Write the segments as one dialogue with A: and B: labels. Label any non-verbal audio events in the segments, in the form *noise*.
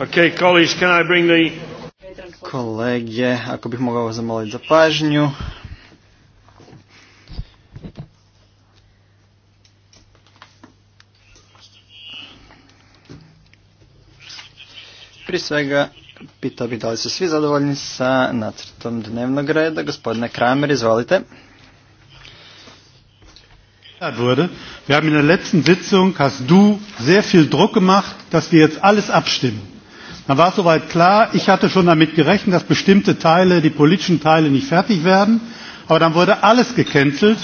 A: Okay, colleagues, can I bring the... Kolege, ako bih mogao zamoliti za pažnju. Prije svega, pitao bih da li su svi zadovoljni sa nacrtom dnevnog reda. Gospodine Kramer, izvolite.
B: Wurde. Wir haben in der letzten Sitzung, hast du sehr viel Druck gemacht, dass wir jetzt alles abstimmen. Dann war es soweit klar, ich hatte schon damit gerechnet, dass bestimmte Teile, die politischen Teile nicht fertig werden, aber dann wurde alles gecancelt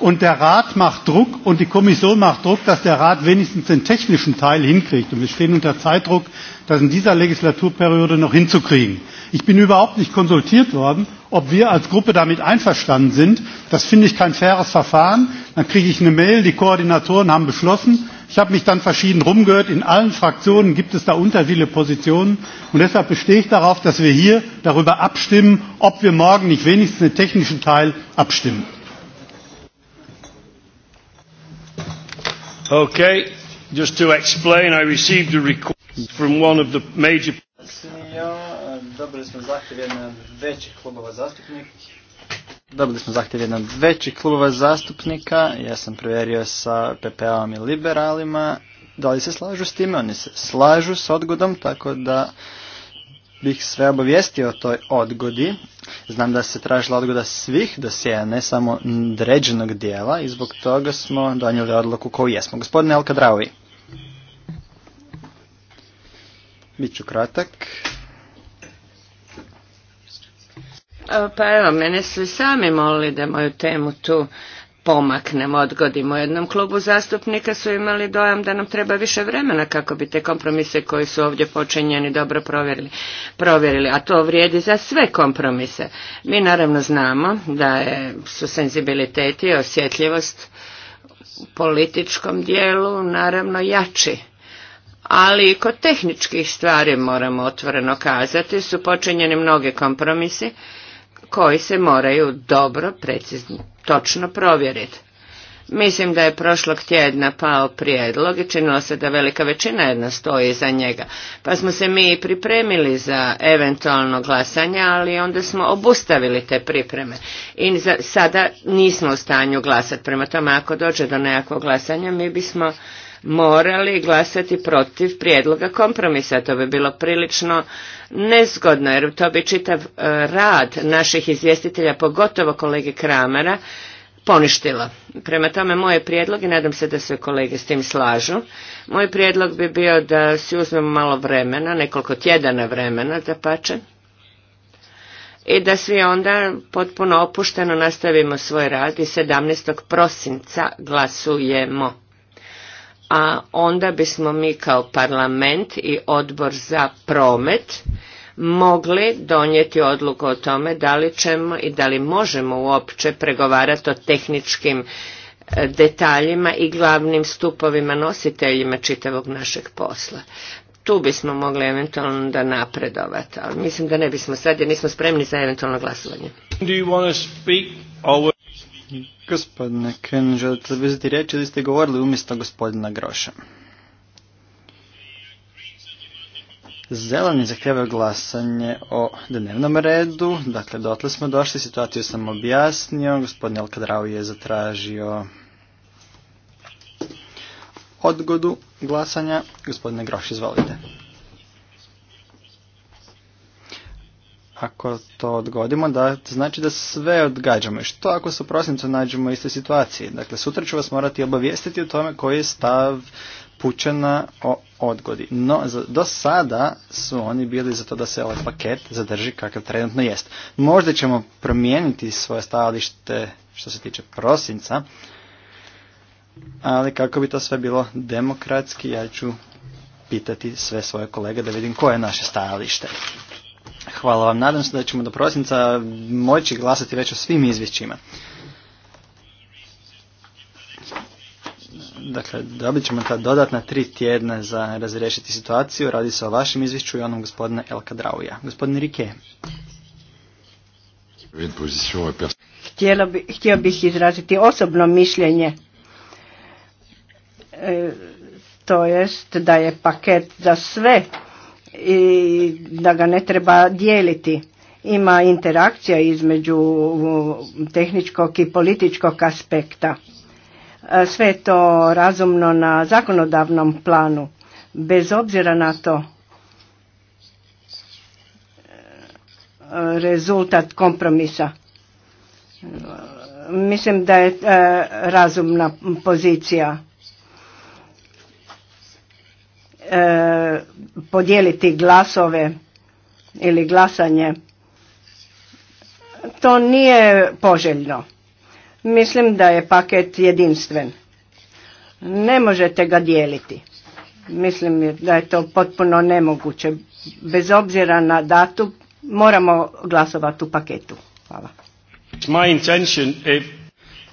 B: und der Rat macht Druck und die Kommission macht Druck, dass der Rat wenigstens den technischen Teil hinkriegt. Und wir stehen unter Zeitdruck, das in dieser Legislaturperiode noch hinzukriegen. Ich bin überhaupt nicht konsultiert worden, ob wir als Gruppe damit einverstanden sind. Das finde ich kein faires Verfahren. Dann kriege ich eine Mail, die Koordinatoren haben beschlossen ich habe mich dann verschieden rumgehört, in allen fraktionen gibt es da unterschiedliche positionen und deshalb bestehe ich darauf dass wir hier darüber abstimmen ob wir morgen nicht wenigstens den technischen teil abstimmen.
C: Okay. Just to explain, I received
A: a from one of the major... Eh, smo klubova zastupnika Dobili smo zahtjev jedan od većih klubova zastupnika. Ja sam provjerio sa PPA-om i liberalima. Da li se slažu s time? Oni se slažu s odgodom, tako da bih sve obavijestio o toj odgodi. Znam da se tražila odgoda svih dosjeja, ne samo dređenog dijela i zbog toga smo donijeli odluku koju jesmo. Gospodine Alkadraovi. Biću kratak.
C: Pa evo, mene su i sami molili da moju temu tu pomaknemo, odgodimo. U jednom klubu zastupnika su imali dojam da nam treba više vremena kako bi te kompromise koji su ovdje počinjeni dobro provjerili, A to vrijedi za sve kompromise. Mi naravno znamo da je, su senzibiliteti i osjetljivost u političkom dijelu naravno jači ali i kod tehničkih stvari moramo otvoreno kazati su počinjeni mnogi kompromisi koji se moraju dobro, precizno, točno provjeriti. Mislim da je prošlog tjedna pao prijedlog i činilo se da velika većina jedna stoji iza njega. Pa smo se mi pripremili za eventualno glasanje, ali onda smo obustavili te pripreme. I za, sada nismo u stanju glasati. Prema tome, ako dođe do nekakvog glasanja, mi bismo morali glasati protiv prijedloga kompromisa. To bi bilo prilično nezgodno jer to bi čitav e, rad naših izvjestitelja, pogotovo kolege Kramera, poništilo. Prema tome, moje prijedlog, i nadam se da se kolege s tim slažu, moj prijedlog bi bio da si uzmemo malo vremena, nekoliko tjedana vremena, da pače, i da svi onda potpuno opušteno nastavimo svoj rad i 17. prosinca glasujemo a onda bismo mi kao parlament i odbor za promet mogli donijeti odluku o tome da li ćemo i da li možemo uopće pregovarati o tehničkim e, detaljima i glavnim stupovima nositeljima čitavog našeg posla. Tu bismo mogli eventualno da napredovati, ali mislim da ne bismo sad jer nismo spremni za eventualno glasovanje.
A: Gospodine Ken, želite uzeti riječ ili ste govorili umjesto gospodina Groša? Zeleni zahtjevaju glasanje o dnevnom redu, dakle dotle smo došli, situaciju sam objasnio, gospodin Alkadrao je zatražio odgodu glasanja, gospodine Groš izvolite. ako to odgodimo, da znači da sve odgađamo. I što ako se u prosincu nađemo u istoj situaciji? Dakle, sutra ću vas morati obavijestiti o tome koji je stav pučena o odgodi. No, za, do sada su oni bili za to da se ovaj paket zadrži kakav trenutno jest. Možda ćemo promijeniti svoje stajalište što se tiče prosinca, ali kako bi to sve bilo demokratski, ja ću pitati sve svoje kolege da vidim koje je naše stajalište. Hvala vam. Nadam se da ćemo do prosinca moći glasati već o svim izvješćima. Dakle, dobit ćemo ta dodatna tri tjedna za razriješiti situaciju. Radi se o vašem izvješću i onom gospodina Elka Drauja. Gospodin Rike.
D: htio bih izraziti osobno mišljenje. E, to jest da je paket za sve i da ga ne treba dijeliti. Ima interakcija između tehničkog i političkog aspekta. E, sve je to razumno na zakonodavnom planu. Bez obzira na to e, rezultat kompromisa. Mislim da je e, razumna pozicija E, podijeliti glasove ili glasanje to nije poželjno mislim da je paket jedinstven ne možete ga dijeliti mislim da je to potpuno nemoguće bez obzira na datum moramo glasovati u paketu
A: hvala eh,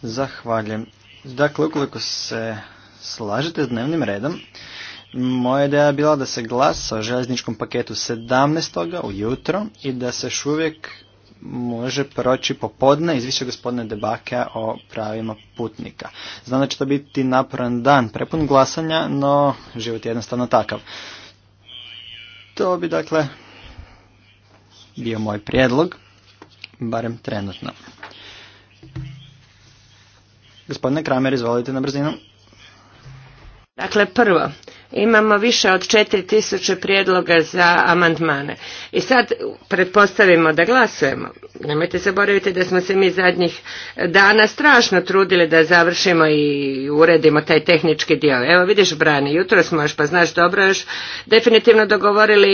A: Zahvaljujem. Dakle, ukoliko se slažete s dnevnim redom, moja ideja je bila da se glasa o željezničkom paketu 17. ujutro i da se još uvijek može proći popodne izviše gospodine debake o pravima putnika. Znam da će to biti naporan dan, prepun glasanja, no život je jednostavno takav. To bi dakle bio moj prijedlog, barem trenutno. Gospodine Kramer, izvolite na brzinu. Dakle, prvo, Imamo više od
C: četiri tisuće prijedloga za amandmane. I sad pretpostavimo da glasujemo. Nemojte zaboraviti da smo se mi zadnjih dana strašno trudili da završimo i uredimo taj tehnički dio. Evo vidiš Brani, jutro smo još pa znaš dobro još definitivno dogovorili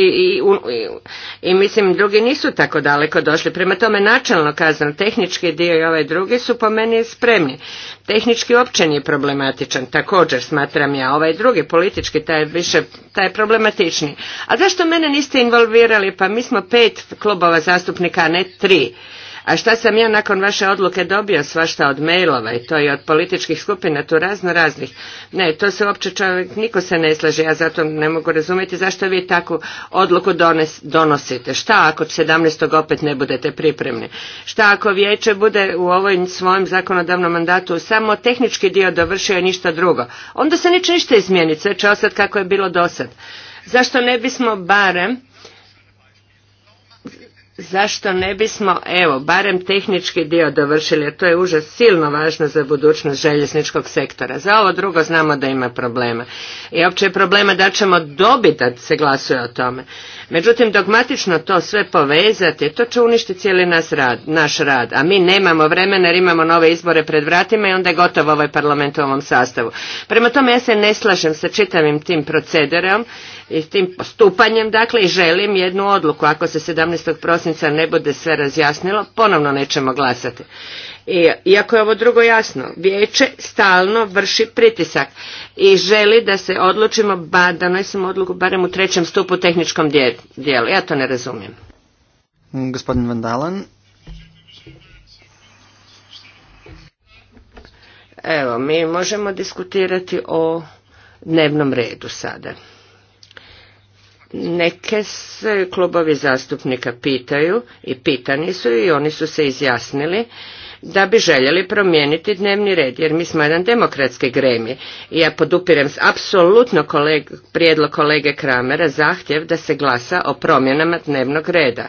C: i, mislim drugi nisu tako daleko došli. Prema tome načelno kazano tehnički dio i ovaj drugi su po meni spremni. Tehnički uopće nije problematičan, također smatram ja. Ovaj drugi politički taj više, taj je A zašto mene niste involvirali? Pa mi smo pet klubova zastupnika, a ne tri. A šta sam ja nakon vaše odluke dobio svašta od mailova i to i od političkih skupina tu razno raznih. Ne, to se uopće čovjek, niko se ne slaže, ja zato ne mogu razumjeti zašto vi takvu odluku dones, donosite. Šta ako 17. opet ne budete pripremni? Šta ako vijeće bude u ovom svojem zakonodavnom mandatu samo tehnički dio dovršio i ništa drugo? Onda se neće ništa izmijeniti, sve će ostati kako je bilo dosad. Zašto ne bismo barem zašto ne bismo, evo, barem tehnički dio dovršili, jer to je užas silno važno za budućnost željezničkog sektora. Za ovo drugo znamo da ima problema. I opće je problema da ćemo dobiti da se glasuje o tome. Međutim, dogmatično to sve povezati, to će uništiti cijeli nas rad, naš rad, a mi nemamo vremena jer imamo nove izbore pred vratima i onda je gotovo ovaj parlament u ovom sastavu. Prema tome ja se ne slažem sa čitavim tim procederom i tim postupanjem, dakle, i želim jednu odluku. Ako se 17. prosinca ne bude sve razjasnilo, ponovno nećemo glasati iako je ovo drugo jasno, vijeće stalno vrši pritisak i želi da se odlučimo, ba, da nosimo odluku barem u trećem stupu tehničkom dijelu. Ja to ne razumijem.
A: Gospodin Vandalan.
C: Evo, mi možemo diskutirati o dnevnom redu sada. Neke se klubovi zastupnika pitaju i pitani su i oni su se izjasnili da bi željeli promijeniti dnevni red, jer mi smo jedan demokratski gremi i ja podupirem apsolutno prijedlog kolege Kramera zahtjev da se glasa o promjenama dnevnog reda.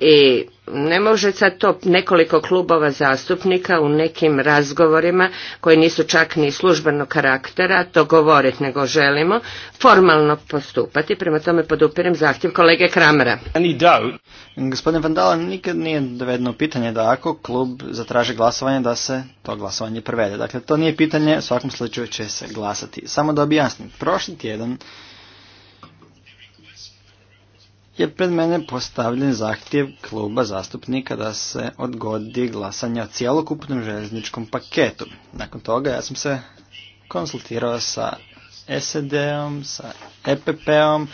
C: I ne može sad to nekoliko klubova zastupnika u nekim razgovorima koji nisu čak ni službenog karaktera to govoriti nego želimo formalno
A: postupati. Prema tome podupirem zahtjev kolege Kramera. Gospodin Vandala nikad nije dovedeno pitanje da ako klub zatraži glasovanje da se to glasovanje prevede. Dakle, to nije pitanje, u svakom slučaju će se glasati. Samo da objasnim, prošli tjedan je pred mene postavljen zahtjev kluba zastupnika da se odgodi glasanje o cjelokupnom željezničkom paketu. Nakon toga ja sam se konsultirao sa SED-om, sa EPP-om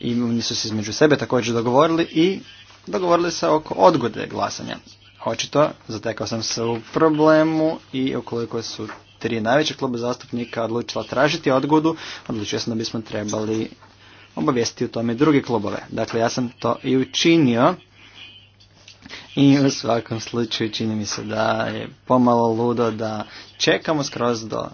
A: i oni su se između sebe također dogovorili i dogovorili se oko odgode glasanja. Očito, zatekao sam se u problemu i ukoliko su tri najveće kluba zastupnika odlučila tražiti odgodu, odlučio sam da bismo trebali obavijesti u tome druge klubove. Dakle, ja sam to i učinio i u svakom slučaju čini mi se da je pomalo ludo da čekamo skroz do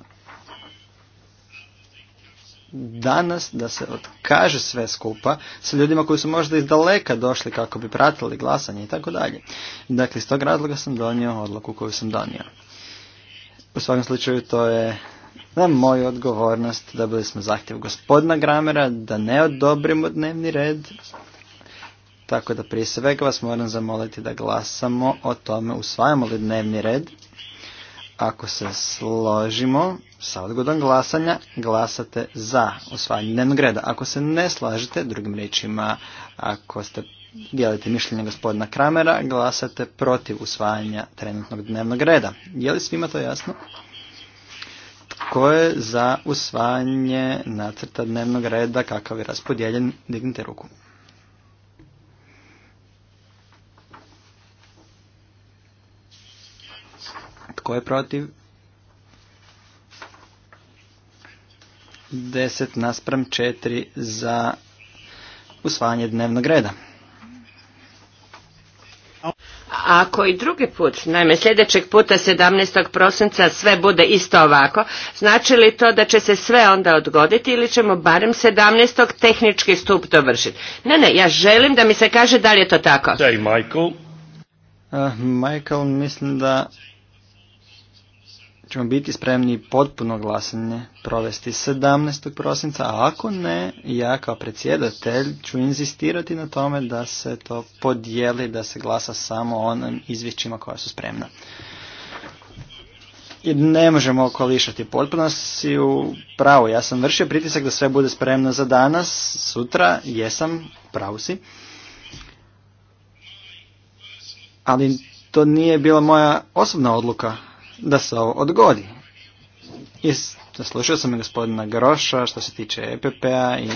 A: danas da se otkaže sve skupa sa ljudima koji su možda iz daleka došli kako bi pratili glasanje i tako dalje. Dakle, iz tog razloga sam donio odluku koju sam donio. U svakom slučaju to je na moju odgovornost. Dobili smo zahtjev gospodina Gramera da ne odobrimo dnevni red. Tako da prije svega vas moram zamoliti da glasamo o tome usvajamo li dnevni red. Ako se složimo sa odgodom glasanja, glasate za usvajanje dnevnog reda. Ako se ne slažete, drugim riječima, ako ste dijelite mišljenje gospodina Kramera, glasate protiv usvajanja trenutnog dnevnog reda. Je li svima to jasno? Tko je za usvajanje nacrta dnevnog reda kakav je raspodijeljen? Dignite ruku. Tko je protiv? 10 naspram 4 za usvajanje dnevnog reda
C: ako i drugi put, naime sljedećeg puta 17. prosinca sve bude isto ovako, znači li to da će se sve onda odgoditi ili ćemo barem 17. tehnički stup dovršiti? Ne, ne, ja želim da mi se kaže da li je to tako. Michael.
A: Eh, Michael, mislim da ćemo biti spremni potpuno glasanje provesti 17. prosinca, a ako ne, ja kao predsjedatelj ću inzistirati na tome da se to podijeli, da se glasa samo onim izvješćima koja su spremna. I ne možemo okolišati potpuno si u pravu. Ja sam vršio pritisak da sve bude spremno za danas, sutra, jesam, pravu si. Ali to nije bila moja osobna odluka, da se ovo odgodi. Slušao sam i gospodina Groša što se tiče EPP-a i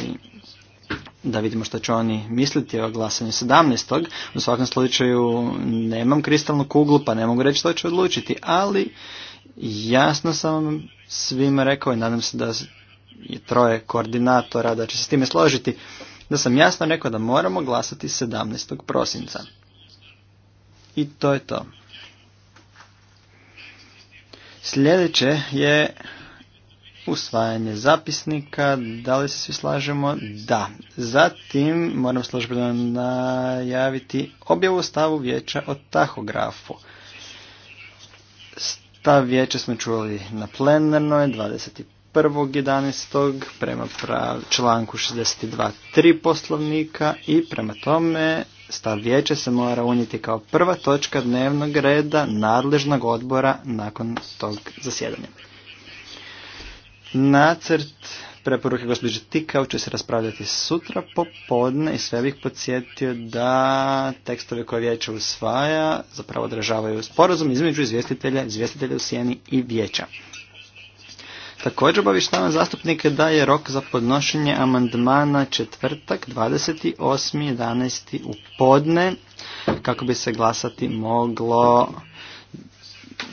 A: da vidimo što će oni misliti o glasanju 17. U svakom slučaju nemam kristalnu kuglu pa ne mogu reći što će odlučiti, ali jasno sam svima rekao i nadam se da je troje koordinatora da će se s time složiti, da sam jasno rekao da moramo glasati 17. prosinca. I to je to. Sljedeće je usvajanje zapisnika. Da li se svi slažemo? Da. Zatim moram službeno najaviti objavu stavu vijeća o tahografu. Stav vijeća smo čuli na plenarnoj 21.11. prema članku 62.3 poslovnika i prema tome stav vijeća se mora unijeti kao prva točka dnevnog reda nadležnog odbora nakon tog zasjedanja. Nacrt preporuke gospođe Tikao će se raspravljati sutra popodne i sve bih podsjetio da tekstove koje vijeće usvaja zapravo odražavaju sporazum između izvjestitelja, izvjestitelja u sjeni i vijeća. Također obavještavam zastupnike da je rok za podnošenje amandmana četvrtak 28.11. u podne kako bi se glasati moglo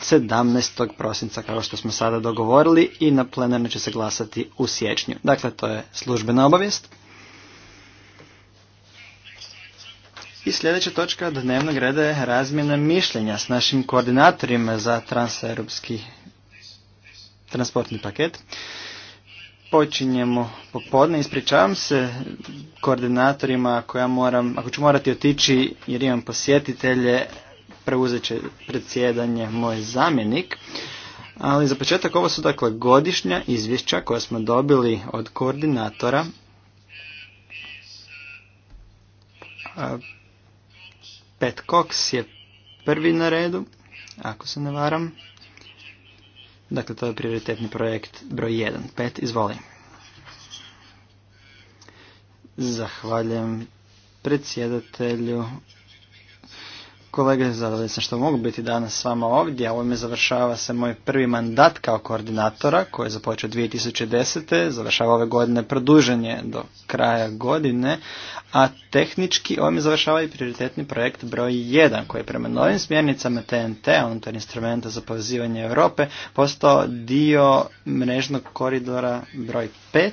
A: 17. prosinca kao što smo sada dogovorili i na plenarno će se glasati u siječnju. Dakle, to je službena obavijest. I sljedeća točka dnevnog reda je razmjena mišljenja s našim koordinatorima za transeuropski transportni paket. Počinjemo popodne, ispričavam se koordinatorima ako, moram, ako ću morati otići jer imam posjetitelje, preuzet će predsjedanje moj zamjenik. Ali za početak ovo su dakle godišnja izvješća koja smo dobili od koordinatora. Pet Cox je prvi na redu, ako se ne varam. Dakle, to je prioritetni projekt broj 1. Pet, izvoli. Zahvaljujem predsjedatelju kolege, za što mogu biti danas s vama ovdje, a ovime završava se moj prvi mandat kao koordinatora koji je započeo 2010. Završava ove godine produženje do kraja godine, a tehnički ovime završava i prioritetni projekt broj 1 koji je prema novim smjernicama TNT, unutar instrumenta za povezivanje Europe, postao dio mrežnog koridora broj 5,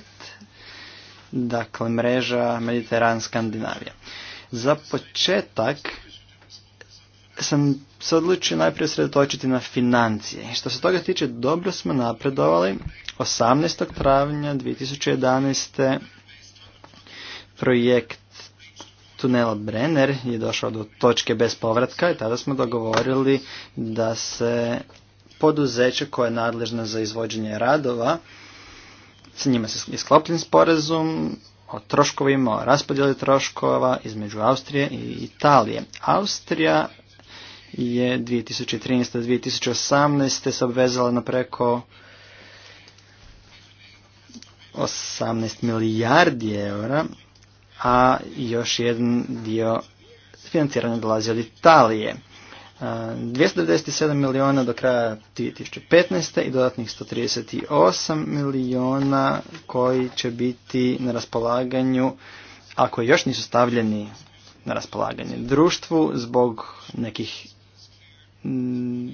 A: dakle mreža Mediteran-Skandinavija. Za početak sam se odlučio najprije sredotočiti na financije. Što se toga tiče, dobro smo napredovali. 18. travnja 2011. projekt tunela Brenner je došao do točke bez povratka i tada smo dogovorili da se poduzeće koje je nadležno za izvođenje radova, s njima se isklopljen sporazum o troškovima, o raspodjeli troškova između Austrije i Italije. Austrija je 2013-2018 se obvezala na preko 18 milijardi eura, a još jedan dio financiranja dolazi od Italije. 297 miliona do kraja 2015. i dodatnih 138 miliona koji će biti na raspolaganju, ako još nisu stavljeni na raspolaganje društvu zbog nekih Mm,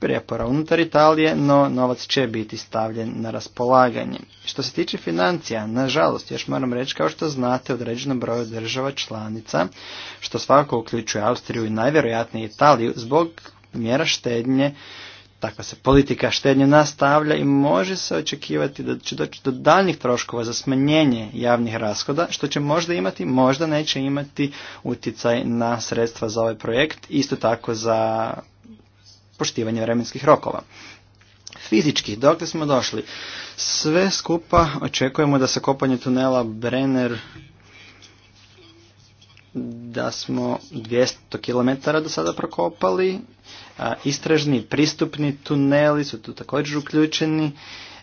A: prepora unutar Italije, no novac će biti stavljen na raspolaganje. Što se tiče financija, nažalost, još moram reći kao što znate određenom broju država članica, što svakako uključuje Austriju i najvjerojatnije Italiju, zbog mjera štednje Takva se politika štednje nastavlja i može se očekivati da će doći do daljnjih troškova za smanjenje javnih rashoda, što će možda imati, možda neće imati utjecaj na sredstva za ovaj projekt, isto tako za poštivanje vremenskih rokova. Fizički, dokle smo došli? Sve skupa očekujemo da se kopanje tunela Brenner da smo 200 km do sada prokopali. Istražni pristupni tuneli su tu također uključeni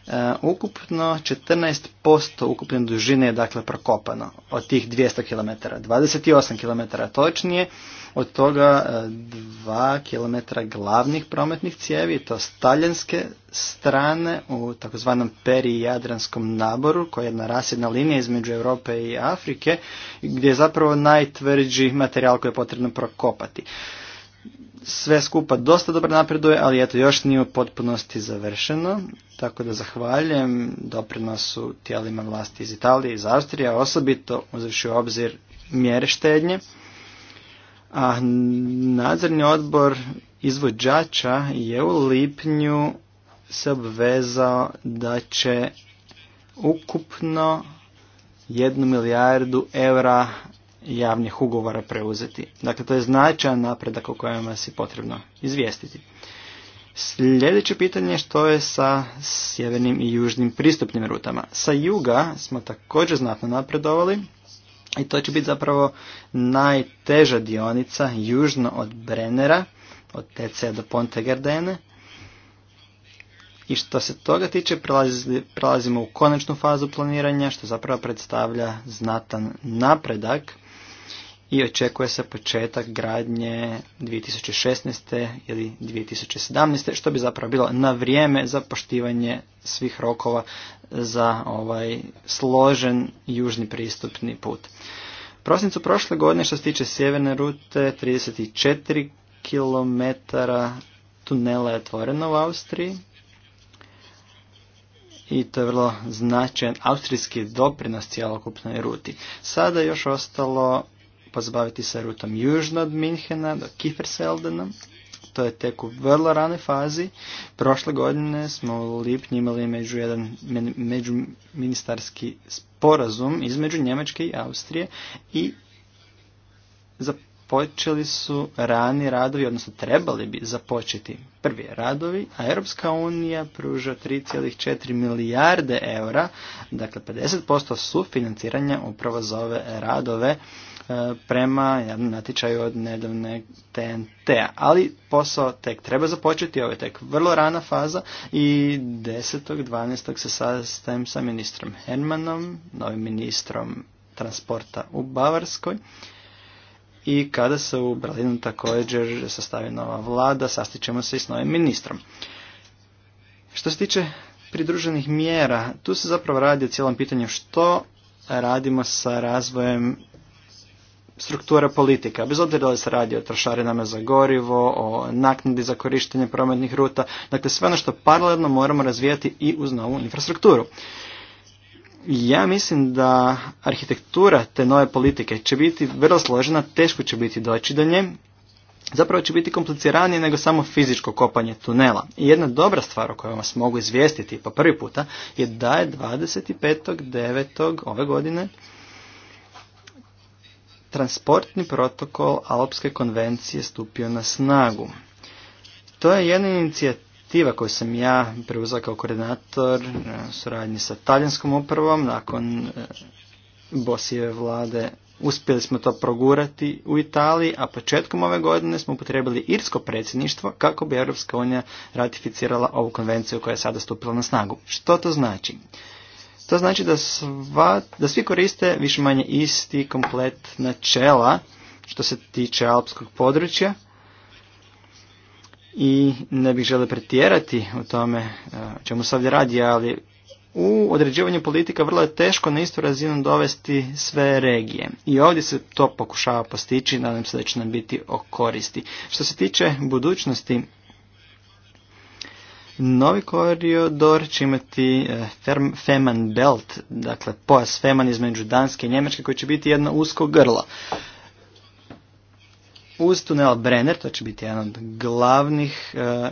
A: E, ukupno 14% ukupne dužine je dakle prokopano od tih 200 km, 28 km točnije, od toga 2 e, km glavnih prometnih cijevi, to staljanske strane u takozvanom perijadranskom naboru, koja je jedna rasjedna linija između Europe i Afrike, gdje je zapravo najtvrđi materijal koji je potrebno prokopati sve skupa dosta dobro napreduje, ali eto još nije u potpunosti završeno. Tako da zahvaljujem doprinosu tijelima vlasti iz Italije i iz Austrije, osobito uzavši u obzir mjere štednje. A nadzorni odbor izvođača je u lipnju se obvezao da će ukupno jednu milijardu eura javnih ugovora preuzeti. Dakle, to je značajan napredak o kojem vas je potrebno izvijestiti. Sljedeće pitanje je što je sa sjevernim i južnim pristupnim rutama. Sa juga smo također znatno napredovali i to će biti zapravo najteža dionica južno od Brennera, od TC do Ponte Gardene. I što se toga tiče, prelazimo u konačnu fazu planiranja, što zapravo predstavlja znatan napredak i očekuje se početak gradnje 2016. ili 2017. što bi zapravo bilo na vrijeme za poštivanje svih rokova za ovaj složen južni pristupni put. Prosincu prošle godine što se tiče sjeverne rute 34 km tunela je otvoreno u Austriji i to je vrlo značajan austrijski doprinos cjelokupnoj ruti. Sada je još ostalo pozabaviti se rutom južno od Minhena do Kiferseldena. To je tek u vrlo ranoj fazi. Prošle godine smo u Lipnji imali među jedan međuministarski sporazum između Njemačke i Austrije i za počeli su rani radovi, odnosno trebali bi započeti prvi radovi, a Europska unija pruža 3,4 milijarde eura, dakle 50% sufinanciranja upravo za ove radove e, prema jednom natječaju od nedavne TNT-a. Ali posao tek treba započeti, ovo je tek vrlo rana faza i 10.12. se sastajem sa ministrom Hermanom, novim ministrom transporta u Bavarskoj i kada se u Berlinu također sastavi nova vlada, sastićemo se i s novim ministrom. Što se tiče pridruženih mjera, tu se zapravo radi o cijelom pitanju što radimo sa razvojem struktura politika, bez obzira da se radi o trošarinama za gorivo, o naknadi za korištenje prometnih ruta, dakle sve ono što paralelno moramo razvijati i uz novu infrastrukturu. Ja mislim da arhitektura te nove politike će biti vrlo složena, teško će biti doći do nje, zapravo će biti kompliciranije nego samo fizičko kopanje tunela. I jedna dobra stvar o kojoj vas mogu izvijestiti po prvi puta je da je 25.9. ove godine transportni protokol Alpske konvencije stupio na snagu. To je jedna inicijativa inicijativa koju sam ja preuzela kao koordinator e, u suradnji sa talijanskom upravom nakon e, Bosijeve vlade uspjeli smo to progurati u Italiji, a početkom ove godine smo upotrijebili irsko predsjedništvo kako bi Europska unija ratificirala ovu konvenciju koja je sada stupila na snagu. Što to znači? To znači da, sva, da svi koriste više manje isti komplet načela što se tiče alpskog područja, i ne bih želio pretjerati u tome e, čemu se ovdje radi, ali u određivanju politika vrlo je teško na istu razinu dovesti sve regije. I ovdje se to pokušava postići, nadam se da će nam biti o koristi. Što se tiče budućnosti, novi koridor će imati e, Feman Belt, dakle pojas Feman između Danske i Njemačke koji će biti jedno usko grlo uz tunel Brenner, to će biti jedan od glavnih e,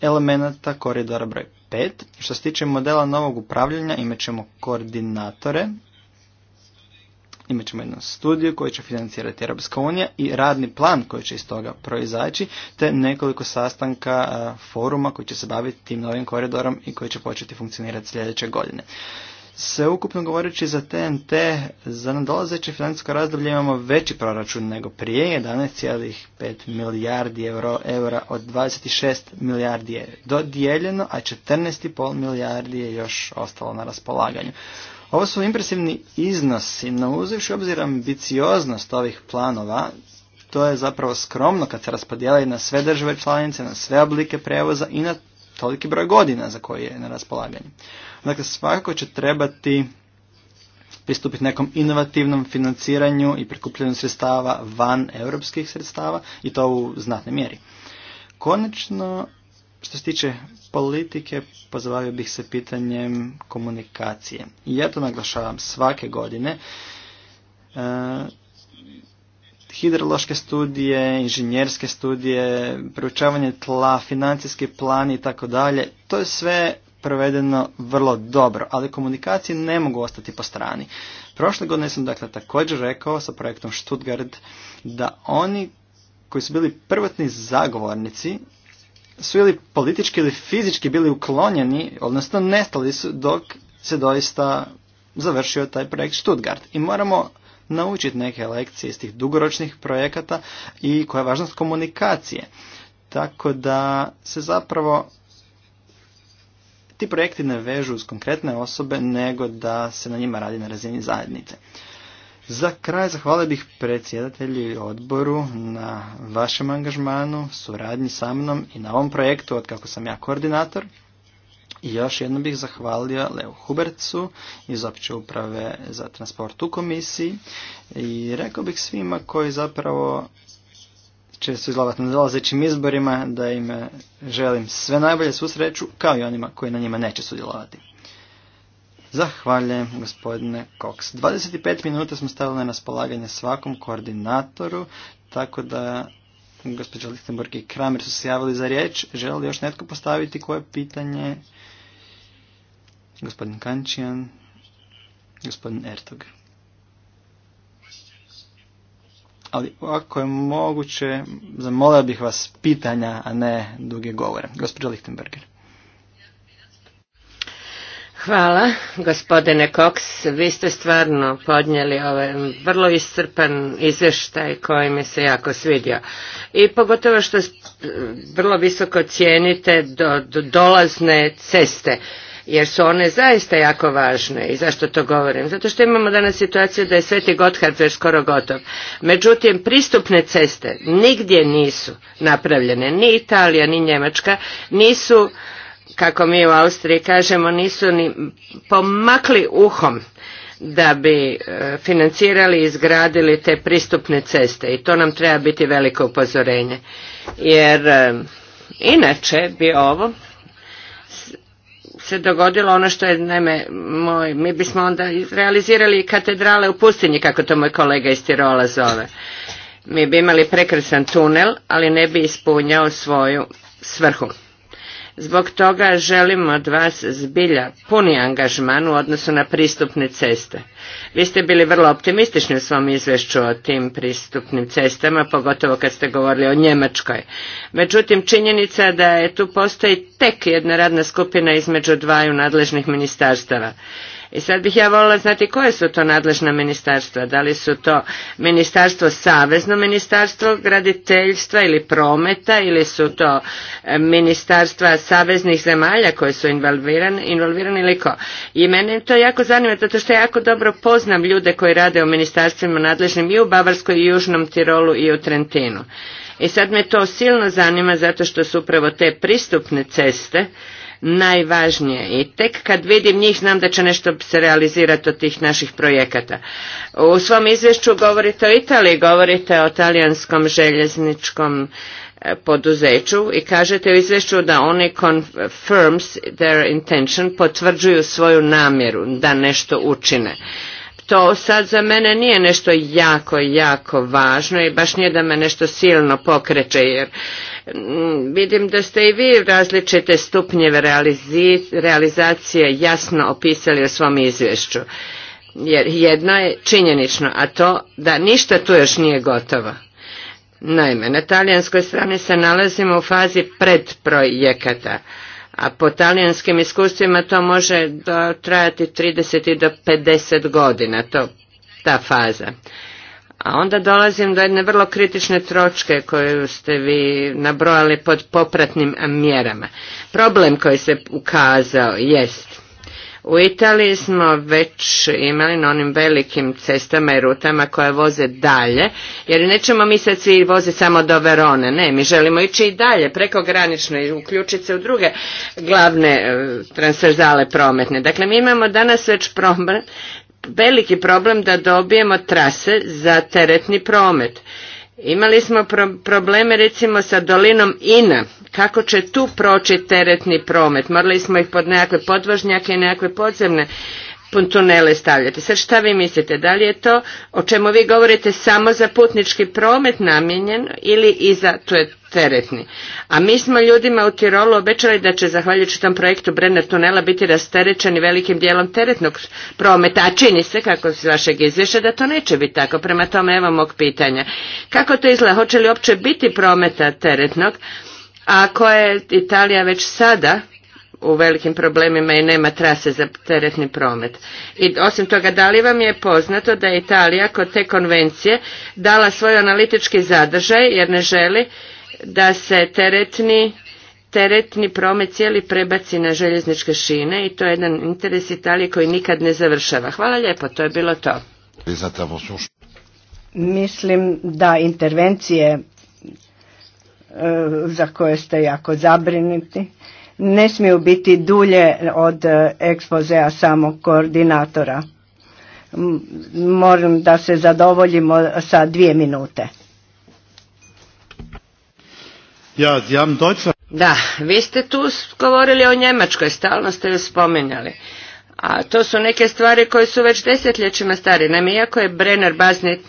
A: elemenata koridora broj 5. Što se tiče modela novog upravljanja, imat ćemo koordinatore, imat ćemo jednu studiju koju će financirati Europska unija i radni plan koji će iz toga proizaći, te nekoliko sastanka e, foruma koji će se baviti tim novim koridorom i koji će početi funkcionirati sljedeće godine ukupno govoreći za TNT, za nadolazeće financijsko razdoblje imamo veći proračun nego prije, 11,5 milijardi euro, eura od 26 milijardi je dodijeljeno, a 14,5 milijardi je još ostalo na raspolaganju. Ovo su impresivni iznosi, no uzivši obzir ambicioznost ovih planova, to je zapravo skromno kad se raspodijeli na sve države članice, na sve oblike prevoza i na toliki broj godina za koje je na raspolaganju. Dakle, svakako će trebati pristupiti nekom inovativnom financiranju i prikupljanju sredstava van europskih sredstava i to u znatnoj mjeri. Konačno, što se tiče politike, pozabavio bih se pitanjem komunikacije. I ja to naglašavam svake godine. E, hidrološke studije, inženjerske studije, preučavanje tla, financijski plan i tako dalje. To je sve provedeno vrlo dobro, ali komunikacije ne mogu ostati po strani. Prošle godine sam dakle također rekao sa projektom Stuttgart da oni koji su bili prvotni zagovornici su ili politički ili fizički bili uklonjeni, odnosno nestali su dok se doista završio taj projekt Stuttgart. I moramo naučiti neke lekcije iz tih dugoročnih projekata i koja je važnost komunikacije. Tako da se zapravo ti projekti ne vežu uz konkretne osobe, nego da se na njima radi na razini zajednice. Za kraj zahvalio bih predsjedatelju odboru na vašem angažmanu, suradnji sa mnom i na ovom projektu od kako sam ja koordinator. I još jednom bih zahvalio Leo Hubercu iz opće uprave za transport u komisiji i rekao bih svima koji zapravo će se izlovati na dolazećim izborima da im želim sve najbolje, svu sreću, kao i onima koji na njima neće sudjelovati. Zahvaljujem gospodine Cox. 25 minuta smo stavili na raspolaganje svakom koordinatoru, tako da gospođa Lichtenburg i Kramer su se javili za riječ. Želi li još netko postaviti koje pitanje? gospodin Kančijan, gospodin Ertog. Ali ako je moguće, zamolio bih vas pitanja, a ne duge govore. Gospodin Lichtenberger.
C: Hvala, gospodine Cox. Vi ste stvarno podnijeli ovaj vrlo iscrpan izvještaj koji mi se jako svidio. I pogotovo što vrlo visoko cijenite do, do dolazne ceste jer su one zaista jako važne. I zašto to govorim? Zato što imamo danas situaciju da je Sveti Gotthard već skoro gotov. Međutim, pristupne ceste nigdje nisu napravljene. Ni Italija, ni Njemačka nisu, kako mi u Austriji kažemo, nisu ni pomakli uhom da bi e, financirali i izgradili te pristupne ceste i to nam treba biti veliko upozorenje. Jer e, inače bi ovo se dogodilo ono što je, naime, moj, mi bismo onda realizirali katedrale u pustinji, kako to moj kolega iz Tirola zove. Mi bi imali prekrasan tunel, ali ne bi ispunjao svoju svrhu. Zbog toga želimo od vas zbilja puni angažman u odnosu na pristupne ceste. Vi ste bili vrlo optimistični u svom izvješću o tim pristupnim cestama, pogotovo kad ste govorili o Njemačkoj. Međutim, činjenica je da je tu postoji tek jedna radna skupina između dvaju nadležnih ministarstava. I sad bih ja volila znati koje su to nadležna ministarstva, da li su to ministarstvo savezno ministarstvo graditeljstva ili prometa ili su to e, ministarstva saveznih zemalja koje su involvirane, involvirane ili ko. I mene to jako zanima, zato što jako dobro poznam ljude koji rade u ministarstvima nadležnim i u Bavarskoj i Južnom Tirolu i u Trentinu. I sad me to silno zanima zato što su upravo te pristupne ceste najvažnije. I tek kad vidim njih znam da će nešto se realizirati od tih naših projekata. U svom izvješću govorite o Italiji, govorite o talijanskom željezničkom e, poduzeću i kažete u izvješću da oni confirms their intention, potvrđuju svoju namjeru da nešto učine to sad za mene nije nešto jako, jako važno i baš nije da me nešto silno pokreće jer mm, vidim da ste i vi različite stupnjeve realizacije jasno opisali u svom izvješću. Jer jedno je činjenično, a to da ništa tu još nije gotovo. Naime, na talijanskoj strani se nalazimo u fazi predprojekata a po talijanskim iskustvima to može trajati 30 do 50 godina, to, ta faza. A onda dolazim do jedne vrlo kritične tročke koju ste vi nabrojali pod popratnim mjerama. Problem koji se ukazao jest u Italiji smo već imali na onim velikim cestama i rutama koje voze dalje, jer nećemo mi sad svi voze samo do Verone, ne, mi želimo ići i dalje, prekogranično i uključiti se u druge glavne e, transverzale prometne. Dakle, mi imamo danas već problem, veliki problem da dobijemo trase za teretni promet Imali smo probleme recimo sa dolinom Ina, kako će tu proći teretni promet, morali smo ih pod nekakve podvožnjake i nekakve podzemne tunele stavljati. Sad šta vi mislite, da li je to o čemu vi govorite samo za putnički promet namijenjen ili i za tu je teretni? A mi smo ljudima u Tirolu obećali da će zahvaljujući tom projektu Brenner tunela biti rasterećeni velikim dijelom teretnog prometa, a čini se kako iz vašeg izvješća da to neće biti tako. Prema tome evo mog pitanja. Kako to izgleda? Hoće li uopće biti prometa teretnog? Ako je Italija već sada u velikim problemima i nema trase za teretni promet. I osim toga, da li vam je poznato da je Italija kod te konvencije dala svoj analitički zadržaj jer ne želi da se teretni teretni promet cijeli prebaci na željezničke šine i to je jedan interes Italije koji nikad ne završava. Hvala lijepo, to je bilo to.
D: Mislim da intervencije e, za koje ste jako zabrinuti ne smiju biti dulje od e, ekspozea samog koordinatora. Moram da se zadovoljimo sa dvije minute.
B: Ja, Da,
D: vi
C: ste tu govorili o Njemačkoj, stalno ste ju spominjali. A to su neke stvari koje su već desetljećima stare. Nam iako je Brenner Baznit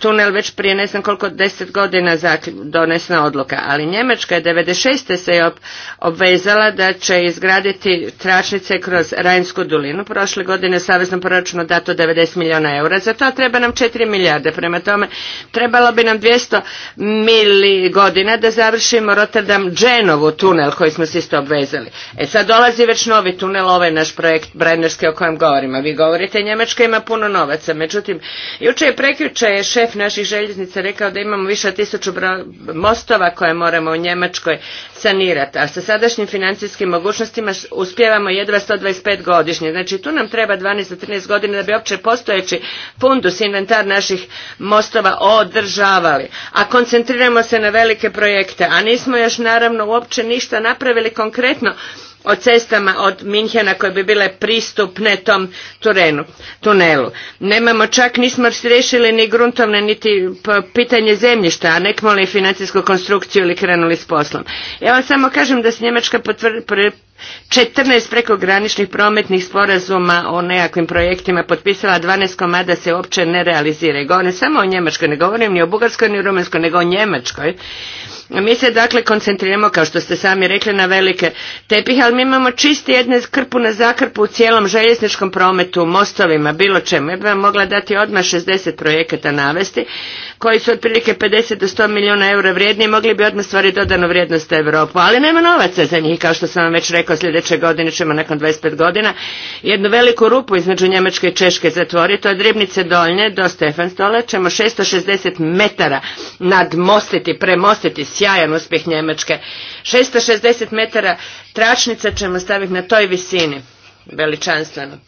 C: tunel već prije ne znam koliko deset godina znači donesena odluka, ali Njemačka je 96. se obvezala da će izgraditi tračnice kroz Rajnsku dulinu. Prošle godine saveznom proračunu dato 90 milijuna eura, za to treba nam 4 milijarde, prema tome trebalo bi nam 200 mili godina da završimo Rotterdam Dženovu tunel koji smo se isto obvezali. E sad dolazi već novi tunel, ovaj naš projekt Brennerski o kojem govorimo. Vi govorite Njemačka ima puno novaca, međutim jučer je prekjuče šef naših željeznica rekao da imamo više od tisuću mostova koje moramo u Njemačkoj sanirati, a sa sadašnjim financijskim mogućnostima uspjevamo jedva 125 godišnje. Znači tu nam treba 12 do 13 godina da bi opće postojeći fundus, inventar naših mostova održavali. A koncentriramo se na velike projekte, a nismo još naravno uopće ništa napravili konkretno o cestama od Minhena koje bi bile pristupne tom tunelu. Nemamo čak, nismo riješili ni gruntovne, niti pitanje zemljišta, a nek moli financijsku konstrukciju ili krenuli s poslom. Ja vam samo kažem da se Njemačka potvrdi 14 prekograničnih prometnih sporazuma o nekakvim projektima potpisala, 12 komada se uopće ne realizira. I govorim samo o Njemačkoj, ne govorim ni o Bugarskoj ni o Rumenskoj, nego o Njemačkoj mi se dakle koncentriramo, kao što ste sami rekli, na velike tepih, ali mi imamo čisti jedne skrpu na zakrpu u cijelom željezničkom prometu, mostovima, bilo čemu. Ja bih vam mogla dati odmah 60 projekata navesti, koji su otprilike 50 do 100 milijuna eura vrijedni i mogli bi odmah stvariti dodanu vrijednost u Europu, ali nema novaca za njih, kao što sam vam već rekao, sljedeće godine ćemo nakon 25 godina jednu veliku rupu između Njemačke i Češke zatvoriti, od Ribnice Doljne do Stefanstola ćemo 660 metara nadmostiti, premostiti, sjajan uspjeh Njemačke. 660 metara tračnica ćemo staviti na toj visini, veličanstveno.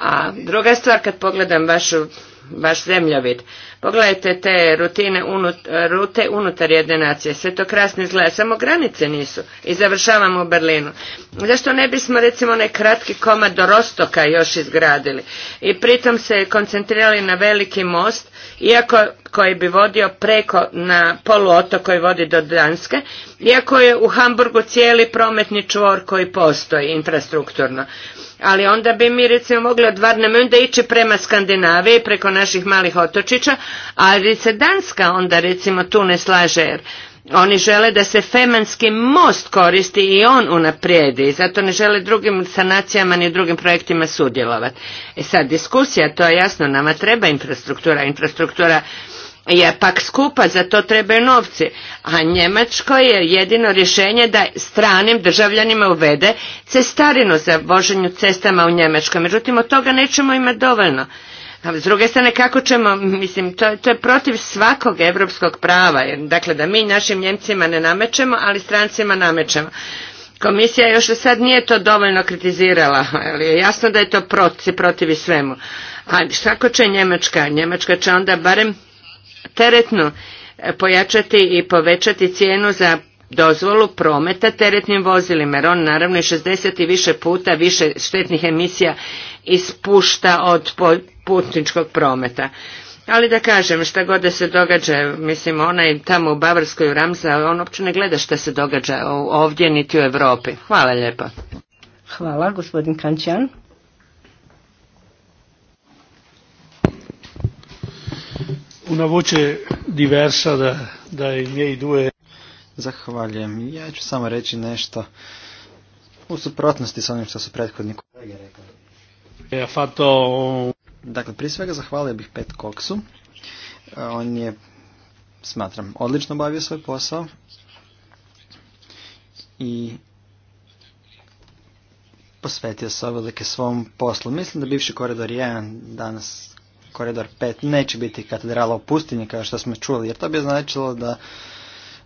C: A druga stvar, kad pogledam vašu baš zemljovid. Pogledajte te rutine unut, rute unutar jedne nacije. Sve to krasno izgleda. Samo granice nisu. I završavamo u Berlinu. Zašto ne bismo recimo onaj kratki komad do Rostoka još izgradili? I pritom se koncentrirali na veliki most, iako koji bi vodio preko na poluotok koji vodi do Danske, iako je u Hamburgu cijeli prometni čvor koji postoji infrastrukturno ali onda bi mi recimo mogli od da ići prema Skandinaviji preko naših malih otočića, ali se Danska onda recimo tu ne slaže jer oni žele da se Femanski most koristi i on unaprijedi i zato ne žele drugim sanacijama ni drugim projektima sudjelovati. E sad, diskusija, to je jasno, nama treba infrastruktura. Infrastruktura je pak skupa, za to trebaju novci. A Njemačko je jedino rješenje da stranim državljanima uvede cestarinu za voženju cestama u Njemačkoj. Međutim, od toga nećemo imati dovoljno. A s druge strane, kako ćemo, mislim, to, je protiv svakog europskog prava. dakle, da mi našim Njemcima ne namećemo, ali strancima namećemo. Komisija još sad nije to dovoljno kritizirala, ali je jasno da je to protiv, protiv svemu. A kako će Njemačka? Njemačka će onda barem teretno e, pojačati i povećati cijenu za dozvolu prometa teretnim vozilima jer on naravno i 60 i više puta više štetnih emisija ispušta od putničkog prometa. Ali da kažem, šta god da se događa, mislim, onaj tamo u Bavarskoj u Ramza, on uopće ne gleda šta se događa ovdje niti u Europi. Hvala lijepo.
D: Hvala, gospodin Kančan.
B: una voce diversa da, da i miei due.
A: Zahvaljujem. Ja ću samo reći nešto u suprotnosti sa onim što su prethodni kolege rekli. Ja e, fatto... Dakle, prije svega zahvalio bih Pet Koksu. On je, smatram, odlično bavio svoj posao i posvetio se ovdje svom poslu. Mislim da bivši koridor je danas koridor 5 neće biti katedrala u pustinji kao što smo čuli jer to bi značilo da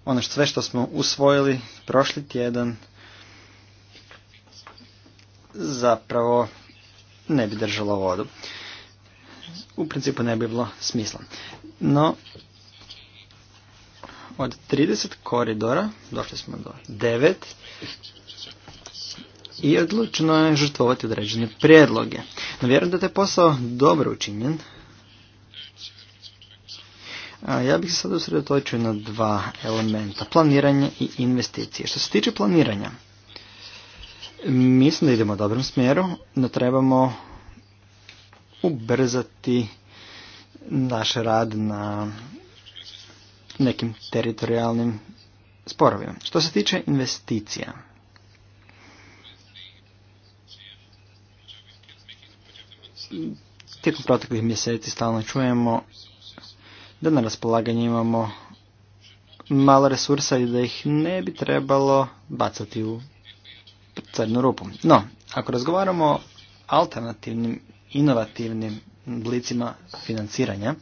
A: ono što, sve što smo usvojili prošli tjedan zapravo ne bi držalo vodu. U principu ne bi bilo smisla. No, od 30 koridora došli smo do 9 i odlučno je žrtvovati određene prijedloge. No vjerujem da je posao dobro učinjen, ja bih se sad usredotočio na dva elementa, planiranje i investicije. Što se tiče planiranja, mislim da idemo u dobrom smjeru, da trebamo ubrzati naš rad na nekim teritorijalnim sporovima. Što se tiče investicija, tijekom proteklih mjeseci stalno čujemo da na raspolaganju imamo malo resursa i da ih ne bi trebalo bacati u crnu rupu. No, ako razgovaramo o alternativnim, inovativnim oblicima financiranja,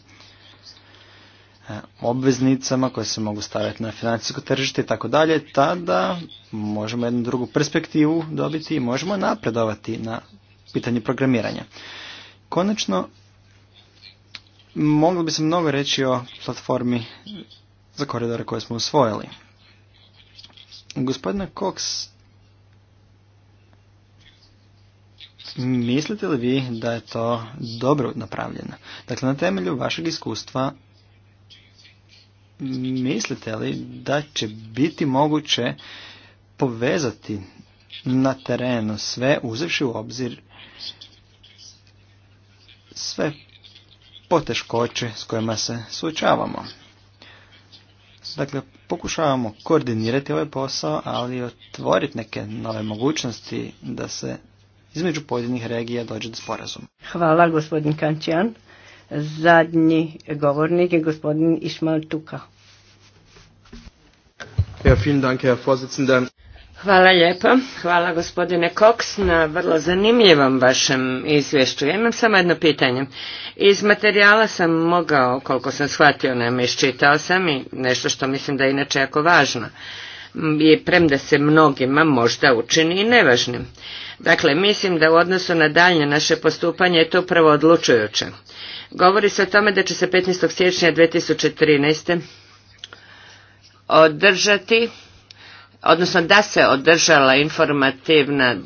A: e, obveznicama koje se mogu staviti na financijsko tržište i tako dalje, tada možemo jednu drugu perspektivu dobiti i možemo napredovati na pitanje programiranja. Konačno, Moglo bi se mnogo reći o platformi za koridore koje smo usvojili. Gospodine Cox, mislite li vi da je to dobro napravljeno? Dakle, na temelju vašeg iskustva, mislite li da će biti moguće povezati na terenu sve, uzevši u obzir sve poteškoće s kojima se suočavamo. Dakle, pokušavamo koordinirati ovaj posao, ali i otvoriti neke nove mogućnosti da se između pojedinih regija dođe do sporazuma.
D: Hvala gospodin Kančijan. Zadnji govornik je gospodin Išmal Tuka.
B: Ja, vielen Dank, Herr Vorsitzender.
D: Hvala lijepo.
C: Hvala gospodine Cox na vrlo zanimljivom vašem izvješću. Ja imam samo jedno pitanje. Iz materijala sam mogao, koliko sam shvatio, nam iščitao sam i nešto što mislim da je inače jako važno. I premda se mnogima možda učini i nevažnim. Dakle, mislim da u odnosu na dalje naše postupanje je to upravo odlučujuće. Govori se o tome da će se 15. siječnja 2013. održati odnosno da se održala informativna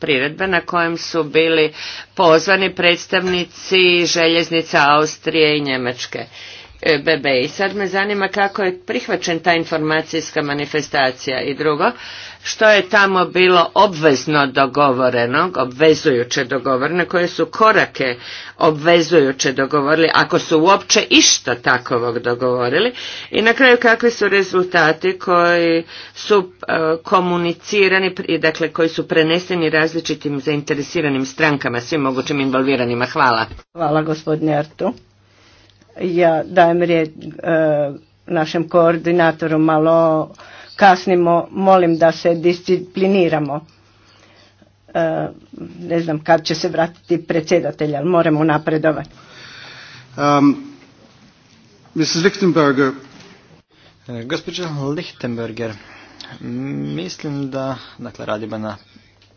C: priredba na kojem su bili pozvani predstavnici željeznica Austrije i Njemačke. E, BB. I sad me zanima kako je prihvaćen ta informacijska manifestacija i drugo, što je tamo bilo obvezno dogovoreno, obvezujuće dogovoreno, koje su korake obvezujuće dogovorili, ako su uopće išta takovog dogovorili i na kraju kakvi su rezultati koji su e, komunicirani, dakle koji su preneseni različitim zainteresiranim strankama, svim mogućim involviranima. Hvala.
D: Hvala gospodine Artu. Ja dajem riječ e, našem koordinatoru malo kasnimo, molim da se discipliniramo. E, ne znam kad će se vratiti predsjedatelj, ali moramo napredovati.
B: Mrs. Um, Lichtenberger. E,
A: Lichtenberger, mislim da dakle, radimo na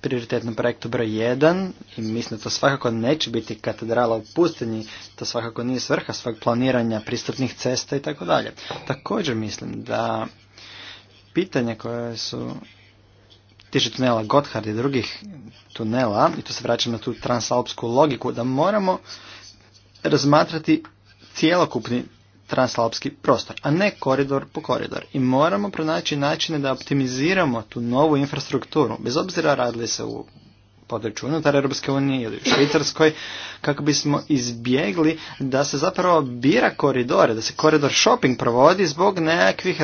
A: prioritetnom projektu broj 1 i mislim da to svakako neće biti katedrala u pustinji, to svakako nije svrha svog planiranja pristupnih cesta i tako dalje. Također mislim da pitanja koje su tiče tunela Gotthard i drugih tunela, i tu se vraćam na tu transalpsku logiku, da moramo razmatrati cijelokupni transalpski prostor, a ne koridor po koridor. I moramo pronaći načine da optimiziramo tu novu infrastrukturu, bez obzira radili se u području unutar Europske unije ili u Švicarskoj, kako bismo izbjegli da se zapravo bira koridore, da se koridor shopping provodi zbog nekakvih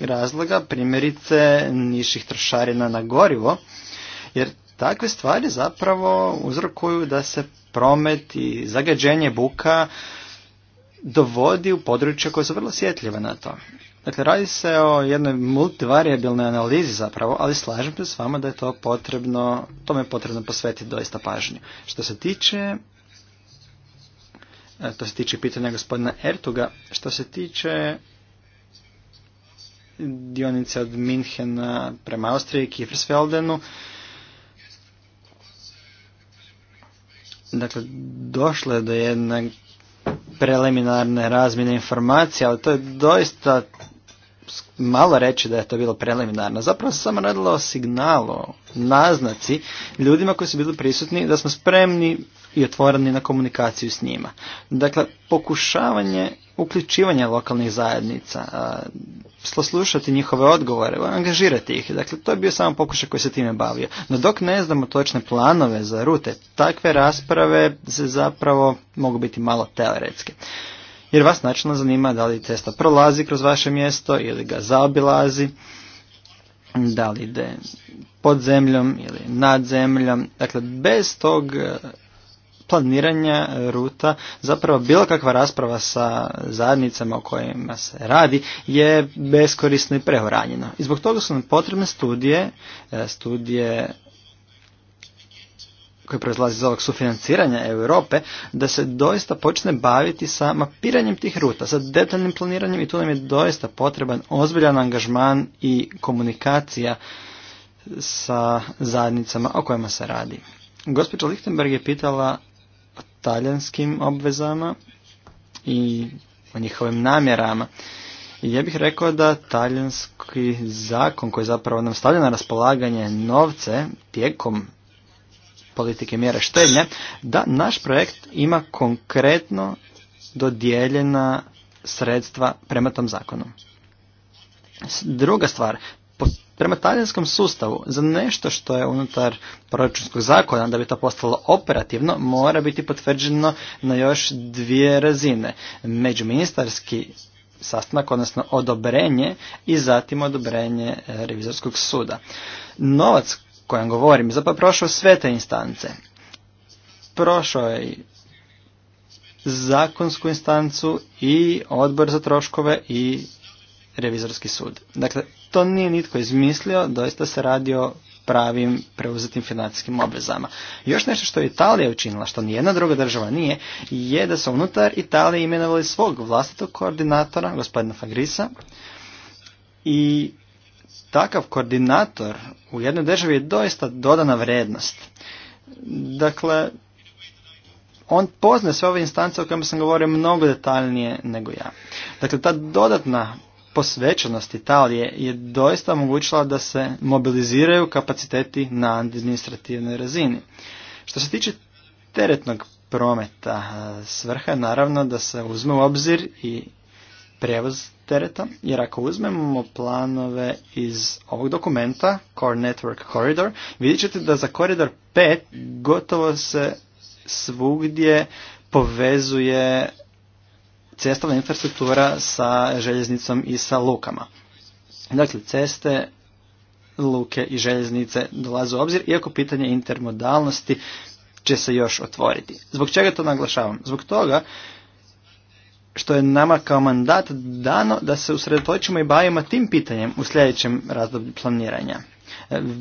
A: razloga, primjerice niših trošarina na gorivo, jer takve stvari zapravo uzrokuju da se promet i zagađenje buka dovodi u područje koje su vrlo sjetljive na to. Dakle, radi se o jednoj multivariabilnoj analizi zapravo, ali slažem se s vama da je to potrebno, tome je potrebno posvetiti doista pažnju. Što se tiče, e, to se tiče pitanja gospodina Ertuga, što se tiče dionice od Minhena prema Austriji, Kiefersfeldenu, Dakle, došlo je do jednog preliminarne razmjene informacija, ali to je doista malo reći da je to bilo preliminarno. Zapravo se samo radilo o signalu, naznaci ljudima koji su bili prisutni da smo spremni i otvoreni na komunikaciju s njima. Dakle, pokušavanje uključivanje lokalnih zajednica, slušati njihove odgovore, angažirati ih. Dakle, to je bio samo pokušaj koji se time bavio. No dok ne znamo točne planove za rute, takve rasprave se zapravo mogu biti malo teoretske. Jer vas načinno zanima da li cesta prolazi kroz vaše mjesto ili ga zaobilazi, da li ide pod zemljom ili nad zemljom. Dakle, bez tog planiranja ruta, zapravo bilo kakva rasprava sa zajednicama o kojima se radi je beskorisno i prehoranjeno. I zbog toga su nam potrebne studije, e, studije koje proizlaze iz ovog sufinanciranja Europe, da se doista počne baviti sa mapiranjem tih ruta, sa detaljnim planiranjem i tu nam je doista potreban ozbiljan angažman i komunikacija sa zajednicama o kojima se radi. Gospođa Lichtenberg je pitala talijanskim obvezama i o njihovim namjerama. I ja bih rekao da talijanski zakon koji zapravo nam stavlja na raspolaganje novce tijekom politike mjere štednje, da naš projekt ima konkretno dodijeljena sredstva prema tom zakonu. Druga stvar, prema talijanskom sustavu za nešto što je unutar proračunskog zakona da bi to postalo operativno mora biti potvrđeno na još dvije razine. Međuministarski sastanak, odnosno odobrenje i zatim odobrenje e, revizorskog suda. Novac kojem govorim zapravo prošao sve te instance. Prošao je zakonsku instancu i odbor za troškove i revizorski sud. Dakle, to nije nitko izmislio, doista se radi o pravim preuzetim financijskim obvezama. Još nešto što je Italija učinila, što nijedna druga država nije, je da su unutar Italije imenovali svog vlastitog koordinatora, gospodina Fagrisa, i takav koordinator u jednoj državi je doista dodana vrednost. Dakle, on pozna sve ove instance o kojima sam govorio mnogo detaljnije nego ja. Dakle, ta dodatna posvećenost Italije je doista omogućila da se mobiliziraju kapaciteti na administrativnoj razini. Što se tiče teretnog prometa, e, svrha je naravno da se uzme u obzir i prevoz tereta, jer ako uzmemo planove iz ovog dokumenta, Core Network Corridor, vidjet ćete da za koridor 5 gotovo se svugdje povezuje cestovna infrastruktura sa željeznicom i sa lukama. Dakle, ceste, luke i željeznice dolaze u obzir, iako pitanje intermodalnosti će se još otvoriti. Zbog čega to naglašavam? Zbog toga što je nama kao mandat dano da se usredotočimo i bavimo tim pitanjem u sljedećem razdoblju planiranja.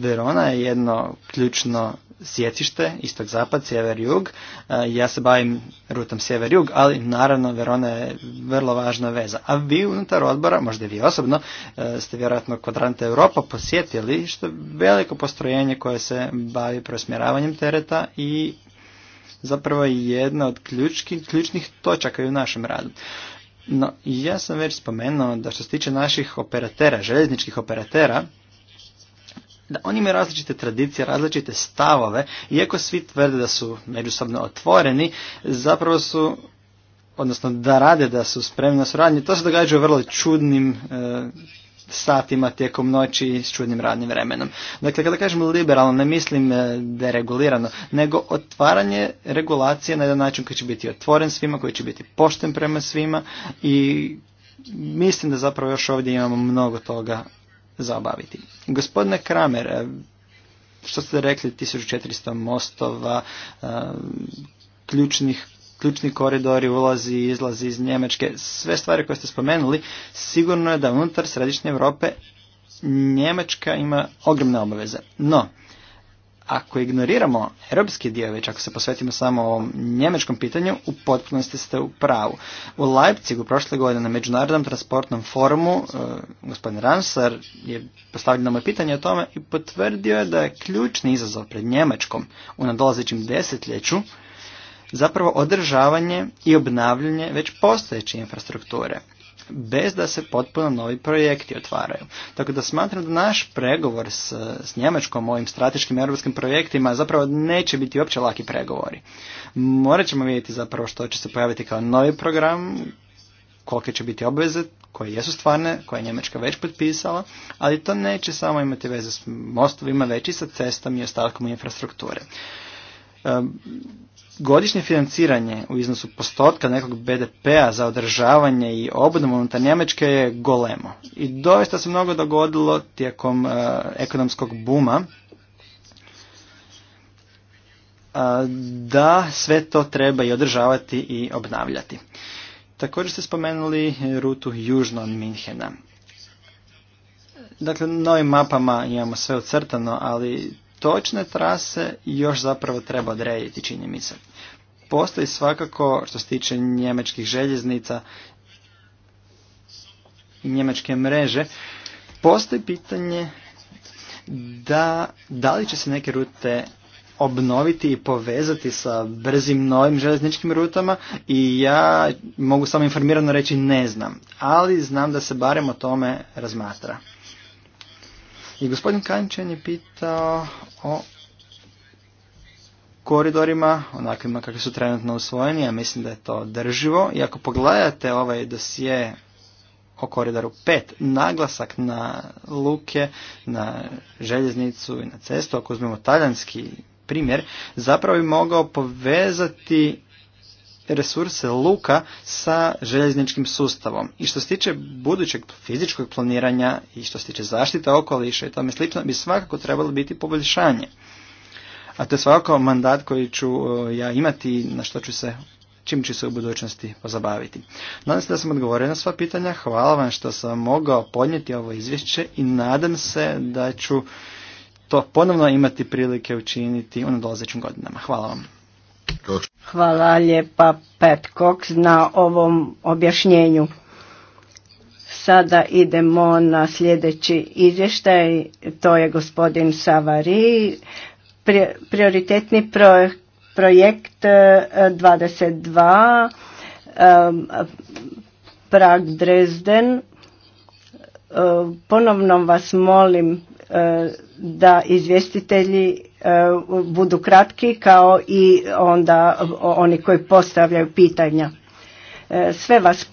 A: Verona je jedno ključno sjecište, Istog zapad, sjever jug. E, ja se bavim rutom sjever jug, ali naravno Verona je vrlo važna veza. A vi unutar odbora, možda vi osobno, e, ste vjerojatno kvadrante Europa posjetili što veliko postrojenje koje se bavi prosmjeravanjem tereta i zapravo je jedna od ključki, ključnih točaka u našem radu. No, ja sam već spomenuo da što se tiče naših operatera, željezničkih operatera, da oni imaju različite tradicije, različite stavove, iako svi tvrde da su međusobno otvoreni, zapravo su odnosno da rade, da su spremni na suradnju, to se događa u vrlo čudnim e, satima tijekom noći s čudnim radnim vremenom. Dakle, kada kažem liberalno, ne mislim e, deregulirano, nego otvaranje regulacije na jedan način koji će biti otvoren svima, koji će biti pošten prema svima i mislim da zapravo još ovdje imamo mnogo toga zaobaviti. Gospodine Kramer, eh, što ste rekli, 1400 mostova, eh, ključnih ključni koridori, ulazi i izlazi iz Njemačke, sve stvari koje ste spomenuli, sigurno je da unutar Središnje Europe Njemačka ima ogromne obaveze. No, ako ignoriramo europski dio, već ako se posvetimo samo ovom njemečkom pitanju, u potpunosti ste u pravu. U Leipzigu prošle godine na Međunarodnom transportnom forumu e, gospodin Ransar je postavljeno moje pitanje o tome i potvrdio je da je ključni izazov pred Njemačkom u nadolazećem desetljeću zapravo održavanje i obnavljanje već postojeće infrastrukture bez da se potpuno novi projekti otvaraju. Tako da smatram da naš pregovor s, Njemačkom ovim strateškim europskim projektima zapravo neće biti uopće laki pregovori. Morat ćemo vidjeti zapravo što će se pojaviti kao novi program, kolike će biti obveze koje jesu stvarne, koje je Njemačka već potpisala, ali to neće samo imati veze s mostovima, već i sa cestom i ostatkom infrastrukture godišnje financiranje u iznosu postotka nekog BDP-a za održavanje i obnovu unutar Njemačke je golemo. I doista se mnogo dogodilo tijekom e, ekonomskog buma e, da sve to treba i održavati i obnavljati. Također ste spomenuli rutu južno od Minhena. Dakle, na mapama imamo sve ocrtano, ali točne trase još zapravo treba odrediti, čini mi se. Postoji svakako, što se tiče njemačkih željeznica i njemačke mreže, postoji pitanje da, da li će se neke rute obnoviti i povezati sa brzim novim željezničkim rutama i ja mogu samo informirano reći ne znam, ali znam da se barem o tome razmatra. I gospodin Kančan je pitao o koridorima, onakvima kakvi su trenutno usvojeni, ja mislim da je to drživo. I ako pogledate ovaj dosije o koridoru 5, naglasak na luke, na željeznicu i na cestu, ako uzmemo talijanski primjer, zapravo bi mogao povezati resurse luka sa željezničkim sustavom. I što se tiče budućeg fizičkog planiranja i što se tiče zaštite okoliša i tome slično, bi svakako trebalo biti poboljšanje. A to je svakako mandat koji ću e, ja imati na što ću se čim ću se u budućnosti pozabaviti. Nadam se da sam odgovorio na sva pitanja. Hvala vam što sam mogao podnijeti ovo izvješće i nadam se da ću to ponovno imati prilike učiniti u nadolazećim godinama. Hvala vam.
D: Hvala lijepa Pat Cox na ovom objašnjenju. Sada idemo na sljedeći izvještaj, to je gospodin Savari, prioritetni projekt 22, e, e, Prag Dresden. E, ponovno vas molim da izvjestitelji E, budu kratki kao i onda oni koji postavljaju pitanja. E, sve vas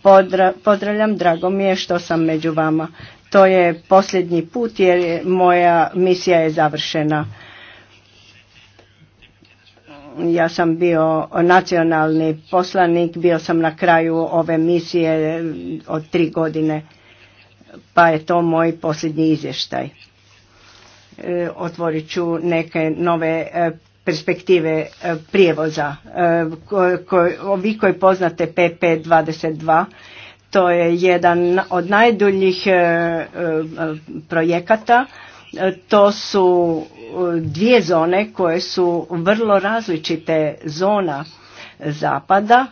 D: pozdravljam, drago mi je što sam među vama. To je posljednji put jer moja misija je završena. Ja sam bio nacionalni poslanik, bio sam na kraju ove misije od tri godine, pa je to moj posljednji izvještaj. E, otvorit ću neke nove e, perspektive e, prijevoza. Vi koji poznate PP22, to je jedan od najduljih projekata. To su dvije zone koje su vrlo različite zona zapada,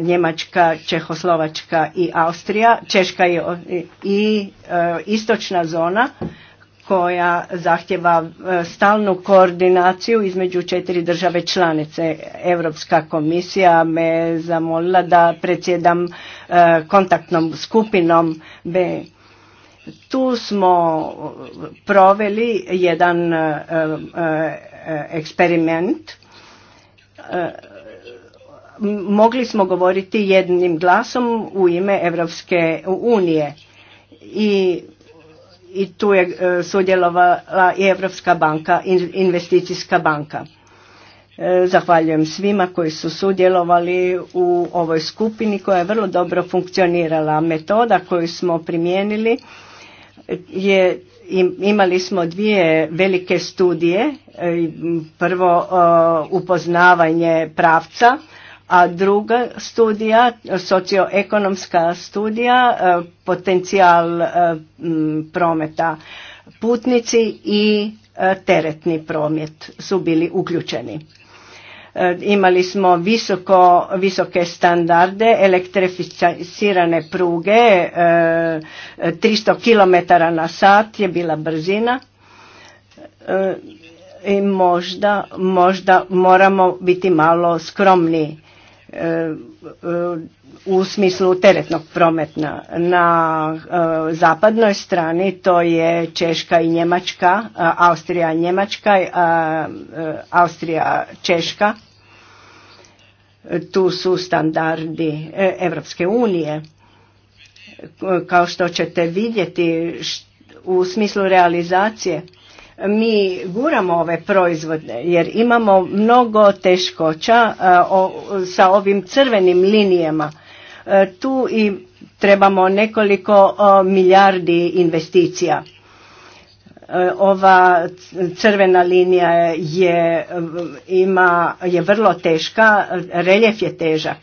D: Njemačka, Čehoslovačka i Austrija, Češka i istočna zona koja zahtjeva e, stalnu koordinaciju između četiri države članice. Europska komisija me zamolila da predsjedam e, kontaktnom skupinom B. Tu smo proveli jedan e, eksperiment. Mogli smo govoriti jednim glasom u ime Europske unije i i tu je e, sudjelovala i Europska banka, investicijska banka. E, zahvaljujem svima koji su sudjelovali u ovoj skupini koja je vrlo dobro funkcionirala. Metoda koju smo primijenili je imali smo dvije velike studije. E, prvo upoznavanje pravca a druga studija, socioekonomska studija, e, potencijal e, prometa putnici i e, teretni promet su bili uključeni. Imali smo visoko, visoke standarde, elektrificirane pruge, 300 km na sat je bila brzina i možda, možda moramo biti malo skromniji. E, e, u smislu teretnog prometna. Na e, zapadnoj strani to je Češka i Njemačka, Austrija i Njemačka, Austrija Češka. Tu su standardi Evropske unije. Kao što ćete vidjeti u smislu realizacije mi guramo ove proizvode jer imamo mnogo teškoća e, sa ovim crvenim linijama. E, tu i trebamo nekoliko milijardi investicija. E, ova crvena linija je, ima, je vrlo teška, reljef je težak.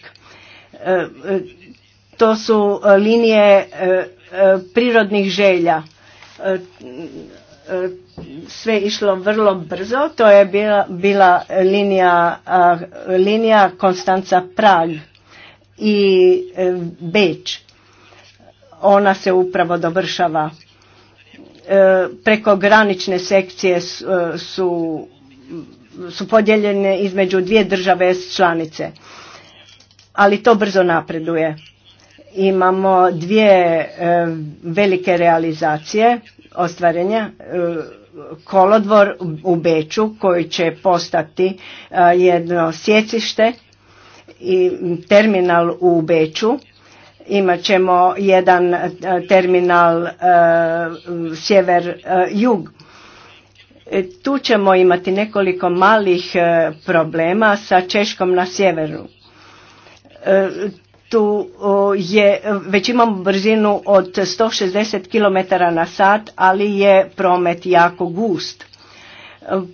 D: To su linije prirodnih želja sve išlo vrlo brzo, to je bila, bila linija, linija Konstanca Prag i e, Beč. Ona se upravo dovršava. E, preko granične sekcije e, su, su podijeljene između dvije države članice, ali to brzo napreduje. Imamo dvije velike realizacije ostvarenja e, kolodvor u Beču koji će postati e, jedno sjecište i terminal u Beču. Imat ćemo jedan e, terminal sjever-jug. Tu ćemo imati nekoliko malih problema sa Češkom na sjeveru tu je, već imam brzinu od 160 km na sat, ali je promet jako gust.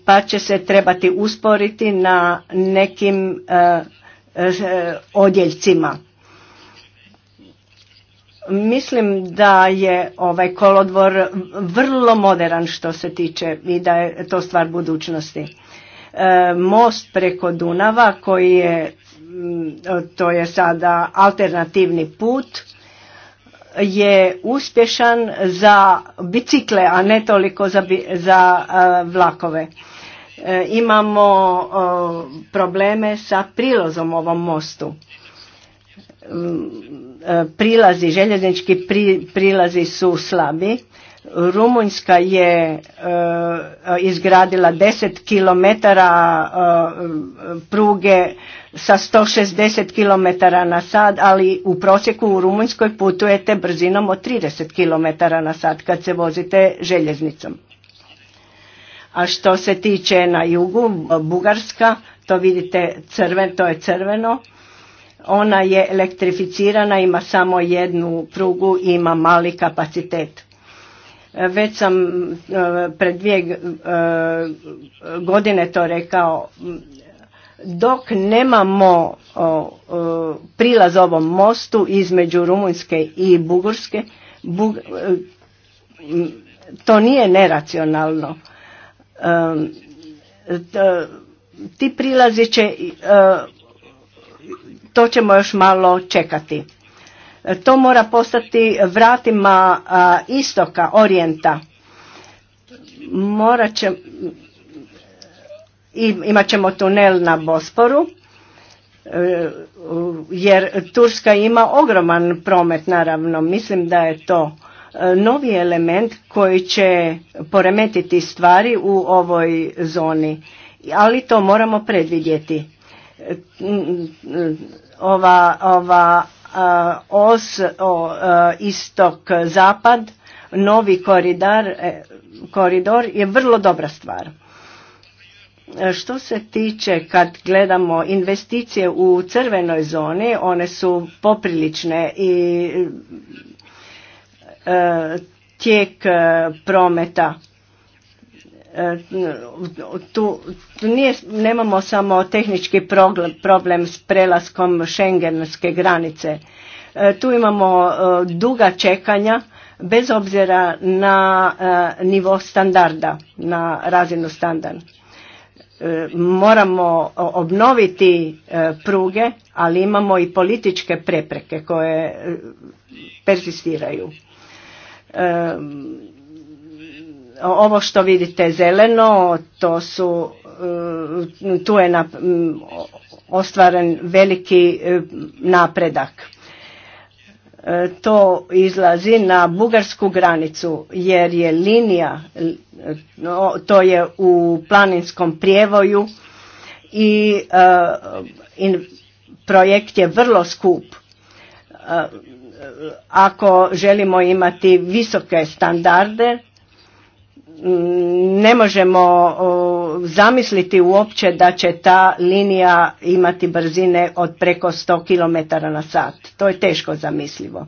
D: Pa će se trebati usporiti na nekim e, e, odjeljcima. Mislim da je ovaj kolodvor vrlo moderan što se tiče i da je to stvar budućnosti. E, most preko Dunava koji je Mm, e, to je sada alternativni put, je uspješan za bicikle, a ne toliko za, za e, vlakove. E, imamo probleme sa prilozom ovom mostu. Mm, prilazi, željeznički prilazi su slabi Rumunjska je eh, izgradila 10 km eh, pruge sa 160 km na sad, ali u prosjeku u Rumunjskoj putujete brzinom od 30 km na sad kad se vozite željeznicom. A što se tiče na jugu, Bugarska, to vidite crven, to je crveno, ona je elektrificirana, ima samo jednu prugu, ima mali kapacitet već sam e, pred dvije e, godine to rekao, dok nemamo prilaz ovom mostu između Rumunjske i Bugurske, e, to nije neracionalno. Ti prilazi će, to ćemo još malo čekati. E, to mora postati vratima istoka, orijenta. imat ćemo tunel na Bosporu, e, jer Turska ima ogroman promet, naravno. Mislim da je to e, novi element koji će poremetiti stvari u ovoj zoni. Ali to moramo predvidjeti. ova Eh, os eh, istok zapad novi koridor, eh, koridor je vrlo dobra stvar što se tiče kad gledamo investicije u crvenoj zoni one su poprilične i tijek prometa tu nemamo samo tehnički problem s prelaskom šengenske granice. E, tu imamo e, duga čekanja bez obzira na e, nivo standarda, na razinu standard. Moramo obnoviti pruge, ali imamo i političke prepreke koje persistiraju ovo što vidite zeleno, to su, e, tu je na, ostvaren veliki e, napredak. E, to izlazi na bugarsku granicu jer je linija, to je u planinskom prijevoju i projekt je vrlo skup ako želimo imati visoke standarde Mm, ne možemo zamisliti uopće da će ta linija imati brzine od preko 100 km na sat. To je teško zamislivo.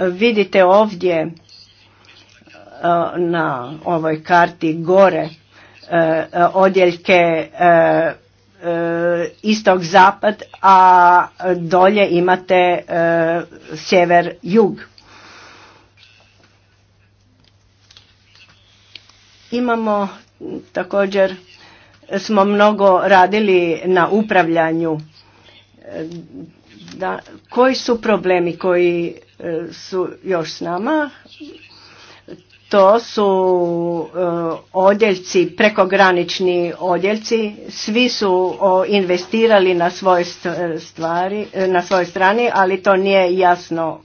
D: Vidite ovdje e, na ovoj karti gore e, odjeljke e, istog zapad, a dolje imate sjever jug Imamo također, smo mnogo radili na upravljanju. E, da, koji su problemi koji e, su još s nama? To su e, odjeljci, prekogranični odjeljci, svi su investirali na svoje stvari, na svojoj strani, ali to nije jasno.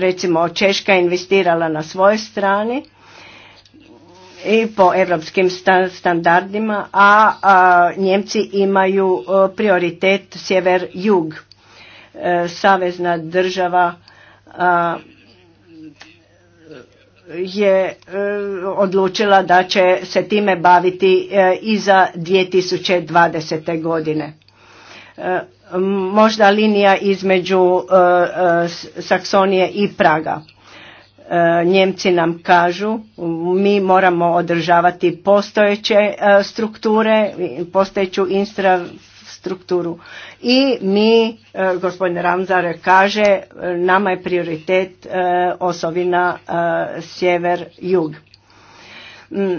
D: Recimo Češka investirala na svojoj strani, i po europskim standardima, a, Njemci imaju e, prioritet sjever-jug. E, savezna država je e, odlučila da će se time baviti e, za 2020. godine. Možda linija između Saksonije i Praga E, Njemci nam kažu mi moramo održavati postojeće e, strukture, postojeću infrastrukturu i mi, e, gospodin Ramzar kaže, nama je prioritet osovina sjever-jug. Mm,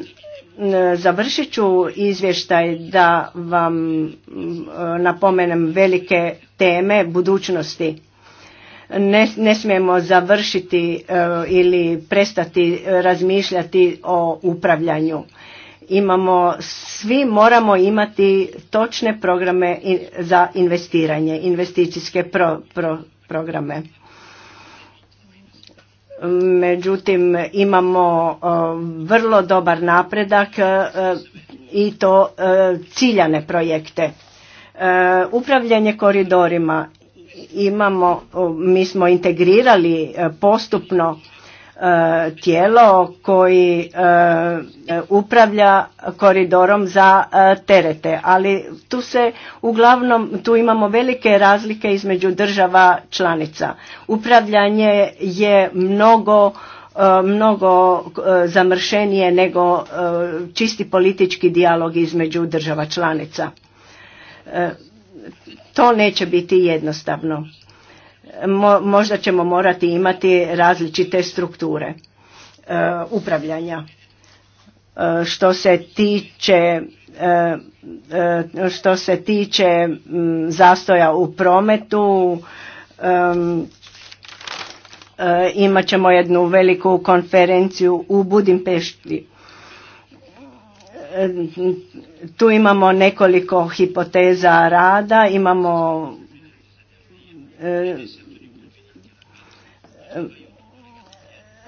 D: završit ću izvještaj da vam napomenem velike teme budućnosti ne, ne smijemo završiti e, ili prestati razmišljati o upravljanju. Imamo, svi moramo imati točne programe za investiranje, investicijske programe. Međutim, imamo e, vrlo dobar napredak e, i to ciljane projekte. upravljanje koridorima imamo, mi smo integrirali e, postupno e, tijelo koji e, upravlja koridorom za terete, ali tu se uglavnom, tu imamo velike razlike između država članica. Upravljanje je mnogo mnogo zamršenije nego čisti politički dijalog između država članica to neće biti jednostavno. možda ćemo morati imati različite strukture e, upravljanja. E, što se tiče e, što se tiče zastoja u prometu imat ćemo jednu veliku konferenciju u Budimpešti tu imamo nekoliko hipoteza rada, imamo e,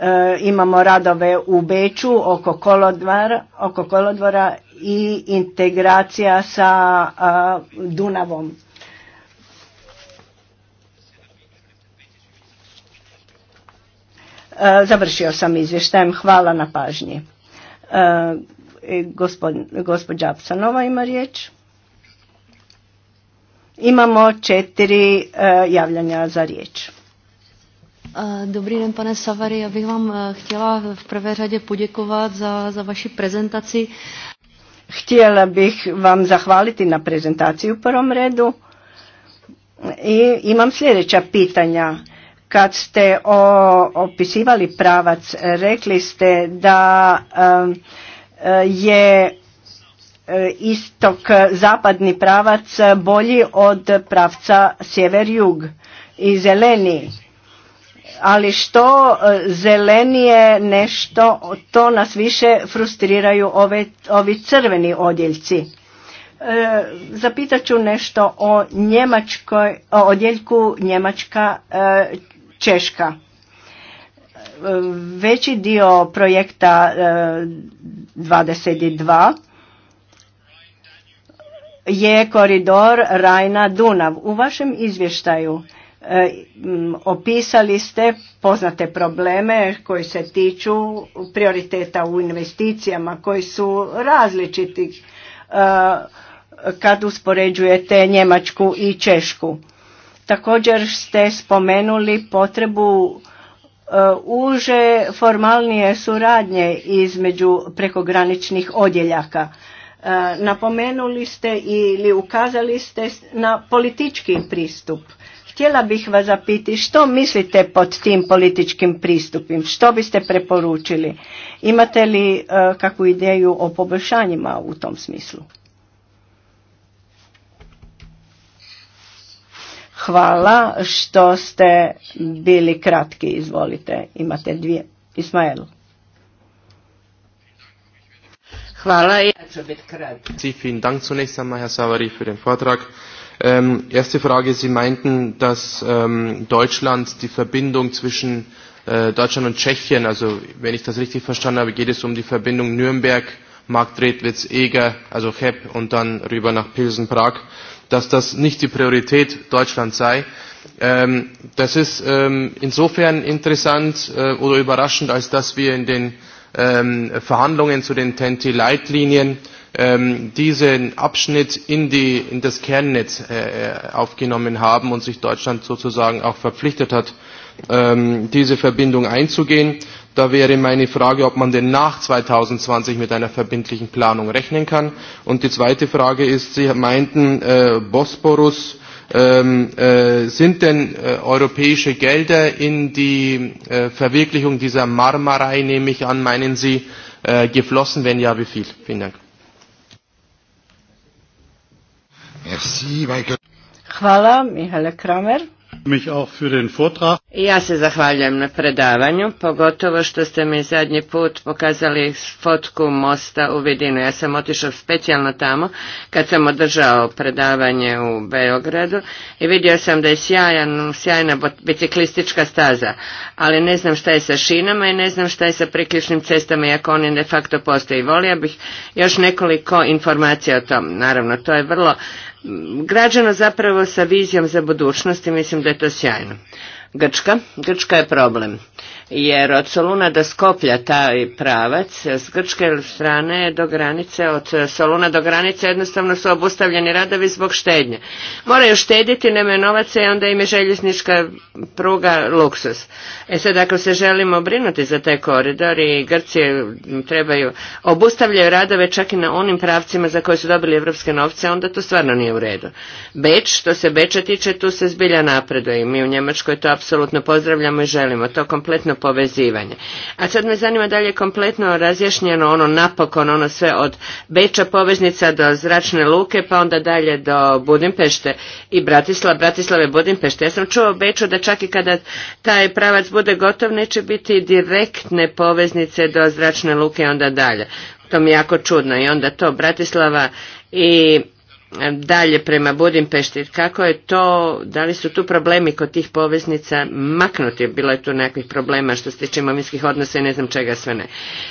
D: e, imamo radove u Beču oko kolodvora, oko i integracija sa e, Dunavom. završio sam izvještajem. Hvala na pažnji. E, gospođa Apsanova ima riječ. Imamo četiri e, javljanja za riječ. E,
C: dobrý den, pane Savary. Já bych vám chtěla v prvé řadě poděkovat za, za vaši
D: prezentaci. Htjela bih vam zahvaliti na prezentaciju u prvom redu. I imam sljedeća pitanja. Kad ste o, opisivali pravac, rekli ste da... Um, je e, istok e, zapadni pravac bolji od pravca sjever jug i zeleni. ali što e, zelenije nešto to nas više frustriraju ovi crveni odjeljci e, zapitat nešto o njemačkoj odjeljku njemačka češka veći dio projekta 22 eh, je koridor Rajna-Dunav. U vašem izvještaju eh, opisali ste poznate probleme koji se tiču prioriteta u investicijama koji su različiti eh, kad uspoređujete Njemačku i Češku. Također ste spomenuli potrebu E, uže formalnije suradnje između prekograničnih odjeljaka. E, napomenuli ste ili ukazali ste na politički pristup. Htjela bih vas zapiti što mislite pod tim političkim pristupim, što biste preporučili? Imate li e, kakvu ideju o poboljšanjima u tom smislu? Hvala što ste bili kratki, izvolite, imate dvije. Ismael. Hvala, ja ću biti
B: kratki. Vielen Dank zunächst einmal, Herr Savary, für den Vortrag. Ähm, erste Frage, Sie meinten, dass ähm, Deutschland die Verbindung zwischen äh, Deutschland und Tschechien, also wenn ich das richtig verstanden habe, geht es um die Verbindung Nürnberg, Marktredwitz, Eger, also Cheb und dann rüber nach Pilsen, Prag dass das nicht die Priorität Deutschlands sei. Ähm, das ist ähm, insofern interessant äh, oder überraschend, als dass wir in den ähm, Verhandlungen zu den TNT-Leitlinien ähm, diesen Abschnitt in, die, in das Kernnetz äh, äh, aufgenommen haben und sich Deutschland sozusagen auch verpflichtet hat, ähm, diese Verbindung einzugehen. Da wäre meine Frage, ob man denn nach 2020 mit einer verbindlichen Planung rechnen kann. Und die zweite Frage ist, Sie meinten äh, Bosporus, ähm, äh, sind denn äh, europäische Gelder in die äh, Verwirklichung dieser Marmarei, nehme ich an, meinen Sie, äh, geflossen? Wenn ja, wie viel? Vielen Dank. Merci, Michael. Hvala, Kramer.
D: Ja se zahvaljujem
C: na predavanju, pogotovo što ste mi zadnji put pokazali fotku mosta u Vidinu. Ja sam otišao specijalno tamo kad sam održao predavanje u Beogradu i vidio sam da je sjajan, sjajna biciklistička staza, ali ne znam šta je sa šinama i ne znam šta je sa priključnim cestama, iako oni de facto postoji. Volio bih još nekoliko informacija o tom. Naravno, to je vrlo građana zapravo sa vizijom za budućnost i mislim da je to sjajno. Grčka, Grčka je problem jer od Soluna do Skoplja taj pravac s grčke strane do granice, od Soluna do granice jednostavno su obustavljeni radovi zbog štednje. Moraju štediti, nemaju novaca i onda im je željeznička pruga luksus. E sad ako se želimo brinuti za taj koridor i Grci trebaju, obustavljaju radove čak i na onim pravcima za koje su dobili evropske novce, onda to stvarno nije u redu. Beč, što se Beča tiče, tu se zbilja napreduje i mi u Njemačkoj to apsolutno pozdravljamo i želimo. To kompletno povezivanje. A sad me zanima da li je kompletno razjašnjeno ono napokon, ono sve od Beča poveznica do Zračne luke, pa onda dalje do Budimpešte i Bratislava, Bratislave Budimpešte. Ja sam čuo Beču da čak i kada taj pravac bude gotov neće biti direktne poveznice do Zračne luke i onda dalje. To mi je jako čudno i onda to Bratislava i dalje prema Budimpešti, kako je to, da li su tu problemi kod tih poveznica maknuti, bilo je tu nekakvih problema što se tiče imovinskih odnosa i ne znam čega sve ne.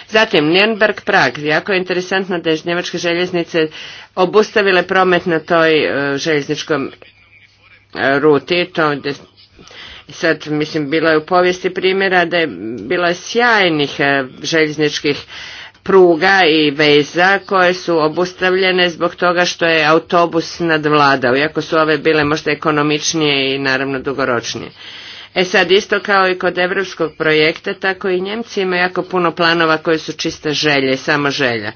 C: Zatim, Nürnberg Prag, jako je interesantno da je njemačke željeznice obustavile promet na toj e, željezničkom e, ruti, to sad mislim bilo je u povijesti primjera da je bilo sjajnih e, željezničkih pruga i veza koje su obustavljene zbog toga što je autobus nadvladao, iako su ove bile možda ekonomičnije i naravno dugoročnije. E sad, isto kao i kod evropskog projekta, tako i Njemci imaju jako puno planova koje su čiste želje, samo želja.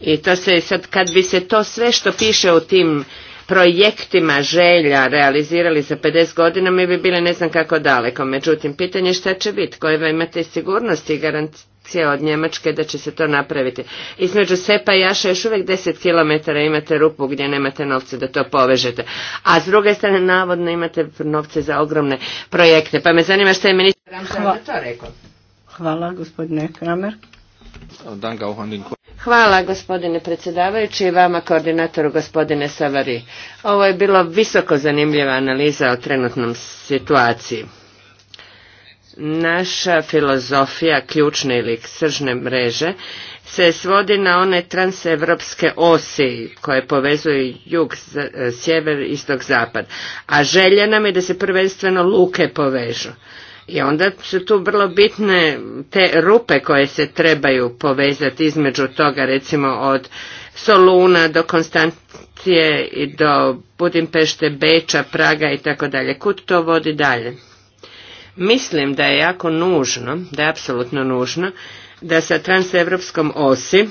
C: I to se sad, kad bi se to sve što piše u tim projektima želja realizirali za 50 godina, mi bi bile ne znam kako daleko. Međutim, pitanje šta će biti, koje imate sigurnosti i garanciju akcija od Njemačke da će se to napraviti. Između Sepa i Jaša još uvijek 10 km imate rupu gdje nemate novce da to povežete. A s druge strane navodno imate novce za ogromne projekte. Pa me zanima što je ministar Ramsar
B: to
D: rekao. Hvala gospodine Kramer.
C: Hvala gospodine predsjedavajući i vama koordinatoru gospodine Savari. Ovo je bilo visoko zanimljiva analiza o trenutnom situaciji naša filozofija ključne ili sržne mreže se svodi na one transevropske osi koje povezuju jug, e, sjever, istog, zapad. A želja nam je da se prvenstveno luke povežu. I onda su tu vrlo bitne te rupe koje se trebaju povezati između toga recimo od Soluna do Konstancije i do Budimpešte, Beča, Praga i tako dalje. Kud to vodi dalje? Mislim da je jako nužno, da je apsolutno nužno, da sa transevropskom osi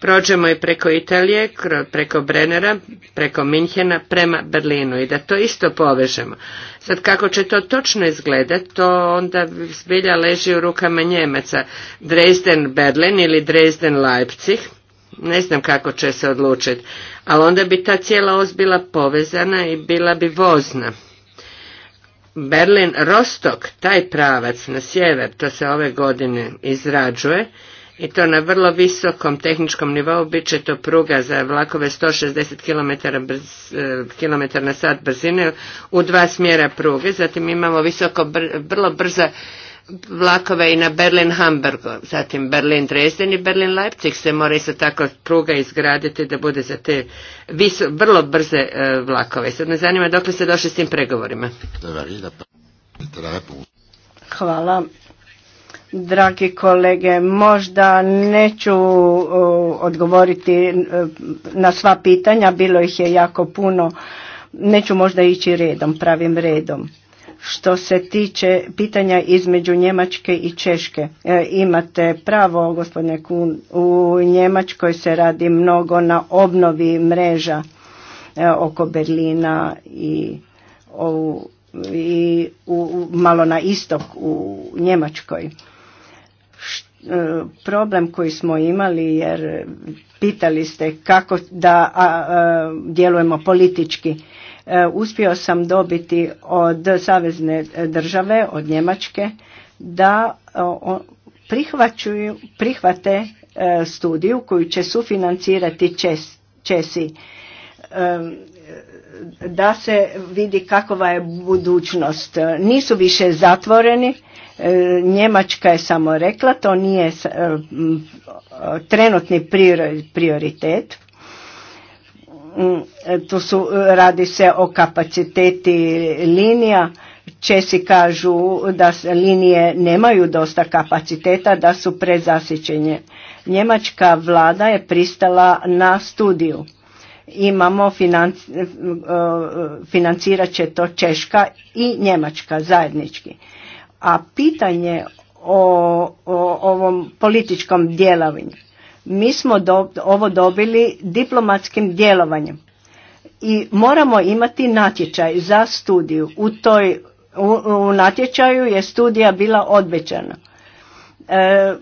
C: prođemo i preko Italije, preko Brennera, preko Minhena, prema Berlinu i da to isto povežemo. Sad kako će to točno izgledat, to onda zbilja leži u rukama Njemaca. Dresden Berlin ili Dresden Leipzig, ne znam kako će se odlučiti, ali onda bi ta cijela os bila povezana i bila bi vozna berlin rostock taj pravac na sjever, to se ove godine izrađuje i to na vrlo visokom tehničkom nivou bit će to pruga za vlakove 160 km, brz, e, km na sat brzine u dva smjera pruge. Zatim imamo visoko, vrlo brza vlakove i na Berlin Hamburg, zatim Berlin Dresden i Berlin Leipzig se mora isto tako pruga izgraditi da bude za te viso, vrlo brze e, vlakove. Sad me zanima dokle se došli s tim pregovorima.
D: Hvala. Dragi kolege, možda neću e, odgovoriti e, na sva pitanja, bilo ih je jako puno. Neću možda ići redom, pravim redom što se tiče pitanja između Njemačke i Češke. E, imate pravo, gospodine Kun, u Njemačkoj se radi mnogo na obnovi mreža e, oko Berlina i, i malo na istok u Njemačkoj. E, problem koji smo imali, jer pitali ste kako da djelujemo politički, Eh, uspio sam dobiti od savezne eh, države, od Njemačke, da eh, prihvate studiju koju će sufinancirati Česi da se vidi kakva je budućnost. Nisu više zatvoreni, Njemačka je samo rekla, to nije trenutni prioritet, Mm, tu su, e, radi se o kapaciteti linija. Česi kažu da linije nemaju dosta kapaciteta, da su prezasićenje. Njemačka vlada je pristala na studiju. Imamo, e, e, financirat će to Češka i Njemačka zajednički. A pitanje o, o ovom političkom djelovanju mi smo ovo dobili diplomatskim djelovanjem i moramo imati natječaj za studiju. U, toj, u, natječaju je studija bila odbećana. E,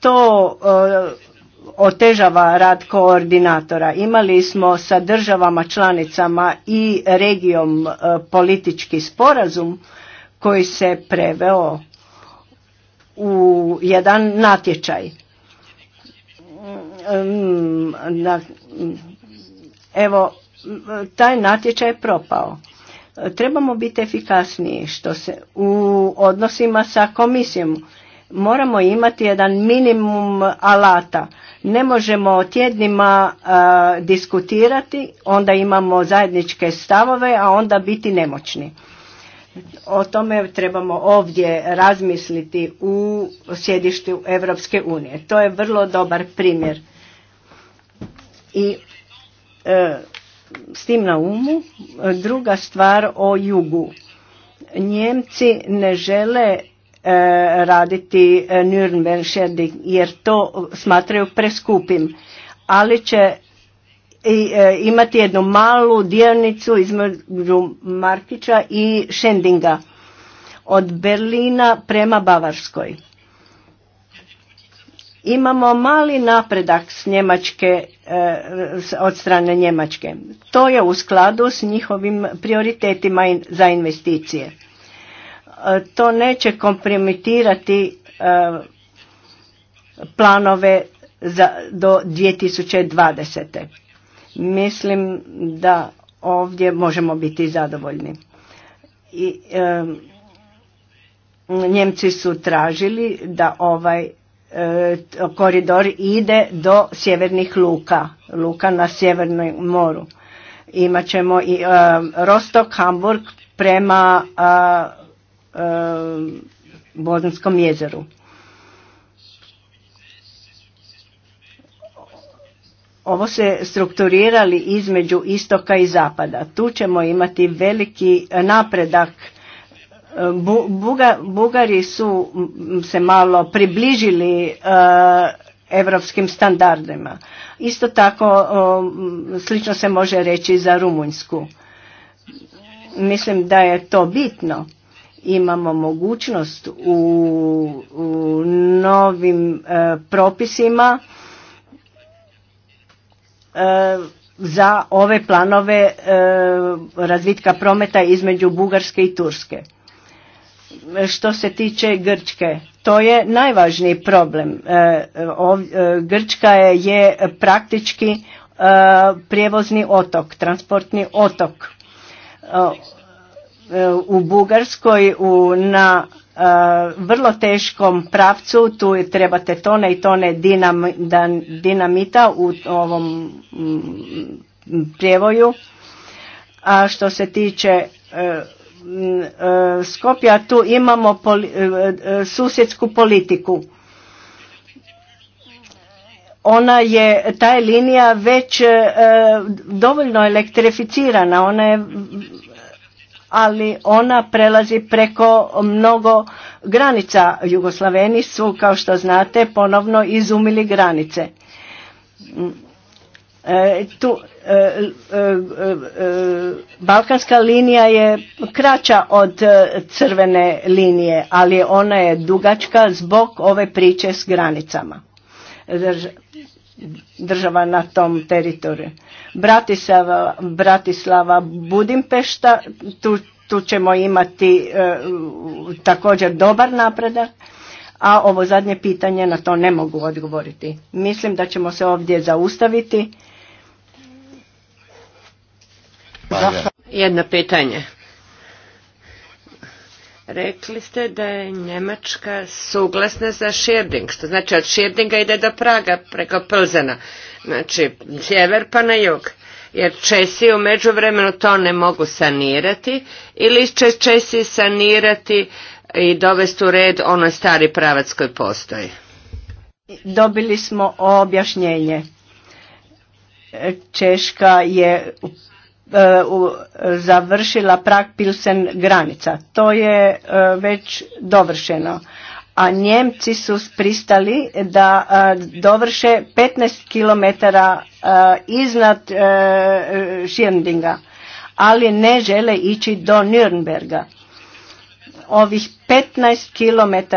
D: to e, otežava rad koordinatora. Imali smo sa državama članicama i regijom e, politički sporazum koji se preveo u jedan natječaj evo taj natječaj je propao trebamo biti efikasniji što se u odnosima sa komisijom moramo imati jedan minimum alata ne možemo tjednima diskutirati onda imamo zajedničke stavove a onda biti nemoćni o tome trebamo ovdje razmisliti u sjedištu Europske unije to je vrlo dobar primjer i e, s tim na umu druga stvar o jugu. Njemci ne žele e, raditi e, Nürnberg jer to smatraju preskupim, ali će e, imati jednu malu dijelnicu između Markića i Schendinga od Berlina prema Bavarskoj. Imamo mali napredak s Njemačke, e, od strane Njemačke. To je u skladu s njihovim prioritetima za investicije. E, to neće kompromitirati e, planove za, do 2020. Mislim da ovdje možemo biti zadovoljni. I, Njemci su tražili da ovaj E, koridor ide do sjevernih luka, luka na sjevernom moru. Imaćemo i e, Rostok, Hamburg prema e, Bodenskom jezeru. Ovo se strukturirali između istoka i zapada. Tu ćemo imati veliki napredak Bugari su se malo približili e, evropskim standardima. Isto tako slično se može reći za Rumunjsku. Mislim da je to bitno. Imamo mogućnost u, novim e, propisima e, za ove planove razvitka prometa između Bugarske i Turske što se tiče Grčke. To je najvažniji problem. E, e, Grčka je praktički e, prijevozni otok, transportni otok. U Bugarskoj na vrlo teškom pravcu tu trebate tone i tone dinamita u ovom prijevoju. A što se tiče Mm, e, Skopja tu imamo e, e, susjedsku politiku. Ona je, ta je linija već dovoljno elektrificirana, ona je, ali ona prelazi preko mnogo granica. Jugoslaveni su, kao što znate, ponovno izumili granice. Mm, tu E, e, e, Balkanska linija je kraća od crvene linije, ali ona je dugačka zbog ove priče s granicama država na tom teritoriju. Bratislava, Budimpešta, tu, tu ćemo imati također dobar napredak, a ovo zadnje pitanje na to ne mogu odgovoriti. Mislim da ćemo se ovdje zaustaviti. Pa Jedno pitanje.
C: Rekli ste da je Njemačka suglasna za Širding, što znači od Širdinga ide do Praga preko Plzena, znači sjever pa na jug. Jer Česi u međuvremenu to ne mogu sanirati ili će Česi sanirati i dovesti u red onoj stari pravac koji postoji.
D: Dobili smo objašnjenje. Češka je E, završila Prag Pilsen granica. To je e, već dovršeno. A Njemci su pristali da e, dovrše 15 km iznad Širndinga, ali ne žele ići do Nürnberga. Ovih 15 km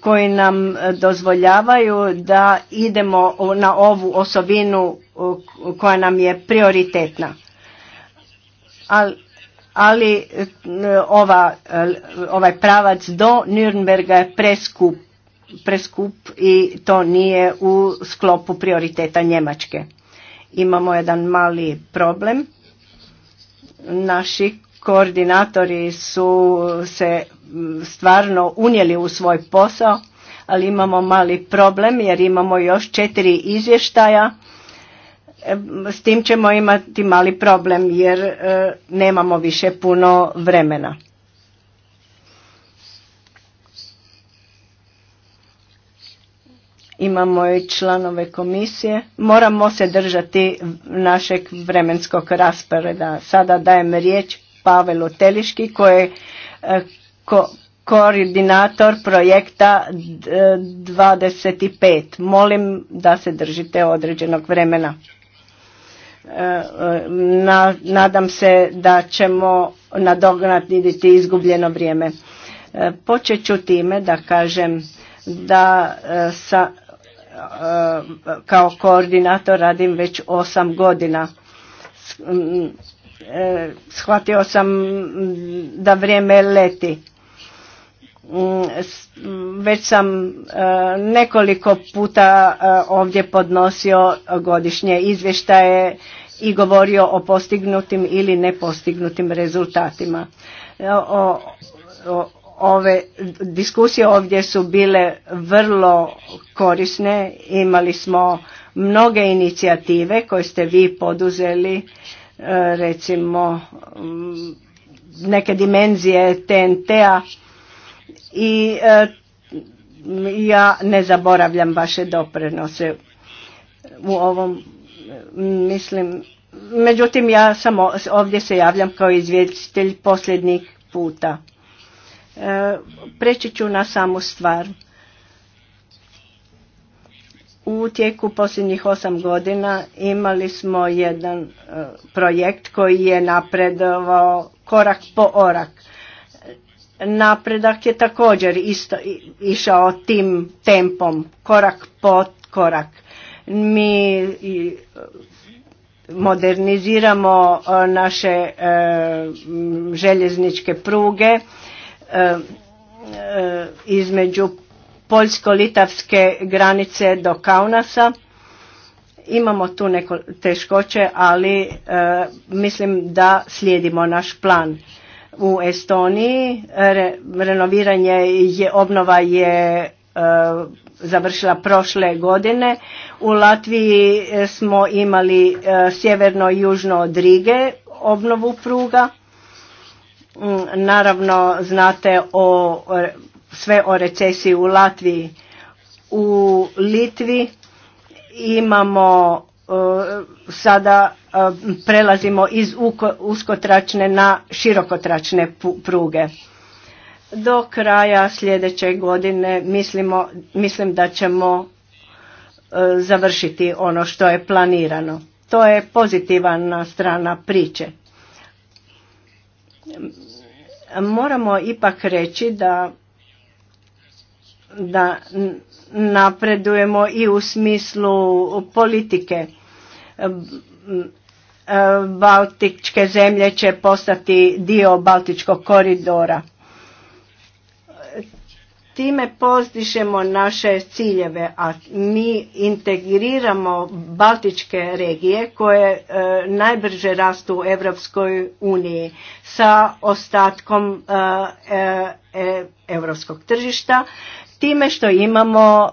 D: koji nam dozvoljavaju da idemo na ovu osovinu koja nam je prioritetna. Ali, ali e, ova, e, ovaj pravac do Nürnberga je preskup, preskup i to nije u sklopu prioriteta Njemačke. Imamo jedan mali problem. Naši koordinatori su se stvarno unijeli u svoj posao, ali imamo mali problem jer imamo još četiri izvještaja s tim ćemo imati mali problem jer e, nemamo više puno vremena. Imamo i članove komisije. Moramo se držati našeg vremenskog rasporeda. Sada dajem riječ Pavelu Teliški koji je e, koordinator projekta 25. Molim da se držite određenog vremena. Eh, eh, na, nadam se da ćemo nadognatiti izgubljeno vrijeme. Eh, počet ću time da kažem da sa, kao koordinator radim već osam godina. Mm, shvatio sam da vrijeme leti. Mm, mm, već sam e, nekoliko puta e, ovdje podnosio godišnje izvještaje i govorio o postignutim ili nepostignutim rezultatima. E, o, ove diskusije ovdje su bile vrlo korisne, imali smo mnoge inicijative koje ste vi poduzeli, recimo mm, neke dimenzije TNT-a i e, ja ne zaboravljam vaše doprinose u ovom mislim međutim ja samo ovdje se javljam kao izvjestitelj posljednjih puta e, preći ću na samu stvar u tijeku posljednjih osam godina imali smo jedan e, projekt koji je napredovao korak po orak napredak je također isto išao tim tempom, korak pod korak. Mi moderniziramo e, naše e, željezničke pruge e, između poljsko-litavske granice do Kaunasa. Imamo tu neko teškoće, ali mislim da slijedimo naš plan u Estoniji. renoviranje je, obnova je e, završila prošle godine. U Latviji e, smo imali e, sjeverno i južno od Rige obnovu pruga. Mm, naravno znate o, sve o recesiji u Latviji. U Litvi imamo sada Eh, prelazimo iz uskotračne na širokotračne pruge. Do kraja sljedeće godine mislimo, mislim da ćemo eh, završiti ono što je planirano. To je pozitivna strana priče. Moramo ipak reći da da napredujemo i u smislu politike E, Baltičke zemlje će postati dio Baltičkog koridora. Time pozdišemo naše ciljeve, a mi integriramo Baltičke regije koje e, najbrže rastu u Europskoj uniji sa ostatkom europskog e, tržišta, time što imamo e,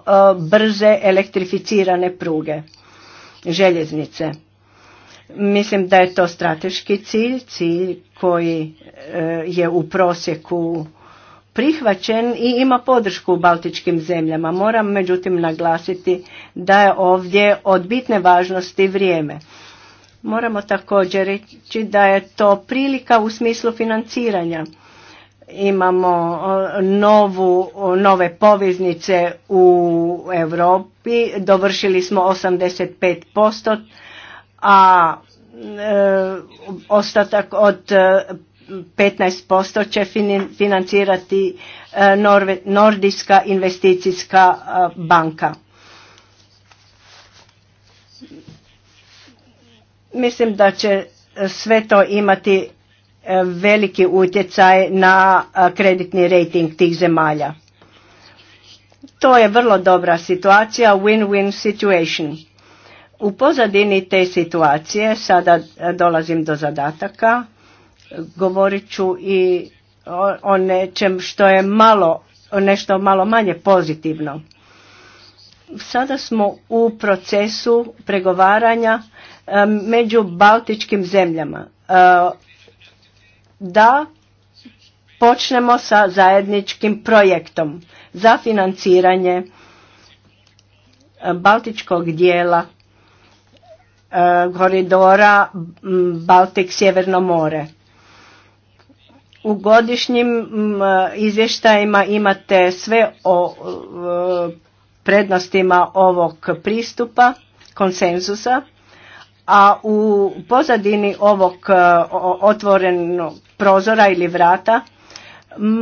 D: brze elektrificirane pruge, željeznice Mislim da je to strateški cilj, cilj koji e, je u prosjeku prihvaćen i ima podršku u baltičkim zemljama. Moram međutim naglasiti da je ovdje od bitne važnosti vrijeme. Moramo također reći da je to prilika u smislu financiranja. Imamo novu, nove poveznice u Europi, dovršili smo 85%, a e, ostatak od 15% e, će financirati e, Nordijska investicijska banka. Mislim da će sve to imati veliki utjecaj na kreditni rating tih zemalja. To je vrlo dobra situacija, win-win situation. U pozadini te situacije, sada dolazim do zadataka, govorit ću i o, nečem što je malo, nešto malo manje pozitivno. Sada smo u procesu pregovaranja e, među baltičkim zemljama. E, da počnemo sa zajedničkim projektom za financiranje e, baltičkog dijela Eh, koridora Baltik-Sjeverno more. U godišnjim izvještajima imate sve o eh, prednostima ovog pristupa, konsenzusa, a u pozadini ovog eh, otvorenog prozora ili vrata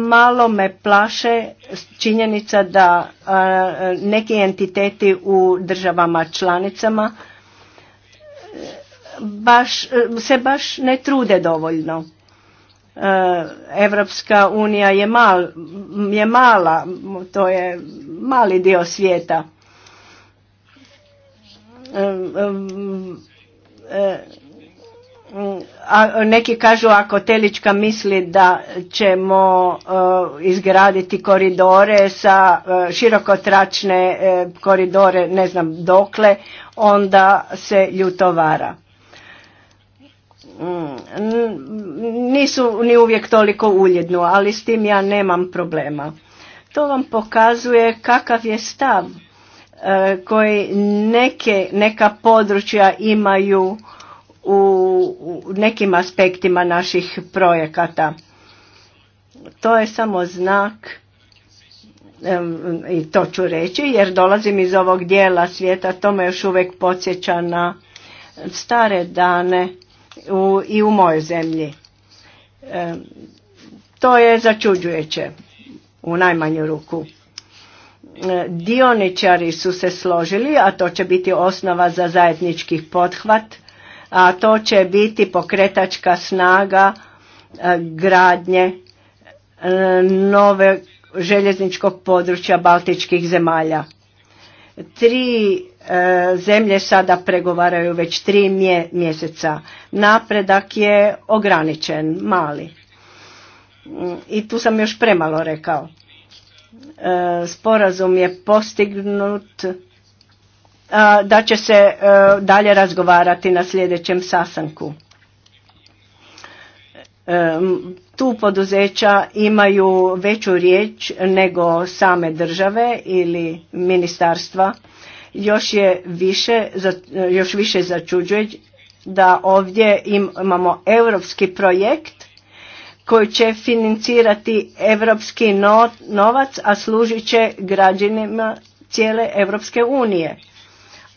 D: malo me plaše činjenica da neki entiteti u državama članicama baš, se baš ne trude dovoljno. E, Evropska unija je, mal, je mala, to je mali dio svijeta. E, e, Mm, a neki kažu ako Telička misli da ćemo e, izgraditi koridore sa e, širokotračne e, koridore ne znam dokle onda se ljutovara mm, nisu ni uvijek toliko uljedno, ali s tim ja nemam problema. To vam pokazuje kakav je stav koji neke, neka područja imaju u nekim aspektima naših projekata. To je samo znak i to ću reći jer dolazim iz ovog dijela svijeta, to me još uvijek podsjeća na stare dane u, i u mojoj zemlji. to je začuđujeće u najmanju ruku. E, dioničari su se složili, a to će biti osnova za zajednički pothvat – a to će biti pokretačka snaga e, gradnje e, nove željezničkog područja baltičkih zemalja. Tri e, zemlje sada pregovaraju već tri mjeseca. Napredak je ograničen, mali. Mm, I tu sam još premalo rekao. Sporazum je postignut da će se e, dalje razgovarati na sljedećem sasanku. E, tu poduzeća imaju veću riječ nego same države ili ministarstva. Još je više, još više začuđuje da ovdje imamo europski projekt koji će financirati europski novac, a služit će građanima cijele Europske unije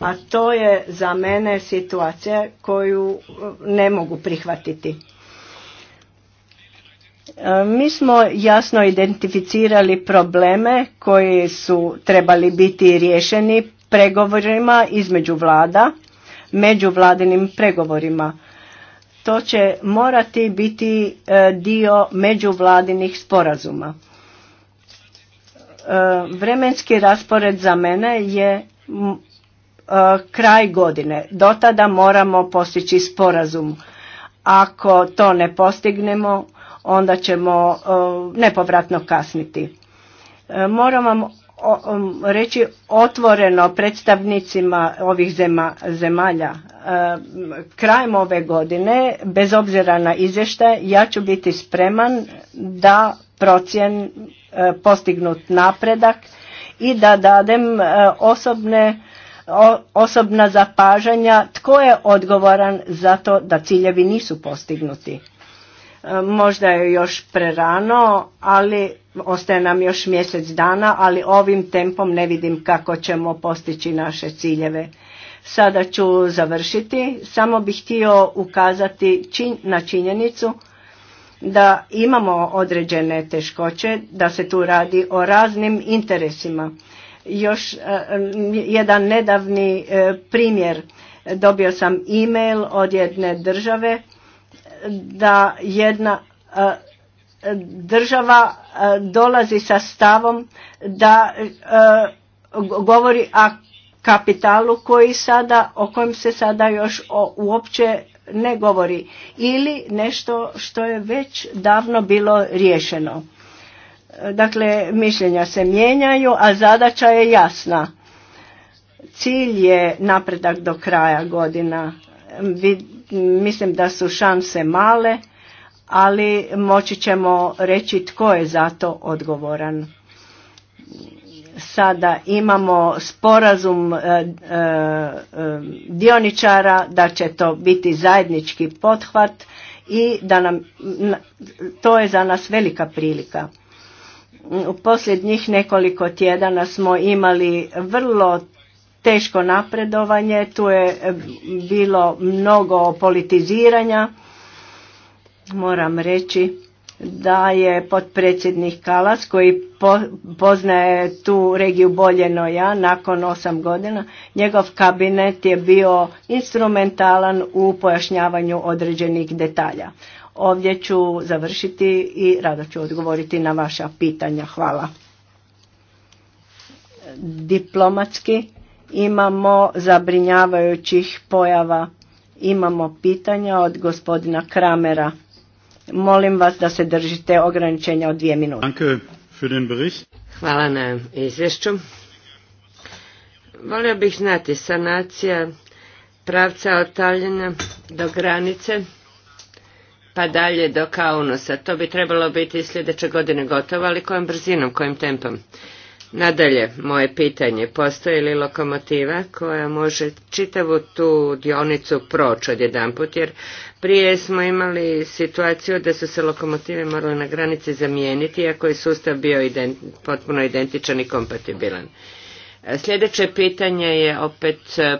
D: a to je za mene situacija koju e, ne mogu prihvatiti. E, mi smo jasno identificirali probleme koji su trebali biti riješeni pregovorima između vlada, međuvladinim pregovorima. To će morati biti e, dio međuvladinih sporazuma. Vremenski raspored za mene je E, kraj godine. Do tada moramo postići sporazum. Ako to ne postignemo, onda ćemo e, nepovratno kasniti. E, moram vam reći otvoreno predstavnicima ovih zemalja. Krajem ove godine, bez obzira na izvještaj, ja ću biti spreman da procijen postignut napredak i da dadem osobne osobna zapažanja tko je odgovoran za to da ciljevi nisu postignuti. E, možda je još prerano, ali ostaje nam još mjesec dana, ali ovim tempom ne vidim kako ćemo postići naše ciljeve. Sada ću završiti, samo bih htio ukazati na činjenicu da imamo određene teškoće, da se tu radi o raznim interesima. Još e, jedan nedavni e, primjer. Dobio sam e-mail od jedne države e, da jedna država dolazi sa stavom da govori o kapitalu koji sada, o kojem se sada još uopće ne govori ili nešto što je već davno bilo riješeno. Dakle, mišljenja se mijenjaju, a zadaća je jasna. Cilj je napredak do kraja godina. Mislim da su šanse male, ali moći ćemo reći tko je za to odgovoran. Sada imamo sporazum e, e, e dioničara da će to biti zajednički pothvat i da nam to je za nas velika prilika. U posljednjih nekoliko tjedana smo imali vrlo teško napredovanje, tu je bilo mnogo politiziranja. Moram reći da je potpredsjednik Kalas koji poznaje tu regiju bolje no ja nakon osam godina, njegov kabinet je bio instrumentalan u pojašnjavanju određenih detalja. Ovdje ću završiti i rado ću odgovoriti na vaša pitanja. Hvala. Diplomatski imamo zabrinjavajućih pojava. Imamo pitanja od gospodina Kramera. Molim vas da se držite ograničenja od dvije minute.
B: Hvala na izvješću.
D: Volio bih znati sanacija
C: pravca od do granice pa dalje do Kaunosa, To bi trebalo biti sljedeće godine gotovo, ali kojom brzinom, kojim tempom? Nadalje, moje pitanje, postoji li lokomotiva koja može čitavu tu dionicu proći odjedanput, jer prije smo imali situaciju da su se lokomotive morale na granici zamijeniti, iako je sustav bio ident, potpuno identičan i kompatibilan. Sljedeće pitanje je opet eh,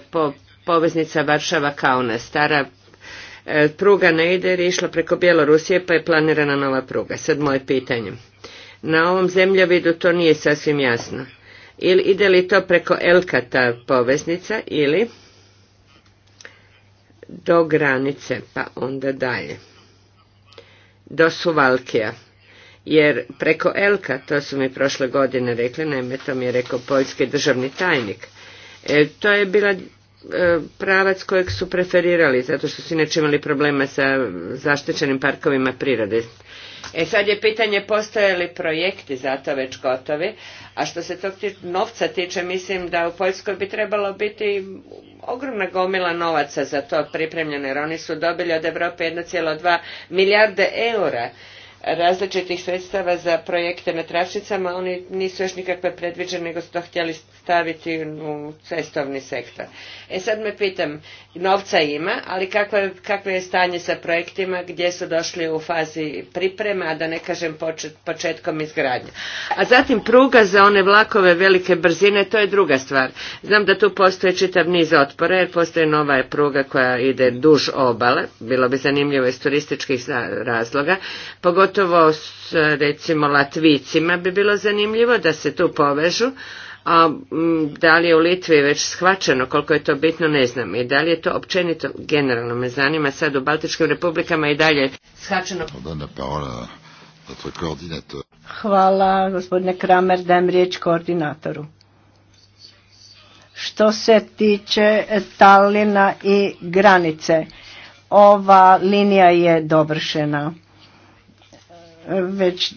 C: poveznica Varšava-Kauna, stara E, pruga ne ide jer je išla preko Bjelorusije pa je planirana nova pruga. Sad moje pitanje. Na ovom zemljovidu to nije sasvim jasno. Ili ide li to preko Elka ta poveznica ili do granice pa onda dalje. Do Suvalkija. Jer preko Elka, to su mi prošle godine rekli, naime to mi je rekao poljski državni tajnik, e, to je bila E, pravac kojeg su preferirali, zato što su inače imali problema sa zaštićenim parkovima prirode. E sad je pitanje postoje li projekti za to već gotovi, a što se tog novca tiče, mislim da u Poljskoj bi trebalo biti ogromna gomila novaca za to pripremljeno, jer oni su dobili od Europe 1,2 milijarde eura različitih sredstava za projekte na tračnicama, oni nisu još nikakve predviđene, nego su to htjeli staviti u cestovni sektor. E sad me pitam, novca ima, ali kakvo je, stanje sa projektima gdje su došli u fazi priprema, a da ne kažem početkom izgradnje. A zatim pruga za one vlakove velike brzine, to je druga stvar. Znam da tu postoje čitav niz otpora, jer postoje nova pruga koja ide duž obale, bilo bi zanimljivo iz turističkih razloga, pogotovo pogotovo s recimo Latvicima bi bilo zanimljivo da se tu povežu, a da li je u Litvi već shvaćeno koliko je to bitno ne znam i da li je to općenito generalno me zanima sad u Baltičkim republikama i dalje
D: shvaćeno. Hvala gospodine Kramer, dajem riječ koordinatoru. Što se tiče Talina i granice, ova linija je dovršena već e,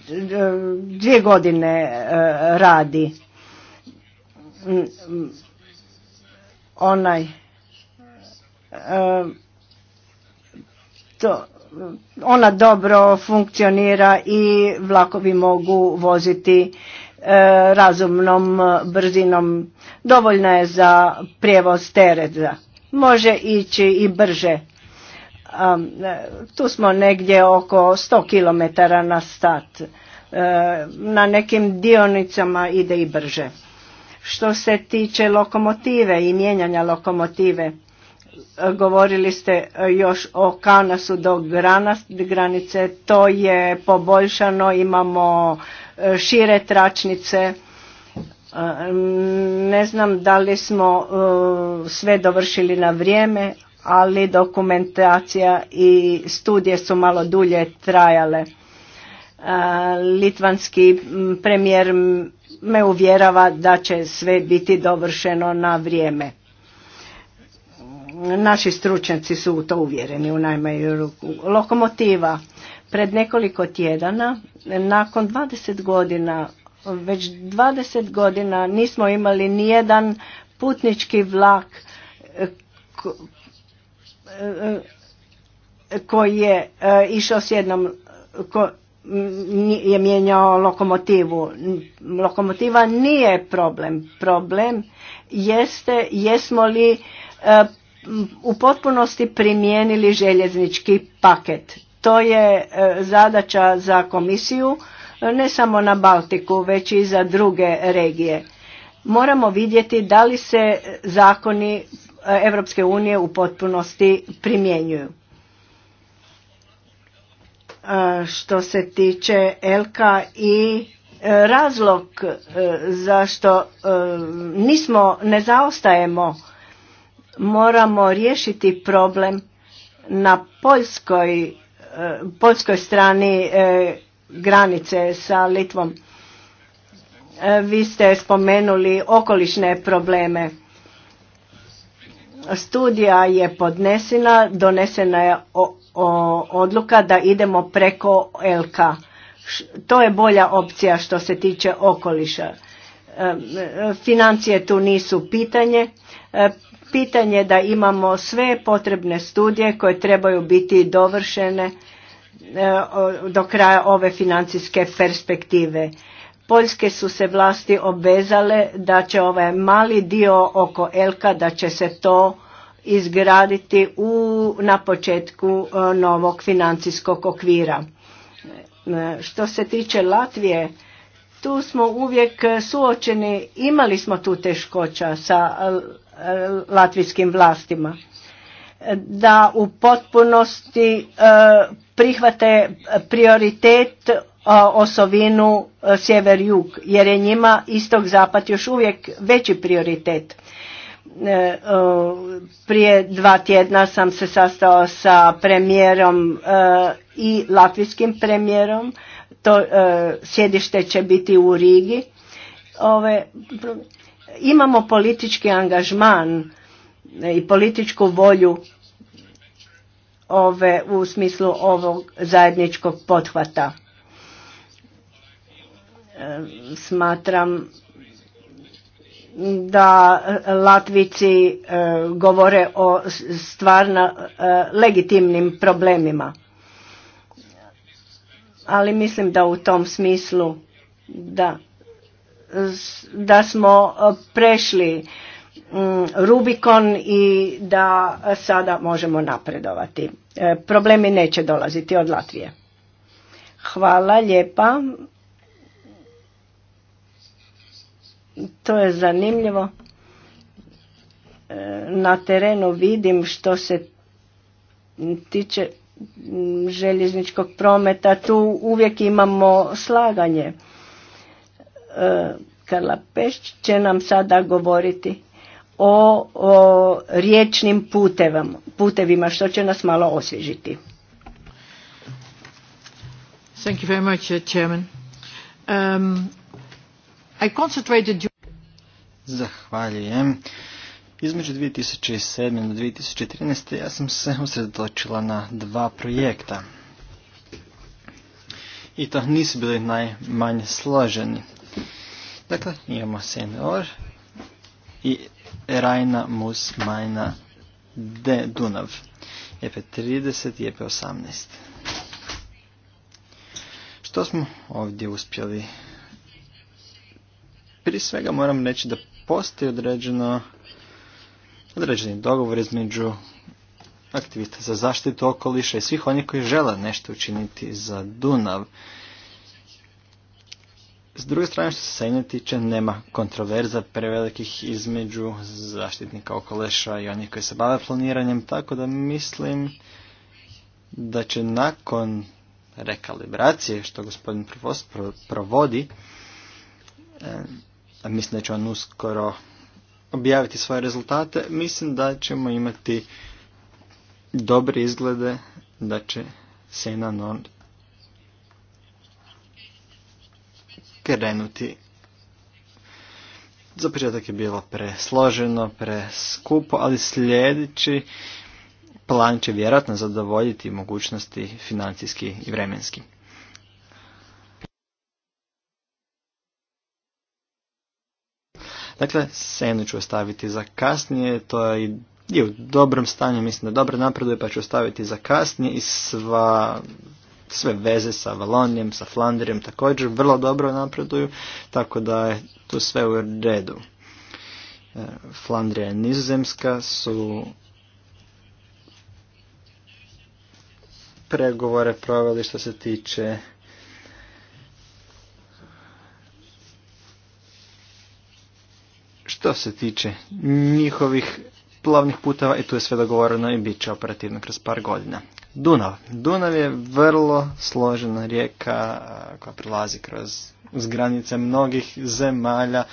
D: dvije godine e, radi. Onaj e, to, ona dobro funkcionira i vlakovi mogu voziti razumnom brzinom. Dovoljna je za prijevoz tereta. Može ići i brže E, tu smo negdje oko 100 km na stat. E, na nekim dionicama ide i brže. Što se tiče lokomotive i mijenjanja lokomotive, e, govorili ste još o Kanasu do granice, to je poboljšano, imamo šire tračnice, ne znam da li smo sve dovršili na vrijeme, ali dokumentacija i studije su malo dulje trajale. E, litvanski premijer me uvjerava da će sve biti dovršeno na vrijeme. Naši stručnjaci su u to uvjereni u najmanju ruku. Lokomotiva. Pred nekoliko tjedana, nakon 20 godina, već 20 godina nismo imali nijedan putnički vlak e, E, e, koji je e, išao s jednom je mijenjao lokomotivu. Lokomotiva nije problem. Problem jeste jesmo li u potpunosti primijenili željeznički paket. To je zadaća za komisiju ne samo na Baltiku već i za druge regije. Moramo vidjeti da li se zakoni Europske unije u potpunosti primjenjuju. E, što se tiče Elka i e, razlog e, zašto nismo, ne zaostajemo, moramo riješiti problem na poljskoj, poljskoj strani granice sa Litvom. Vi ste spomenuli okolišne probleme studija je podnesena, donesena je o, odluka da idemo preko LK. To je bolja opcija što se tiče okoliša. E, financije tu nisu pitanje. E, pitanje da imamo sve potrebne studije koje trebaju biti dovršene e, do kraja ove financijske perspektive Poljske su se vlasti obvezale da će ovaj mali dio oko Elka, da će se to izgraditi u, na početku e, novog financijskog okvira. E, što se tiče Latvije, tu smo uvijek suočeni, imali smo tu teškoća sa e, latvijskim vlastima da u potpunosti prihvate prioritet osovinu e, sjever-jug, jer je njima istog zapad još uvijek veći prioritet. E, e, prije dva tjedna sam se sastao sa premijerom i latvijskim premijerom. To sjedište će biti u Rigi. Ove, imamo politički angažman i političku volju ove u smislu ovog zajedničkog pothvata Smatram da Latvici e, govore o stvarno e, legitimnim problemima. Ali mislim da u tom smislu da, smo e, prešli Rubikon i da sada možemo napredovati. Problemi neće dolaziti od Latvije. Hvala lijepa. To je zanimljivo. E, na terenu vidim što se tiče željezničkog prometa. Tu uvijek imamo slaganje. E, Karla Pešć će nam sada govoriti o, riječnim putevima, što će nas malo osvježiti.
C: Thank you very much, uh, Chairman. Um, i
D: concentrated...
A: Zahvaljujem. Između 2007. do 2013. ja sam se usredotočila na dva projekta. I to nisu bili najmanje složeni. Dakle, imamo Senor i Rajna Mus Majna D. Dunav. EP30 i EP18. Što smo ovdje uspjeli prije svega moram reći da postoji određeno, određeni dogovor između aktivista za zaštitu okoliša i svih onih koji žele nešto učiniti za Dunav. S druge strane što se sajnje tiče nema kontroverza prevelikih između zaštitnika okoliša i onih koji se bave planiranjem, tako da mislim da će nakon rekalibracije što gospodin provodi, Mislim da će on uskoro objaviti svoje rezultate. Mislim da ćemo imati dobre izglede da će Sena Non krenuti. Za početak je bilo presloženo, preskupo, ali sljedeći plan će vjerojatno zadovoljiti mogućnosti financijski i vremenski. Dakle, senu ću ostaviti za kasnije, to je i u dobrom stanju, mislim da dobro napreduje, pa ću ostaviti za kasnije i sva, sve veze sa Valonijem, sa Flandrijem također vrlo dobro napreduju, tako da je tu sve u redu. E, Flandrija i Nizozemska su pregovore proveli što se tiče Što se tiče njihovih plavnih putava i tu je sve dogovoreno i bit će operativno kroz par godina. Dunav. Dunav je vrlo složena rijeka koja prilazi kroz granice mnogih zemalja,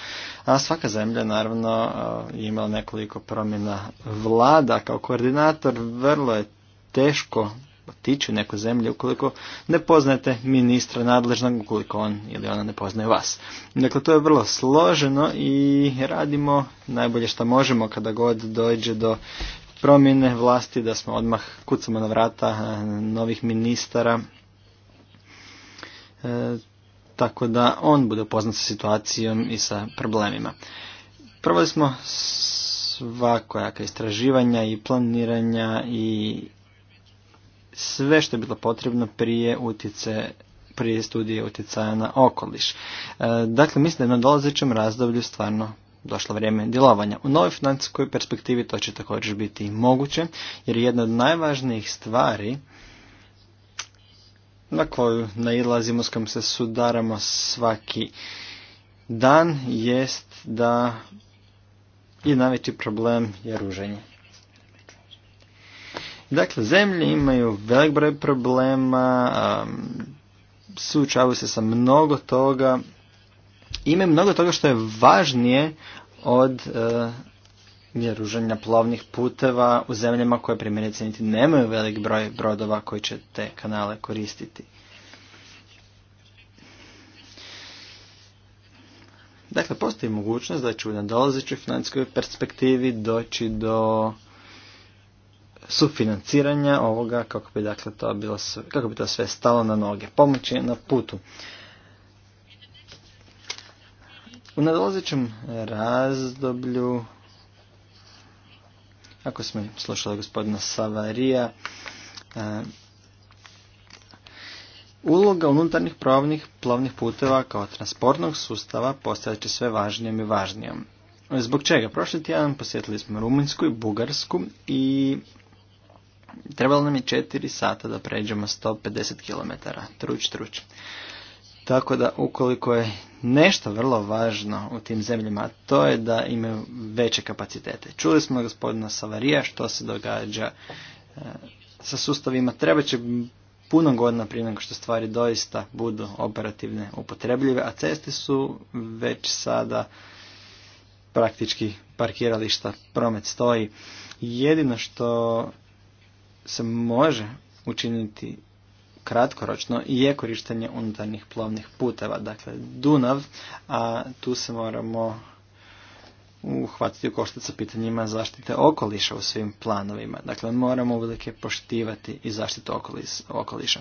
A: a svaka zemlja naravno ima imala nekoliko promjena vlada. Kao koordinator vrlo je teško otići u neku zemlju ukoliko ne poznajete ministra nadležnog, ukoliko on ili ona ne poznaje vas. Dakle, to je vrlo složeno i radimo najbolje što možemo kada god dođe do promjene vlasti, da smo odmah kucamo na vrata e, novih ministara, e, tako da on bude upoznat sa situacijom i sa problemima. prvo smo svakojaka istraživanja i planiranja i sve što je bilo potrebno prije utjece prije studije utjecaja na okoliš. E, dakle, mislim da je na dolazećem razdoblju stvarno došlo vrijeme djelovanja. U novoj financijskoj perspektivi to će također biti moguće, jer jedna od najvažnijih stvari na koju nailazimo s kojom se sudaramo svaki dan jest da je najveći problem je ruženje. Dakle, zemlje imaju velik broj problema, um, suočavaju se sa mnogo toga, imaju mnogo toga što je važnije od uh, plovnih puteva u zemljama koje primjerice niti nemaju velik broj brodova koji će te kanale koristiti. Dakle, postoji mogućnost da će u nadolazećoj financijskoj perspektivi doći do sufinanciranja ovoga kako bi, dakle, to bilo, kako bi to sve stalo na noge. pomoći na putu. U nadolazećem razdoblju, ako smo slušali gospodina Savarija, eh, Uloga unutarnjih plovnih, plovnih puteva kao transportnog sustava postavit će sve važnijom i važnijom. Zbog čega? Prošli tjedan posjetili smo Rumunjsku i Bugarsku i Trebalo nam je četiri sata da pređemo 150 km. truć, truć. Tako da ukoliko je nešto vrlo važno u tim zemljama, to je da imaju veće kapacitete. Čuli smo gospodina Savarija što se događa e, sa sustavima. Treba će puno godina prije nego što stvari doista budu operativne upotrebljive, a ceste su već sada praktički parkirališta, promet stoji. Jedino što se može učiniti kratkoročno je korištenje unutarnjih plovnih puteva, dakle Dunav, a tu se moramo uhvatiti u koštac sa pitanjima zaštite okoliša u svim planovima. Dakle, moramo uvelike poštivati i zaštitu okoliša.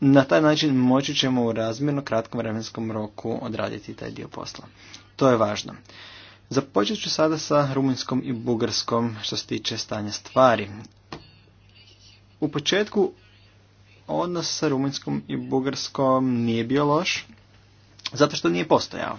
A: Na taj način moći ćemo u razmjerno kratkom vremenskom roku odraditi taj dio posla. To je važno. Započet ću sada sa rumunjskom i bugarskom što se tiče stanja stvari. U početku odnos sa Rumunjskom i Bugarskom nije bio loš, zato što nije postojao.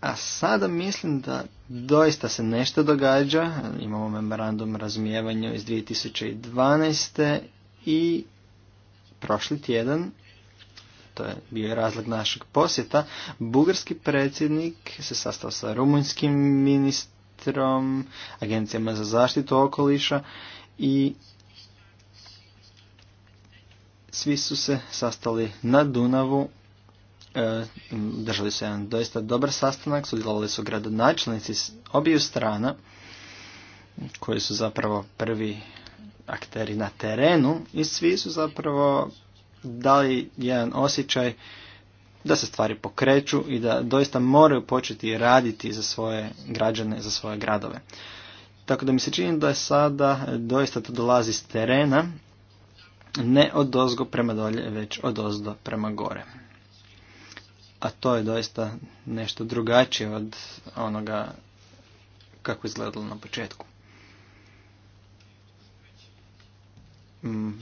A: A sada mislim da doista se nešto događa. Imamo memorandum razmijevanja iz 2012. i prošli tjedan, to je bio razlog našeg posjeta, bugarski predsjednik se sastao sa rumunjskim ministrom agencijama za zaštitu okoliša i svi su se sastali na Dunavu e, držali su jedan doista dobar sastanak, sudjelovali su gradonačelnici s obiju strana, koji su zapravo prvi akteri na terenu i svi su zapravo dali jedan osjećaj da se stvari pokreću i da doista moraju početi raditi za svoje građane, za svoje gradove. Tako da mi se čini da je sada doista to dolazi s terena, ne od ozgo prema dolje, već od ozdo prema gore. A to je doista nešto drugačije od onoga kako izgledalo na početku. Mm,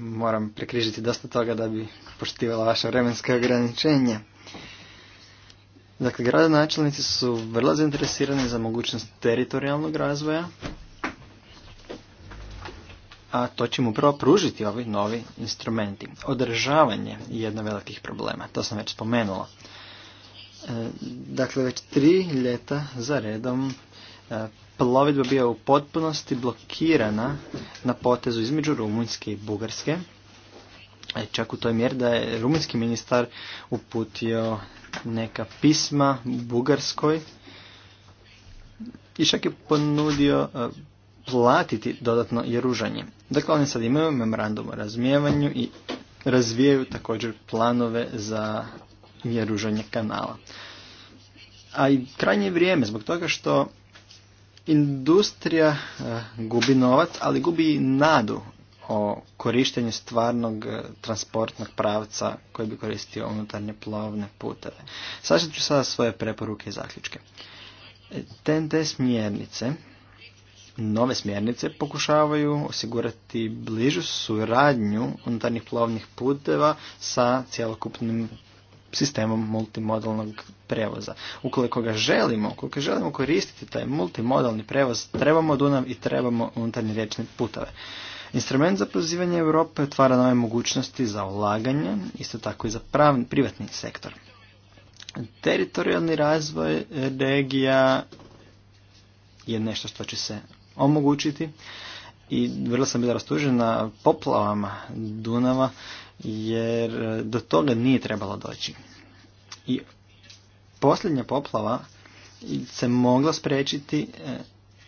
A: moram prekrižiti dosta toga da bi poštivala vaše vremenske ograničenje. Dakle, gradonačelnici su vrlo zainteresirani za mogućnost teritorijalnog razvoja, a to će mu upravo pružiti ovi novi instrumenti. Održavanje je jedno velikih problema, to sam već spomenula. E, dakle, već tri ljeta za redom e, plovidba bio u potpunosti blokirana na potezu između Rumunjske i Bugarske. E, čak u toj mjeri da je rumunjski ministar uputio neka pisma Bugarskoj i čak je ponudio e, platiti dodatno jeružanje. Dakle, oni sad imaju memorandum o razmijevanju i razvijaju također planove za jeružanje kanala. A i krajnje vrijeme, zbog toga što Industrija e, gubi novac, ali gubi i nadu o korištenju stvarnog e, transportnog pravca koji bi koristio unutarnje plovne puteve. Sad ću sada svoje preporuke i zaključke. TNT e, smjernice, nove smjernice, pokušavaju osigurati bližu suradnju unutarnjih plovnih puteva sa cjelokupnim sistemom multimodalnog prevoza. Ukoliko ga želimo, ukoliko želimo koristiti taj multimodalni prevoz, trebamo Dunav i trebamo unutarnje riječne putove. Instrument za pozivanje Europe otvara nove mogućnosti za ulaganje, isto tako i za privatni sektor. Teritorijalni razvoj regija je nešto što će se omogućiti i vrlo sam bila rastužena poplavama Dunava jer do toga nije trebalo doći. I posljednja poplava se mogla sprečiti e,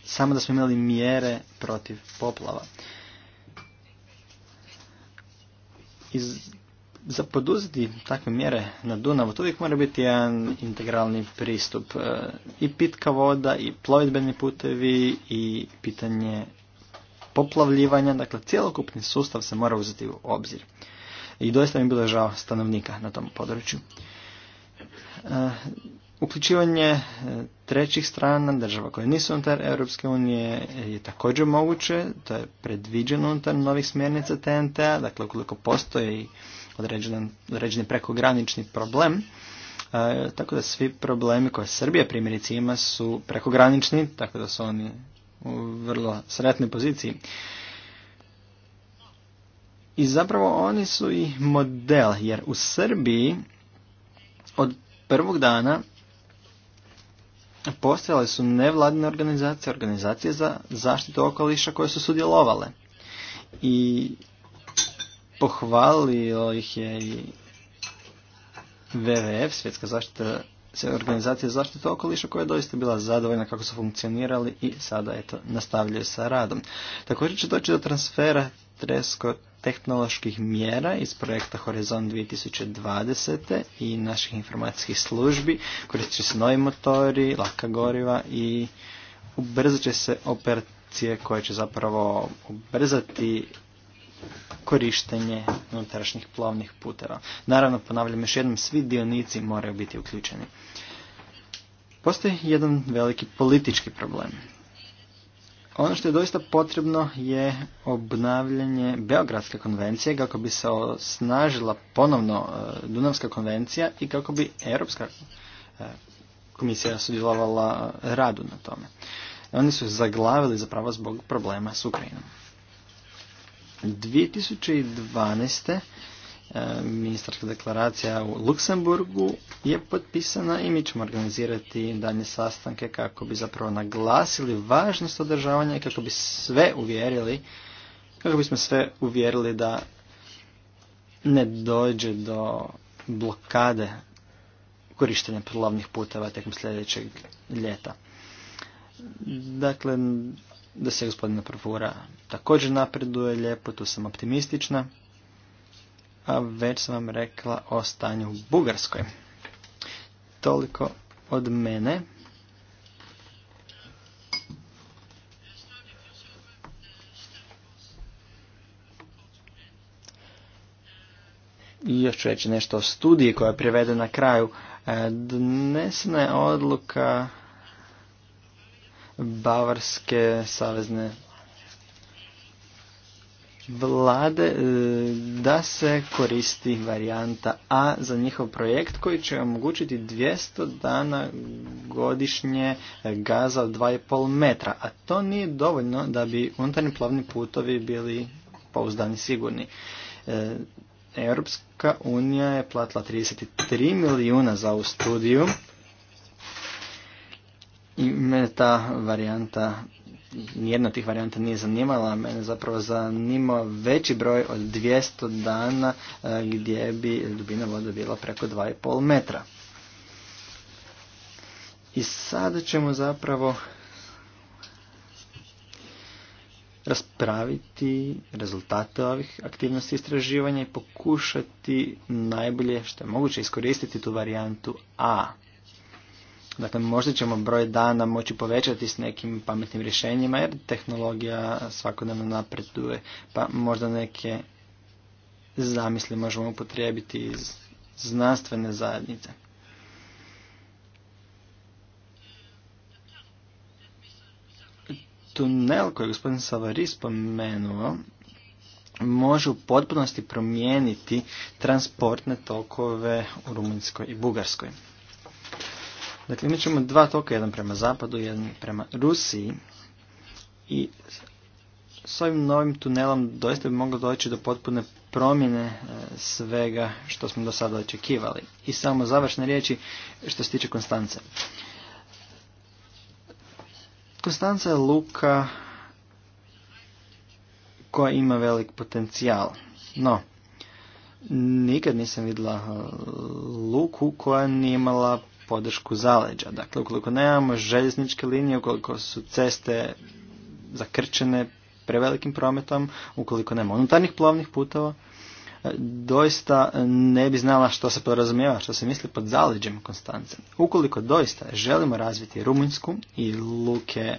A: samo da smo imali mjere protiv poplava. za poduzeti takve mjere na Dunavu to uvijek mora biti jedan integralni pristup. E, I pitka voda, i plovidbeni putevi, i pitanje poplavljivanja. Dakle, cjelokupni sustav se mora uzeti u obzir. I doista mi je bilo žao stanovnika na tom području. Eh, uključivanje eh, trećih strana, država koje nisu unutar Europske unije je također moguće, to je predviđeno unutar novih smjernica TNT-a, dakle ukoliko postoji određen, određeni prekogranični problem, eh, tako da svi problemi koje Srbija primjerice ima su prekogranični, tako da su oni u vrlo sretnoj poziciji. I zapravo oni su i model, jer u Srbiji od prvog dana postojale su nevladine organizacije, organizacije za zaštitu okoliša koje su sudjelovale. I pohvalio ih je i WWF, Svjetska zaštita organizacija zaštitu okoliša koja je doista bila zadovoljna kako su funkcionirali i sada eto nastavljaju sa radom. Također će doći do transfera tehnoloških mjera iz projekta Horizon 2020. i naših informacijskih službi. Koristit će se novi motori, laka goriva i ubrzat će se operacije koje će zapravo ubrzati korištenje unutrašnjih plovnih puteva. Naravno, ponavljam još jednom, svi dionici moraju biti uključeni. Postoji jedan veliki politički problem. Ono što je doista potrebno je obnavljanje Beogradske konvencije kako bi se osnažila ponovno e, Dunavska konvencija i kako bi Europska e, komisija sudjelovala e, radu na tome. Oni su zaglavili zapravo zbog problema s Ukrajinom. 2012. E, ministarska deklaracija u Luksemburgu je potpisana i mi ćemo organizirati danje sastanke kako bi zapravo naglasili važnost održavanja i kako bi sve uvjerili, kako bismo sve uvjerili da ne dođe do blokade korištenja plovnih puteva tijekom sljedećeg ljeta. Dakle, da se gospodina Profura također napreduje lijepo, tu sam optimistična a već sam vam rekla o stanju u Bugarskoj. Toliko od mene. I još ću reći nešto o studiji koja je privedena na kraju. E, Dnesna je odluka Bavarske savezne vlade e, da se koristi varijanta A za njihov projekt koji će omogućiti 200 dana godišnje gaza od 2,5 metra, a to nije dovoljno da bi unutarnji plovni putovi bili pouzdani sigurni. E, Europska unija je platila 33 milijuna za ovu studiju i ta varijanta nijedna tih varijanta nije zanimala, mene zapravo zanima veći broj od 200 dana e, gdje bi dubina vode bila preko 2,5 metra. I sada ćemo zapravo raspraviti rezultate ovih aktivnosti istraživanja i pokušati najbolje što je moguće iskoristiti tu varijantu A. Dakle, možda ćemo broj dana moći povećati s nekim pametnim rješenjima jer tehnologija svakodnevno napreduje, pa možda neke zamisli možemo upotrijebiti iz znanstvene zajednice. Tunel koji je gospodin Savari spomenuo može u potpunosti promijeniti transportne tokove u Rumunjskoj i Bugarskoj. Dakle, imat ćemo dva toka, jedan prema zapadu, jedan prema Rusiji. I s ovim novim tunelom doista bi moglo doći do potpune promjene e, svega što smo do sada očekivali. I samo završne riječi što se tiče Konstance. Konstanca je luka koja ima velik potencijal. No, nikad nisam vidjela e, luku koja nije imala podršku zaleđa. Dakle, ukoliko nemamo željezničke linije, ukoliko su ceste zakrčene prevelikim prometom, ukoliko nema unutarnjih plovnih putova, e, doista ne bi znala što se podrazumijeva, što se misli pod zaleđem Konstance. Ukoliko doista želimo razviti Rumunjsku i luke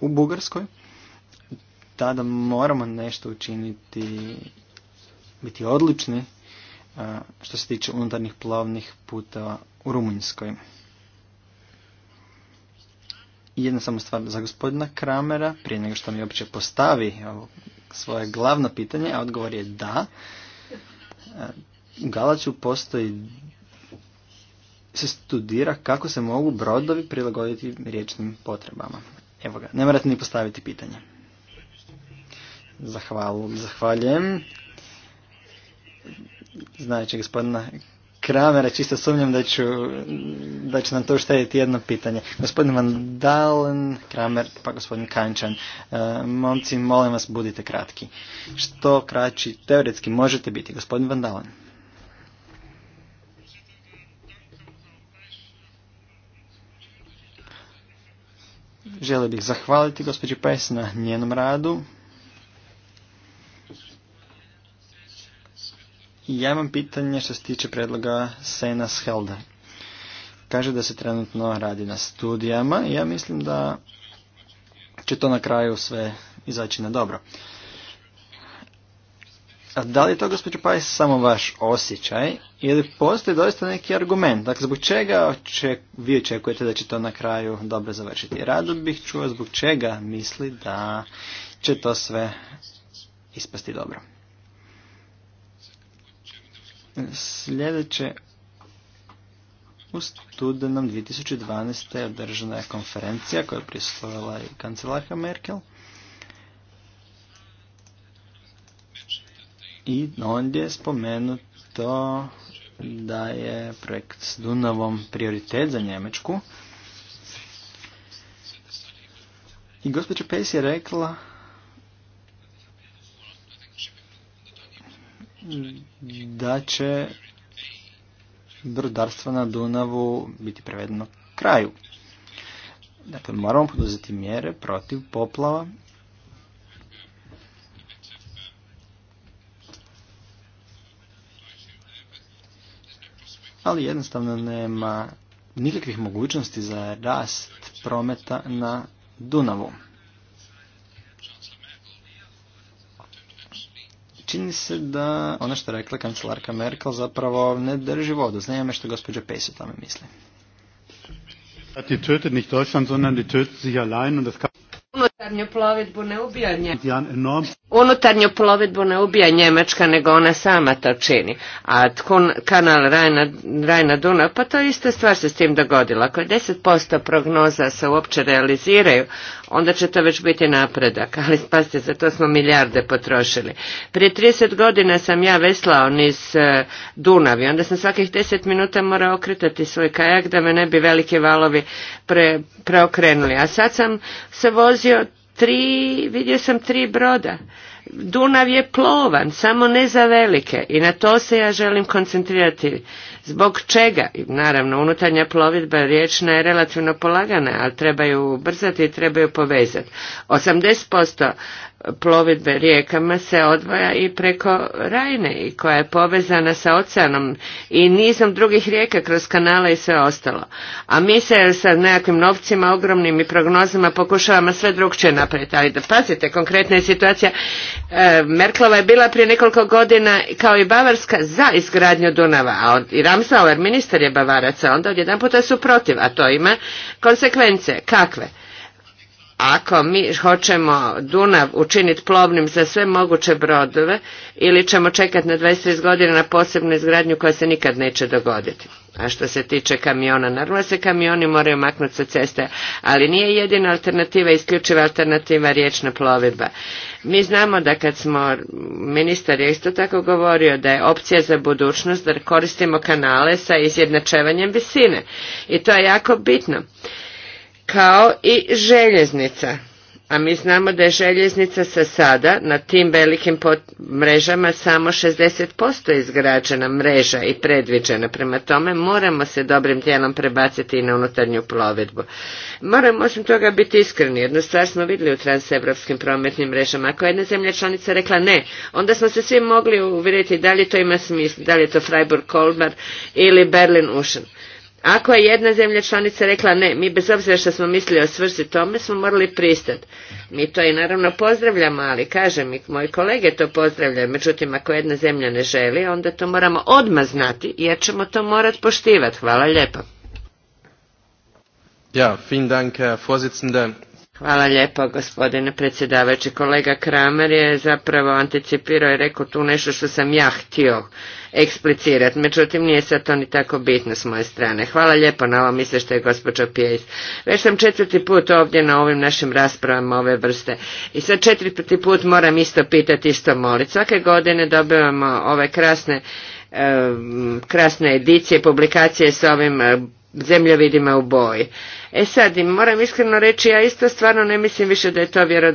A: u Bugarskoj, tada moramo nešto učiniti, biti odlični što se tiče unutarnjih plovnih puteva u Rumunjskoj. jedna samo stvar za gospodina Kramera, prije nego što mi uopće postavi svoje glavno pitanje, a odgovor je da. U Galaću postoji se studira kako se mogu brodovi prilagoditi riječnim potrebama. Evo ga, ne morate ni postaviti pitanje. Zahvalu, zahvaljujem. Znači, gospodina Kramera, čisto sumnjam da, ću, da će nam to uštediti jedno pitanje. Gospodin Van Dalen, Kramer, pa gospodin Kančan. E, momci, molim vas, budite kratki. Što kraći teoretski možete biti, gospodin Van Dalen. Želio bih zahvaliti gospođi Pes na njenom radu. Ja imam pitanje što se tiče predloga Sena Helda. Kaže da se trenutno radi na studijama i ja mislim da će to na kraju sve izaći na dobro. A da li je to, gospođo Pajs, samo vaš osjećaj ili postoji doista neki argument? Dakle, zbog čega vi očekujete da će to na kraju dobro završiti? Rado bih čuo zbog čega misli da će to sve ispasti dobro. Sljedeće u studenom 2012. je održana je konferencija koja je prisvojila i kancelarka Merkel. I ondje je spomenuto da je projekt s Dunavom prioritet za Njemačku. I gospođa Pace je rekla da će brodarstvo na Dunavu biti prevedeno kraju. Dakle, moramo poduzeti mjere protiv poplava. Ali jednostavno nema nikakvih mogućnosti za rast prometa na Dunavu. čini se da ono što je rekla kancelarka Merkel zapravo ne drži vodu. Znajem što gospođa Pes o tome misli.
B: Die tötet nicht Deutschland, sondern die tötet sich allein und das kann... Unutarnju plovidbu ne ubijanje
C: unutarnju plovidbu ne ubija Njemačka, nego ona sama to čini. A tkun, kanal Rajna, Rajna Dunav, pa to je ista stvar se s tim dogodila. Ako je 10% prognoza se uopće realiziraju, onda će to već biti napredak. *laughs* Ali spasite, za to smo milijarde potrošili. Prije 30 godina sam ja veslao niz e, Dunavi, onda sam svakih 10 minuta morao okretati svoj kajak da me ne bi velike valovi pre, preokrenuli. A sad sam se vozio tri, vidio sam tri broda. Dunav je plovan, samo ne za velike i na to se ja želim koncentrirati. Zbog čega? Naravno, unutarnja plovidba riječna je relativno polagana, ali trebaju ubrzati i trebaju povezati. 80% plovidbe rijekama se odvoja i preko Rajne i koja je povezana sa oceanom i nizom drugih rijeka kroz kanale i sve ostalo. A mi se sa nekakvim novcima ogromnim i prognozama pokušavamo sve drugčije napraviti. Ali da pazite, konkretna je situacija. E, Merklova je bila prije nekoliko godina kao i Bavarska za izgradnju Dunava, a od, Ramsauer, ministar je bavaraca, onda odjedan puta su protiv, a to ima konsekvence. Kakve? ako mi hoćemo Dunav učiniti plovnim za sve moguće brodove ili ćemo čekati na 23 godina na posebnu izgradnju koja se nikad neće dogoditi. A što se tiče kamiona, naravno se kamioni moraju maknuti sa ceste, ali nije jedina alternativa, isključiva alternativa riječna plovidba. Mi znamo da kad smo, ministar je isto tako govorio da je opcija za budućnost da koristimo kanale sa izjednačevanjem visine i to je jako bitno kao i željeznica. A mi znamo da je željeznica sa sada na tim velikim mrežama samo 60% izgrađena mreža i predviđena. Prema tome moramo se dobrim tijelom prebaciti i na unutarnju plovidbu. Moramo osim toga biti iskreni. Jednu stvar smo vidjeli u transevropskim prometnim mrežama. Ako je jedna zemlja članica rekla ne, onda smo se svi mogli uvjeriti da li to ima smisla, da li je to Freiburg-Kolmar ili Berlin-Ušen. Ako je jedna zemlja članica rekla ne, mi bez obzira što smo mislili o svrsi tome, smo morali pristati. Mi to i naravno pozdravljamo, ali kažem i moji kolege to pozdravljaju. Međutim, ako jedna zemlja ne želi, onda to moramo odmah znati, jer ćemo to morati poštivati. Hvala lijepo.
B: Ja, vielen Dank,
C: Hvala lijepo gospodine predsjedavajući. Kolega Kramer je zapravo anticipirao i rekao tu nešto što sam ja htio eksplicirati, međutim nije sad to ni tako bitno s moje strane. Hvala lijepo na ovom misle što je gospođo pije. Već sam četvrti put ovdje na ovim našim raspravama ove vrste i sad četvrti put moram isto pitati, isto molit. Svake godine dobivamo ove krasne krasne edicije, publikacije s ovim zemljovidima u boj. E sad, moram iskreno reći, ja isto stvarno ne mislim više da je to vjero,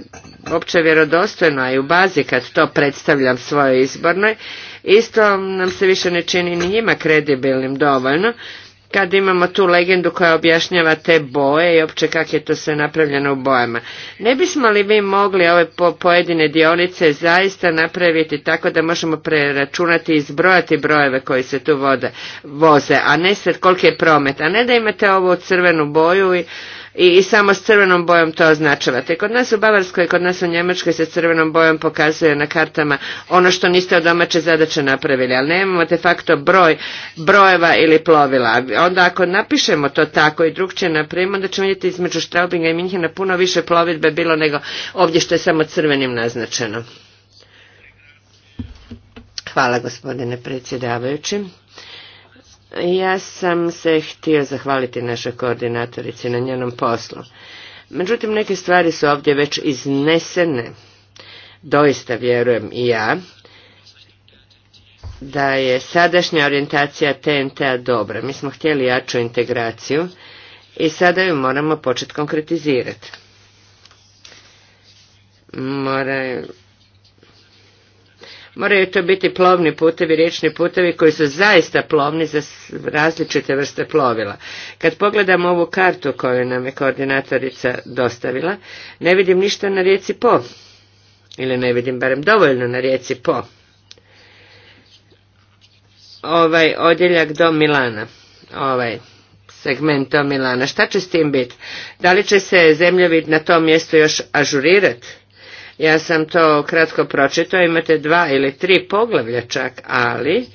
C: opće vjerodostojno, a i u bazi kad to predstavljam svojoj izbornoj, isto nam se više ne čini ni njima kredibilnim dovoljno, kad imamo tu legendu koja objašnjava te boje i opće kak je to sve napravljeno u bojama. Ne bismo li mi mogli ove pojedine dionice zaista napraviti tako da možemo preračunati i izbrojati brojeve koji se tu voze, a ne sad koliki je promet, a ne da imate ovu crvenu boju i i samo s crvenom bojom to označavate. Kod nas u Bavarskoj, kod nas u Njemačkoj se crvenom bojom pokazuje na kartama ono što niste od domaće zadaće napravili, ali nemamo de facto broj brojeva ili plovila. Onda ako napišemo to tako i drugčije napravimo, onda ćemo vidjeti između Straubinga i Minhena puno više plovidbe bilo nego ovdje što je samo crvenim naznačeno. Hvala gospodine predsjedavajući. Ja sam se htio zahvaliti našoj koordinatorici na njenom poslu. Međutim, neke stvari su ovdje već iznesene. Doista vjerujem i ja da je sadašnja orijentacija TNT-a dobra. Mi smo htjeli jaču integraciju i sada ju moramo početi konkretizirati. Moraju Moraju to biti plovni putevi, riječni putevi koji su zaista plovni za različite vrste plovila. Kad pogledam ovu kartu koju nam je koordinatorica dostavila, ne vidim ništa na rijeci Po. Ili ne vidim barem dovoljno na rijeci Po. Ovaj odjeljak do Milana. Ovaj segment do Milana. Šta će s tim biti? Da li će se zemljovid na tom mjestu još ažurirati? Ja sam to kratko pročitao, imate dva ili tri poglavlja čak, ali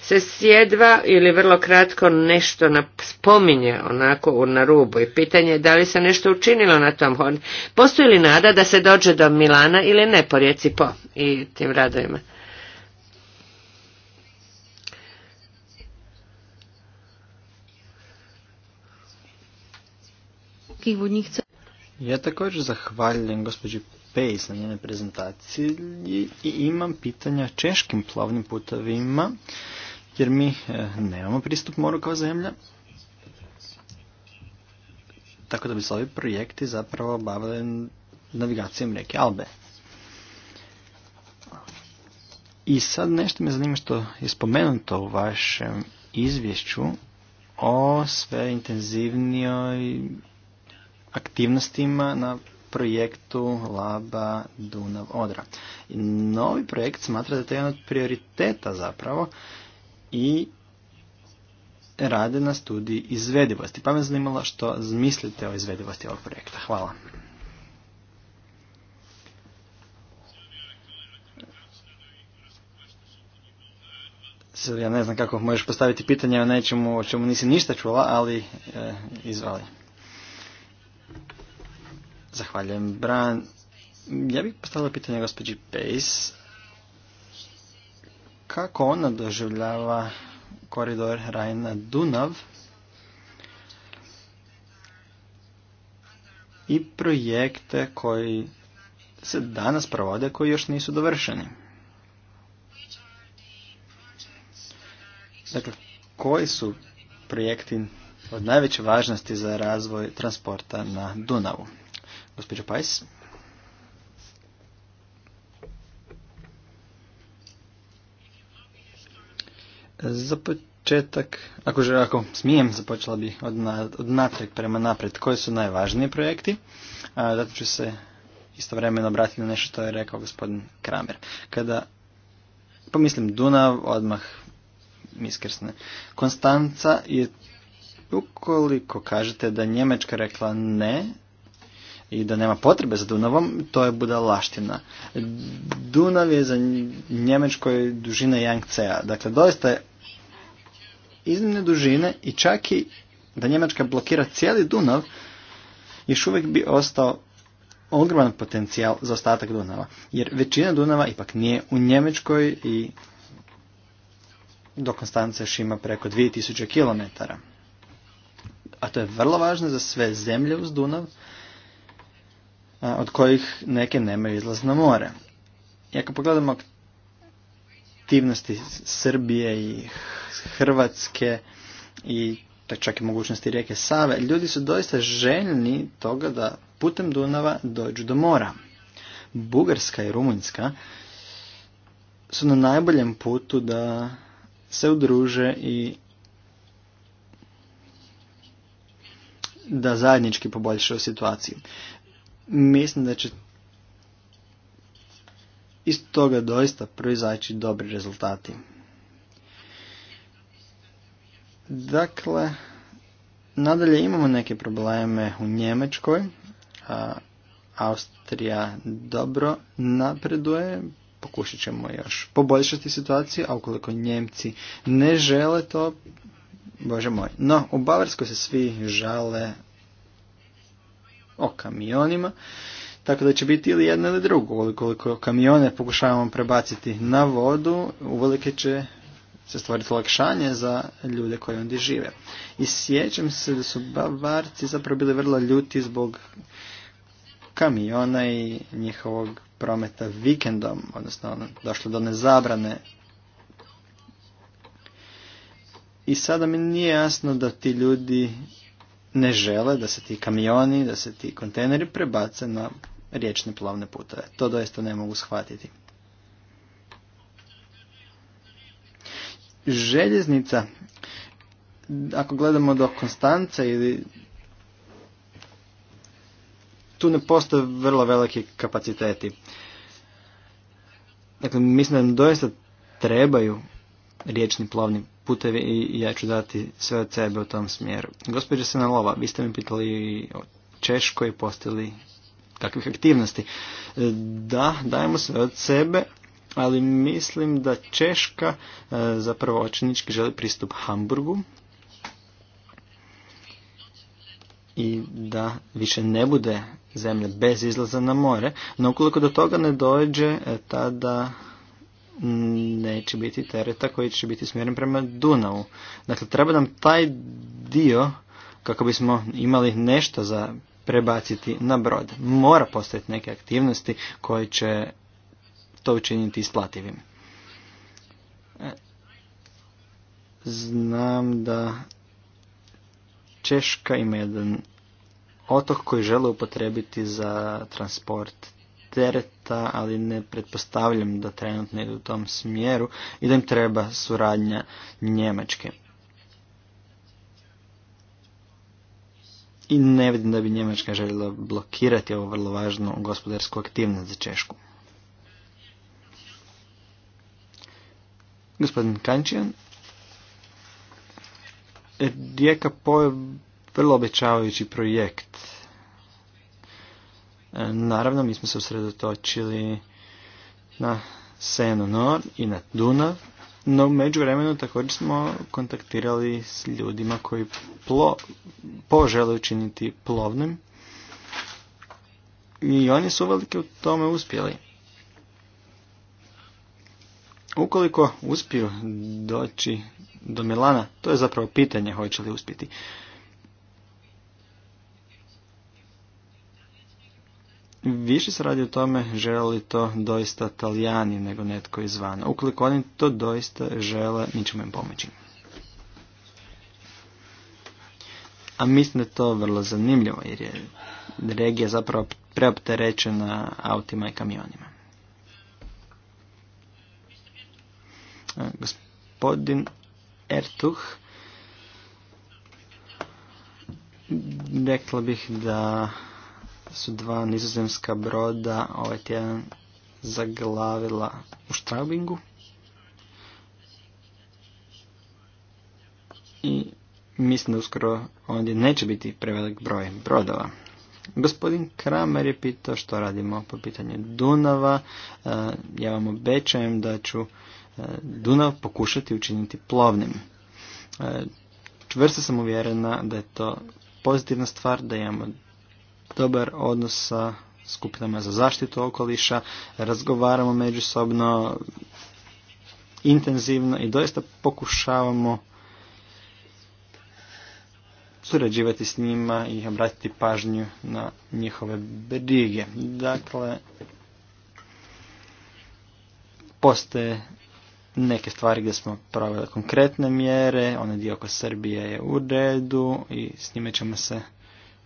C: se sjedva ili vrlo kratko nešto spominje onako na rubu i pitanje je da li se nešto učinilo na tom hodu. Postoji li nada da se dođe do Milana ili ne po rijeci Po i tim radovima?
A: Ja također zahvaljujem gospođi Pace na njene prezentaciji i imam pitanja češkim plovnim putovima jer mi e, nemamo pristup moru kao zemlja. Tako da bi se ovi projekti zapravo bavili navigacijom rijeke Albe. I sad nešto me zanima što je spomenuto u vašem izvješću o sve intenzivnijoj aktivnostima na projektu Laba Dunav Odra. I novi projekt smatra da je to jedan od prioriteta zapravo i rade na studiji izvedivosti. Pa me zanimalo što zmislite o izvedivosti ovog projekta. Hvala. Ja ne znam kako možeš postaviti pitanje o nečemu o čemu nisi ništa čula, ali e, izvali. Zahvaljujem, Bran. Ja bih postavila pitanje gospođi Pace. Kako ona doživljava koridor Rajna-Dunav i projekte koji se danas provode, koji još nisu dovršeni? Dakle, koji su projekti od najveće važnosti za razvoj transporta na Dunavu? Gospođo Pajs. Za početak, ako, smijem, započela bi od, na, od natrag prema napred. Koji su najvažniji projekti? A, zato ću se istovremeno obratiti na nešto što je rekao gospodin Kramer. Kada pomislim Dunav, odmah iskrsne. Konstanca je, ukoliko kažete da Njemačka rekla ne, i da nema potrebe za Dunavom, to je budalaština. Dunav je za Njemačkoj dužina Yangtzea. Dakle, doista je iznimne dužine i čak i da Njemačka blokira cijeli Dunav, još uvijek bi ostao ogroman potencijal za ostatak Dunava. Jer većina Dunava ipak nije u Njemačkoj i do Konstance još ima preko 2000 km. A to je vrlo važno za sve zemlje uz Dunav, od kojih neke nemaju izlaz na more. I ako pogledamo aktivnosti Srbije i Hrvatske i čak i mogućnosti rijeke Save, ljudi su doista željni toga da putem Dunava dođu do mora. Bugarska i Rumunjska su na najboljem putu da se udruže i da zajednički poboljšaju situaciju. Mislim da će iz toga doista proizaći dobri rezultati. Dakle, nadalje imamo neke probleme u Njemačkoj. A, Austrija dobro napreduje, pokušat ćemo još poboljšati situaciju, a ukoliko Njemci ne žele to, bože moj. No, u Bavarskoj se svi žale o kamionima. Tako da će biti ili jedno ili drugo. Ukoliko kamione pokušavamo prebaciti na vodu, uvelike će se stvoriti olakšanje za ljude koji ondje žive. I sjećam se da su bavarci zapravo bili vrlo ljuti zbog kamiona i njihovog prometa vikendom, odnosno ono, došlo do nezabrane. I sada mi nije jasno da ti ljudi ne žele da se ti kamioni, da se ti kontejneri prebace na riječne plovne putove. To doista ne mogu shvatiti. Željeznica, ako gledamo do Konstance ili tu ne postoje vrlo veliki kapaciteti. Dakle, mislim da doista trebaju riječni plovni putevi i ja ću dati sve od sebe u tom smjeru. Gospođa Senalova, vi ste mi pitali o Češkoj postali kakvih aktivnosti. E, da, dajemo sve od sebe, ali mislim da Češka e, zapravo očinički želi pristup Hamburgu i da više ne bude zemlja bez izlaza na more, no ukoliko do toga ne dođe, e, tada neće biti tereta koji će biti smjeren prema Dunavu. Dakle, treba nam taj dio kako bismo imali nešto za prebaciti na brod. Mora postojati neke aktivnosti koje će to učiniti isplativim. E, znam da Češka ima jedan otok koji žele upotrebiti za transport tereta, ali ne pretpostavljam da trenutno idu u tom smjeru i da im treba suradnja Njemačke. I ne vidim da bi Njemačka željela blokirati ovo vrlo važno gospodarsku aktivnost za Češku. Gospodin Kančijan. Rijeka Po je vrlo obećavajući projekt E, naravno, mi smo se usredotočili na Senu Nor i na Dunav, no u međuvremenu također smo kontaktirali s ljudima koji plo, požele učiniti plovnim i oni su velike u tome uspjeli. Ukoliko uspiju doći do Milana, to je zapravo pitanje hoće li uspjeti. Više se radi o tome žele li to doista Talijani nego netko izvana. Ukoliko oni to doista žele, mi ćemo im pomoći. A mislim da je to vrlo zanimljivo jer je regija zapravo preopterećena autima i kamionima. E, gospodin Ertuh rekla bih da su dva nizozemska broda ovaj tjedan zaglavila u Straubingu I mislim da uskoro ondje neće biti prevelik broj brodova. Gospodin Kramer je pitao što radimo po pitanju Dunava. E, ja vam obećajem da ću e, Dunav pokušati učiniti plovnim. E, čvrsto sam uvjerena da je to pozitivna stvar, da imamo dobar odnos sa skupinama za zaštitu okoliša, razgovaramo međusobno intenzivno i doista pokušavamo surađivati s njima i obratiti pažnju na njihove brige. Dakle, postoje neke stvari gdje smo proveli konkretne mjere, onaj dio oko Srbije je u redu i s njime ćemo se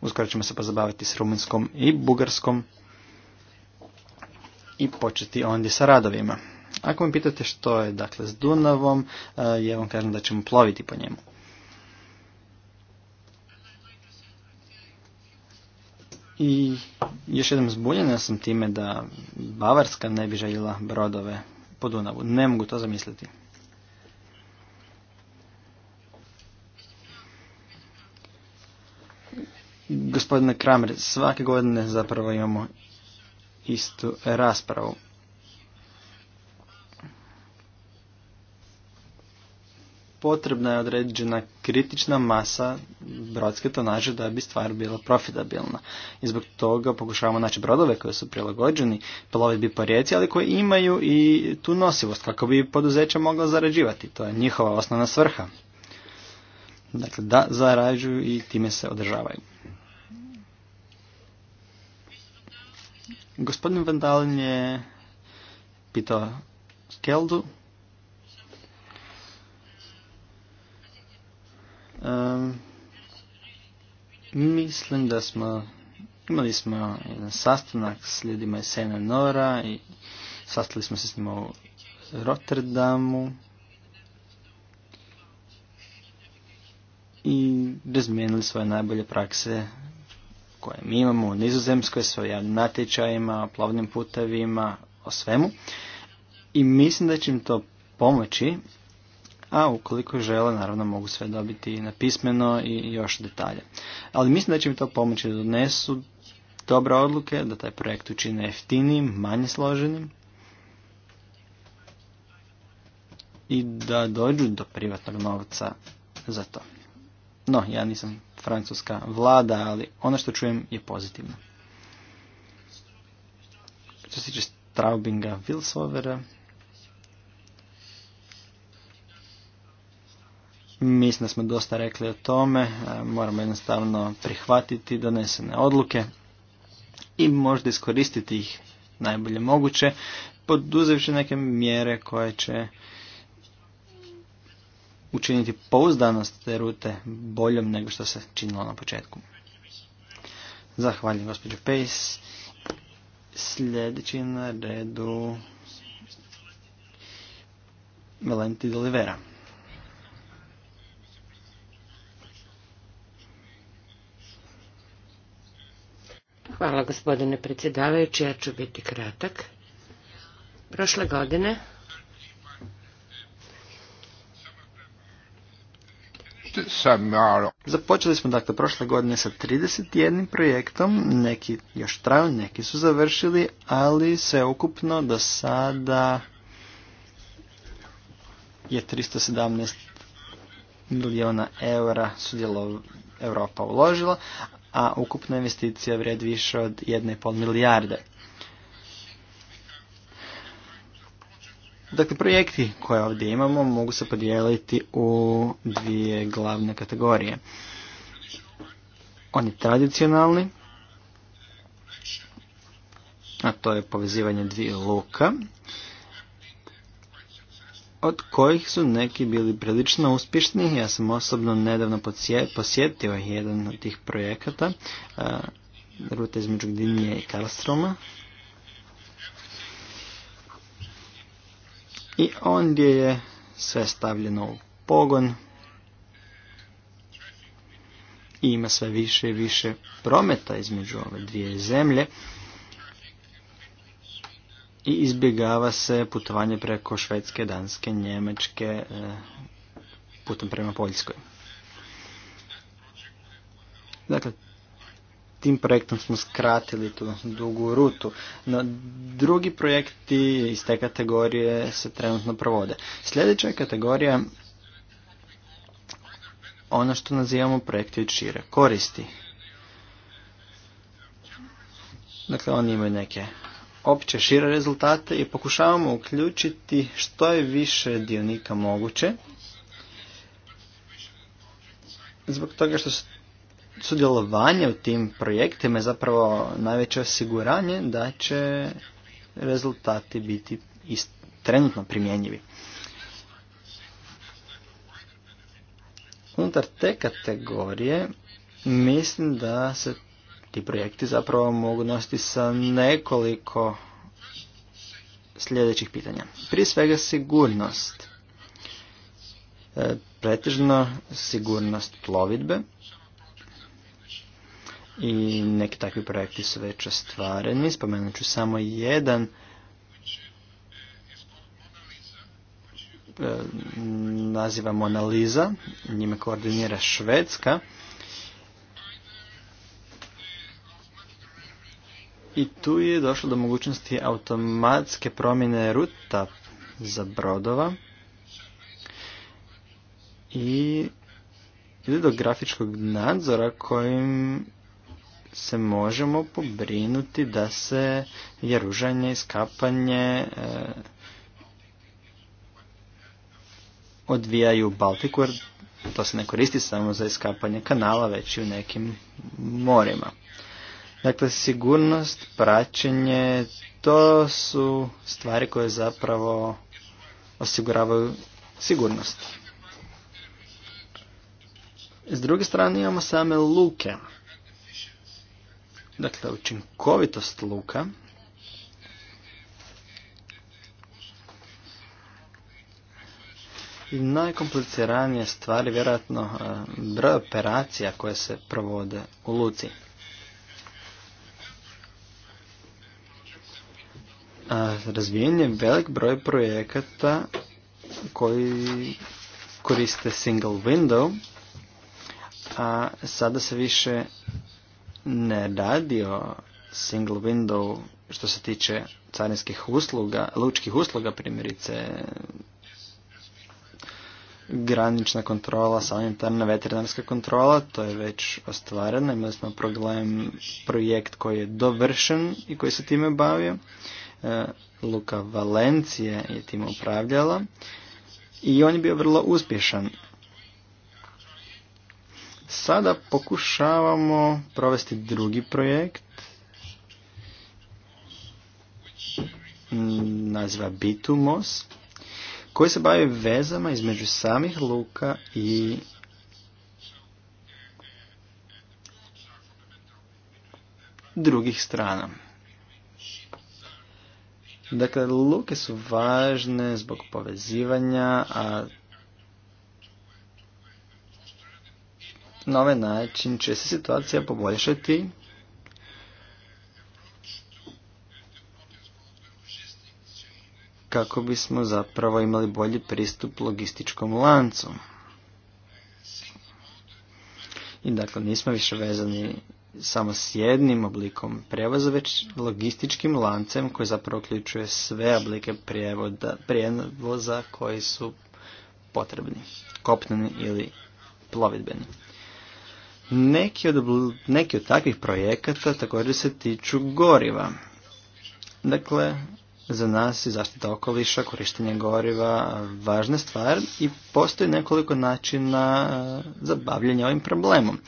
A: Uskoro ćemo se pozabaviti s rumunskom i bugarskom i početi ondje sa radovima. Ako me pitate što je dakle s Dunavom, e, ja vam kažem da ćemo ploviti po njemu. I još jednom zbunjena sam time da Bavarska ne bi željela brodove po Dunavu. Ne mogu to zamisliti. Gospodine Kramer, svake godine zapravo imamo istu raspravu. Potrebna je određena kritična masa brodske tonaže da bi stvar bila profitabilna. I zbog toga pokušavamo naći brodove koji su prilagođeni plovidbi po rijeci, ali koje imaju i tu nosivost kako bi poduzeće mogla zarađivati. To je njihova osnovna svrha. Dakle, da zarađuju i time se održavaju. Gospodin Vandalin je pitao Skeldu. Um, mislim da smo imali smo jedan sastanak s ljudima iz Sena Nora i sastali smo se s njima u Rotterdamu i razmijenili svoje najbolje prakse koje mi imamo u Nizozemskoj s javnim natječajima, plovnim putevima, o svemu. I mislim da će im to pomoći, a ukoliko žele, naravno mogu sve dobiti na pismeno i još detalje. Ali mislim da će im to pomoći da donesu dobre odluke, da taj projekt učine jeftinijim, manje složenim i da dođu do privatnog novca za to. No, ja nisam francuska vlada, ali ono što čujem je pozitivno. Što se tiče Straubinga Wilsovera, mislim da smo dosta rekli o tome, e, moramo jednostavno prihvatiti donesene odluke i možda iskoristiti ih najbolje moguće, poduzevši neke mjere koje će učiniti pouzdanost te rute boljom nego što se činilo na početku. Zahvaljujem gospođo Pace. Sljedeći na redu Valenti Dolivera.
C: Hvala gospodine predsjedavajući, ja ću biti kratak. Prošle godine
A: Započeli smo dakle prošle godine sa 31 projektom, neki još traju, neki su završili, ali sve ukupno do sada je 317 milijuna eura sudjelova Europa uložila, a ukupna investicija vrijedi više od 1,5 milijarde. Dakle, projekti koje ovdje imamo mogu se podijeliti u dvije glavne kategorije. Oni tradicionalni, a to je povezivanje dvije luka, od kojih su neki bili prilično uspješni. Ja sam osobno nedavno posjetio jedan od tih projekata, ruta između Dinije i Karlstroma, I ondje je sve stavljeno u pogon. I ima sve više i više prometa između ove dvije zemlje. I izbjegava se putovanje preko Švedske, Danske, Njemačke, e, putem prema Poljskoj. Dakle, tim projektom smo skratili tu dugu rutu. No, drugi projekti iz te kategorije se trenutno provode. Sljedeća je kategorija ono što nazivamo projekti od šire koristi. Dakle, oni imaju neke opće šire rezultate i pokušavamo uključiti što je više dionika moguće. Zbog toga što su sudjelovanje u tim projektima je zapravo najveće osiguranje da će rezultati biti trenutno primjenjivi. Unutar te kategorije mislim da se ti projekti zapravo mogu nositi sa nekoliko sljedećih pitanja. Prije svega sigurnost. E, pretežno sigurnost plovidbe, i neki takvi projekti su već ostvareni. Spomenut ću samo jedan e, nazivamo analiza, njime koordinira Švedska. I tu je došlo do mogućnosti automatske promjene ruta za brodova i ili do grafičkog nadzora kojim se možemo pobrinuti da se jaružanje, iskapanje e, odvijaju u Baltiku, jer to se ne koristi samo za iskapanje kanala, već i u nekim morima. Dakle, sigurnost, praćenje, to su stvari koje zapravo osiguravaju sigurnost. S druge strane imamo same luke Dakle, učinkovitost luka i najkompliciranije stvari vjerojatno e, broj operacija koje se provode u luci. Razvijen je velik broj projekata koji koriste single window, a sada se više ne radio single window što se tiče carinskih usluga, lučkih usluga primjerice granična kontrola, sanitarna veterinarska kontrola, to je već ostvareno. Imali smo problem projekt koji je dovršen i koji se time bavio. E, Luka Valencije je tim upravljala i on je bio vrlo uspješan. Sada pokušavamo provesti drugi projekt, mm, naziva Bitumos, koji se bavi vezama između samih luka i drugih strana. Dakle, luke su važne zbog povezivanja, a Na ovaj način će se situacija poboljšati kako bismo zapravo imali bolji pristup logističkom lancu. I dakle nismo više vezani samo s jednim oblikom prevoza, već logističkim lancem koji zapravo uključuje sve oblike prijevoda, prijevoza koji su potrebni, kopneni ili plovidbeni. Neki od, neki od takvih projekata također se tiču goriva. Dakle, za nas i zaštita okoliša, korištenje goriva važna stvar i postoji nekoliko načina e, za bavljanje ovim problemom.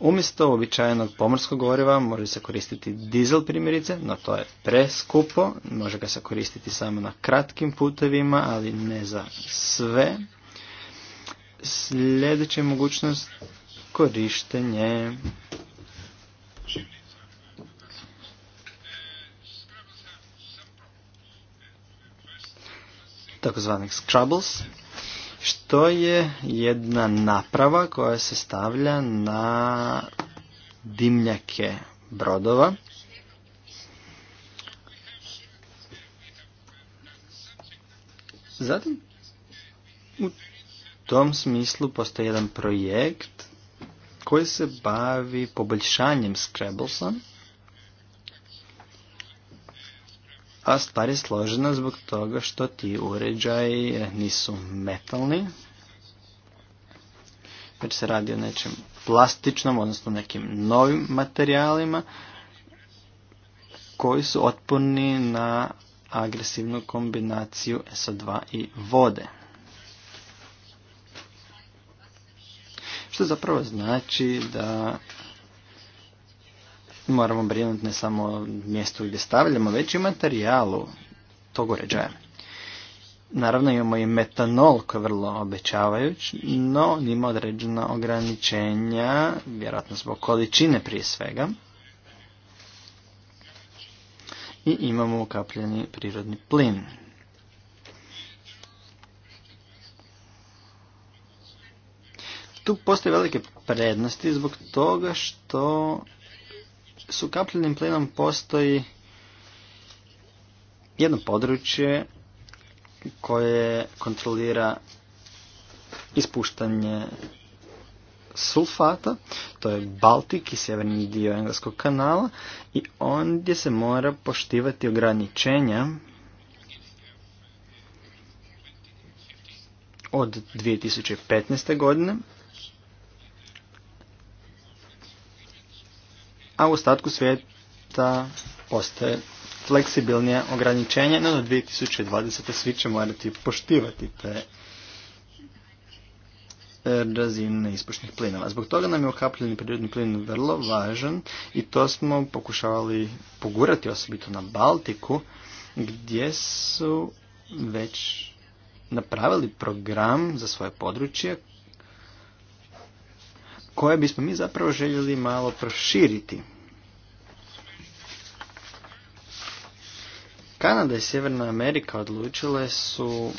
A: Umjesto uobičajenog pomorskog goriva može se koristiti dizel primjerice, no to je preskupo, može ga se koristiti samo na kratkim putevima, ali ne za sve. Sljedeća mogućnost korištenje takozvanih Scrubbles, što je jedna naprava koja se stavlja na dimljake brodova. Zatim, u tom smislu postoji jedan projekt koji se bavi poboljšanjem Scrabblesa, a stvar je složena zbog toga što ti uređaji nisu metalni, već se radi o nečem plastičnom, odnosno nekim novim materijalima koji su otporni na agresivnu kombinaciju SO2 i vode. što zapravo znači da moramo brinuti ne samo mjestu gdje stavljamo, već i materijalu tog uređaja. Naravno imamo i metanol koji je vrlo obećavajuć, no ima određena ograničenja, vjerojatno zbog količine prije svega. I imamo ukapljeni prirodni plin. tu postoje velike prednosti zbog toga što s ukapljenim plinom postoji jedno područje koje kontrolira ispuštanje sulfata, to je Baltik i sjeverni dio Engleskog kanala i ondje se mora poštivati ograničenja od 2015. godine a u ostatku svijeta postoje fleksibilnije ograničenje, no do 2020. svi će morati poštivati te razine ispušnih plinova. Zbog toga nam je ukapljeni prirodni plin vrlo važan i to smo pokušavali pogurati osobito na Baltiku gdje su već napravili program za svoje područje koje bismo mi zapravo željeli malo proširiti. Kanada i Sjeverna Amerika odlučile su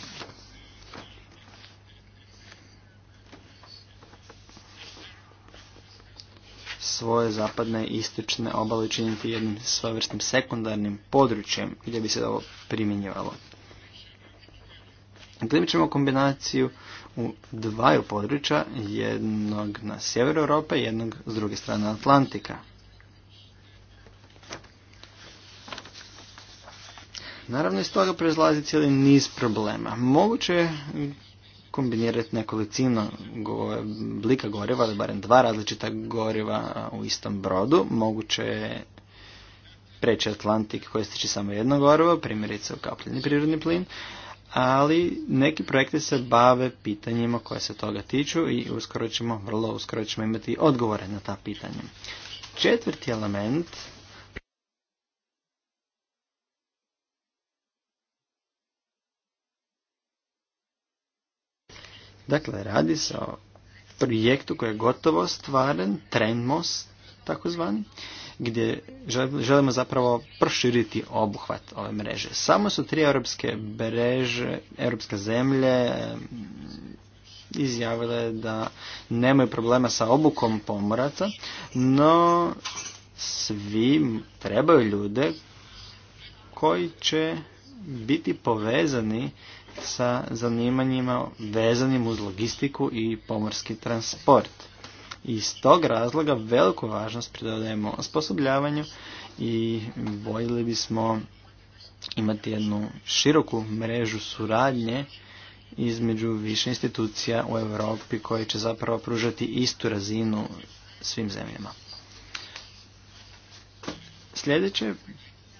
A: svoje zapadne i istočne obale činiti jednim svojvrstnim sekundarnim područjem gdje bi se ovo primjenjivalo. Dakle, ćemo kombinaciju u dvaju područja, jednog na sjeveru Europe jednog s druge strane Atlantika. Naravno iz toga proizlazi cijeli niz problema. Moguće je kombinirati go blika goriva, ali barem dva različita goriva u istom brodu. Moguće je preći Atlantik koristi samo jedno gorivo, primjerice u kapljeni prirodni plin, ali neki projekti se bave pitanjima koje se toga tiču i uskoro ćemo, vrlo uskoro ćemo imati odgovore na ta pitanja. Četvrti element Dakle, radi se o projektu koji je gotovo stvaren, Trenmos, takozvani, gdje želimo zapravo proširiti obuhvat ove mreže. Samo su tri europske mreže, europske zemlje izjavile da nemaju problema sa obukom pomoraca, no svi trebaju ljude koji će biti povezani sa zanimanjima vezanim uz logistiku i pomorski transport. I iz tog razloga veliku važnost pridodajemo osposobljavanju i voljeli bismo imati jednu široku mrežu suradnje između više institucija u Europi koje će zapravo pružati istu razinu svim zemljama. Sljedeće,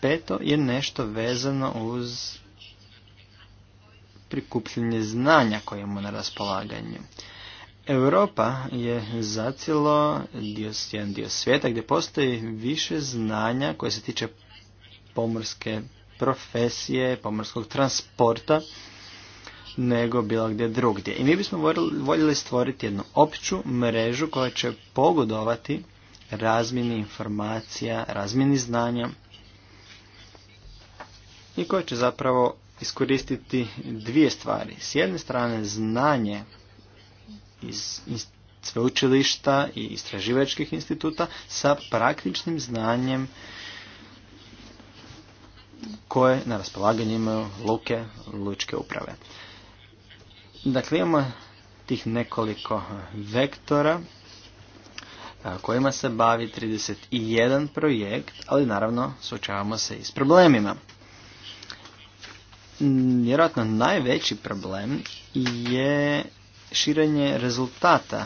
A: peto, je nešto vezano uz prikupljenje znanja koje imamo na raspolaganju. Europa je zacijelo jedan dio svijeta gdje postoji više znanja koje se tiče pomorske profesije, pomorskog transporta nego bilo gdje drugdje. I mi bismo voljeli stvoriti jednu opću mrežu koja će pogodovati razmjeni informacija, razmjeni znanja i koja će zapravo iskoristiti dvije stvari. S jedne strane znanje iz, iz sveučilišta i istraživačkih instituta sa praktičnim znanjem koje na raspolaganju imaju luke, lučke uprave. Dakle, imamo tih nekoliko vektora kojima se bavi 31 projekt, ali naravno suočavamo se i s problemima. Vjerojatno najveći problem je širenje rezultata.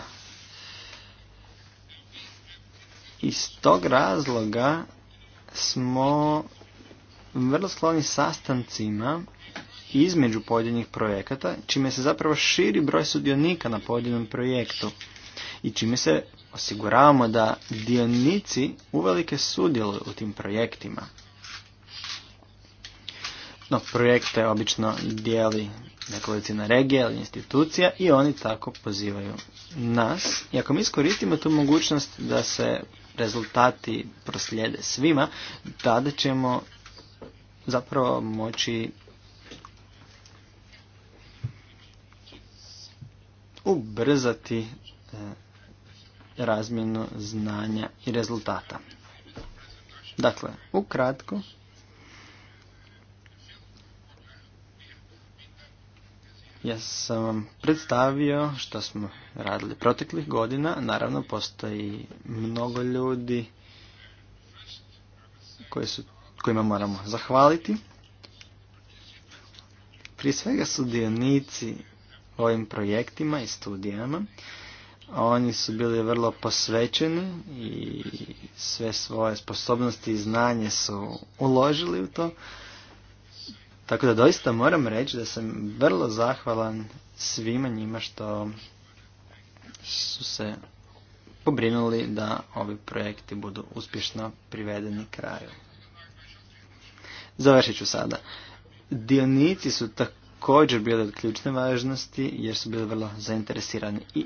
A: Iz tog razloga smo vrlo skloni sastancima između pojedinih projekata, čime se zapravo širi broj sudionika na pojedinom projektu i čime se osiguravamo da dionici uvelike sudjeluju u tim projektima no, projekte obično dijeli nekolicina regija ili institucija i oni tako pozivaju nas. I ako mi iskoristimo tu mogućnost da se rezultati proslijede svima, tada ćemo zapravo moći ubrzati e, razmjenu znanja i rezultata. Dakle, ukratko, Ja sam vam predstavio što smo radili proteklih godina. Naravno, postoji mnogo ljudi kojima moramo zahvaliti. Prije svega sudionici ovim projektima i studijama. Oni su bili vrlo posvećeni i sve svoje sposobnosti i znanje su uložili u to. Tako da doista moram reći da sam vrlo zahvalan svima njima što su se pobrinuli da ovi projekti budu uspješno privedeni kraju. Završit ću sada. Dionici su također bili od ključne važnosti jer su bili vrlo zainteresirani i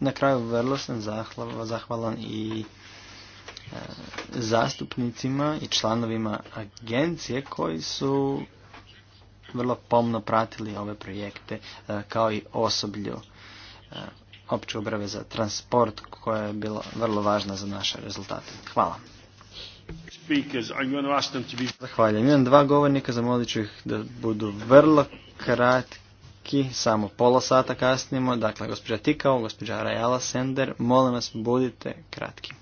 A: na kraju vrlo sam zahvalan i zastupnicima i članovima agencije koji su vrlo pomno pratili ove projekte e, kao i osoblju e, opće obrave za transport koja je bila vrlo važna za naše rezultate. Hvala. Zahvaljujem. Imam dva govornika, zamolit ću ih da budu vrlo kratki, samo pola sata kasnimo. Dakle, gospođa Tikao, gospođa Rajala Sender, molim vas budite kratki.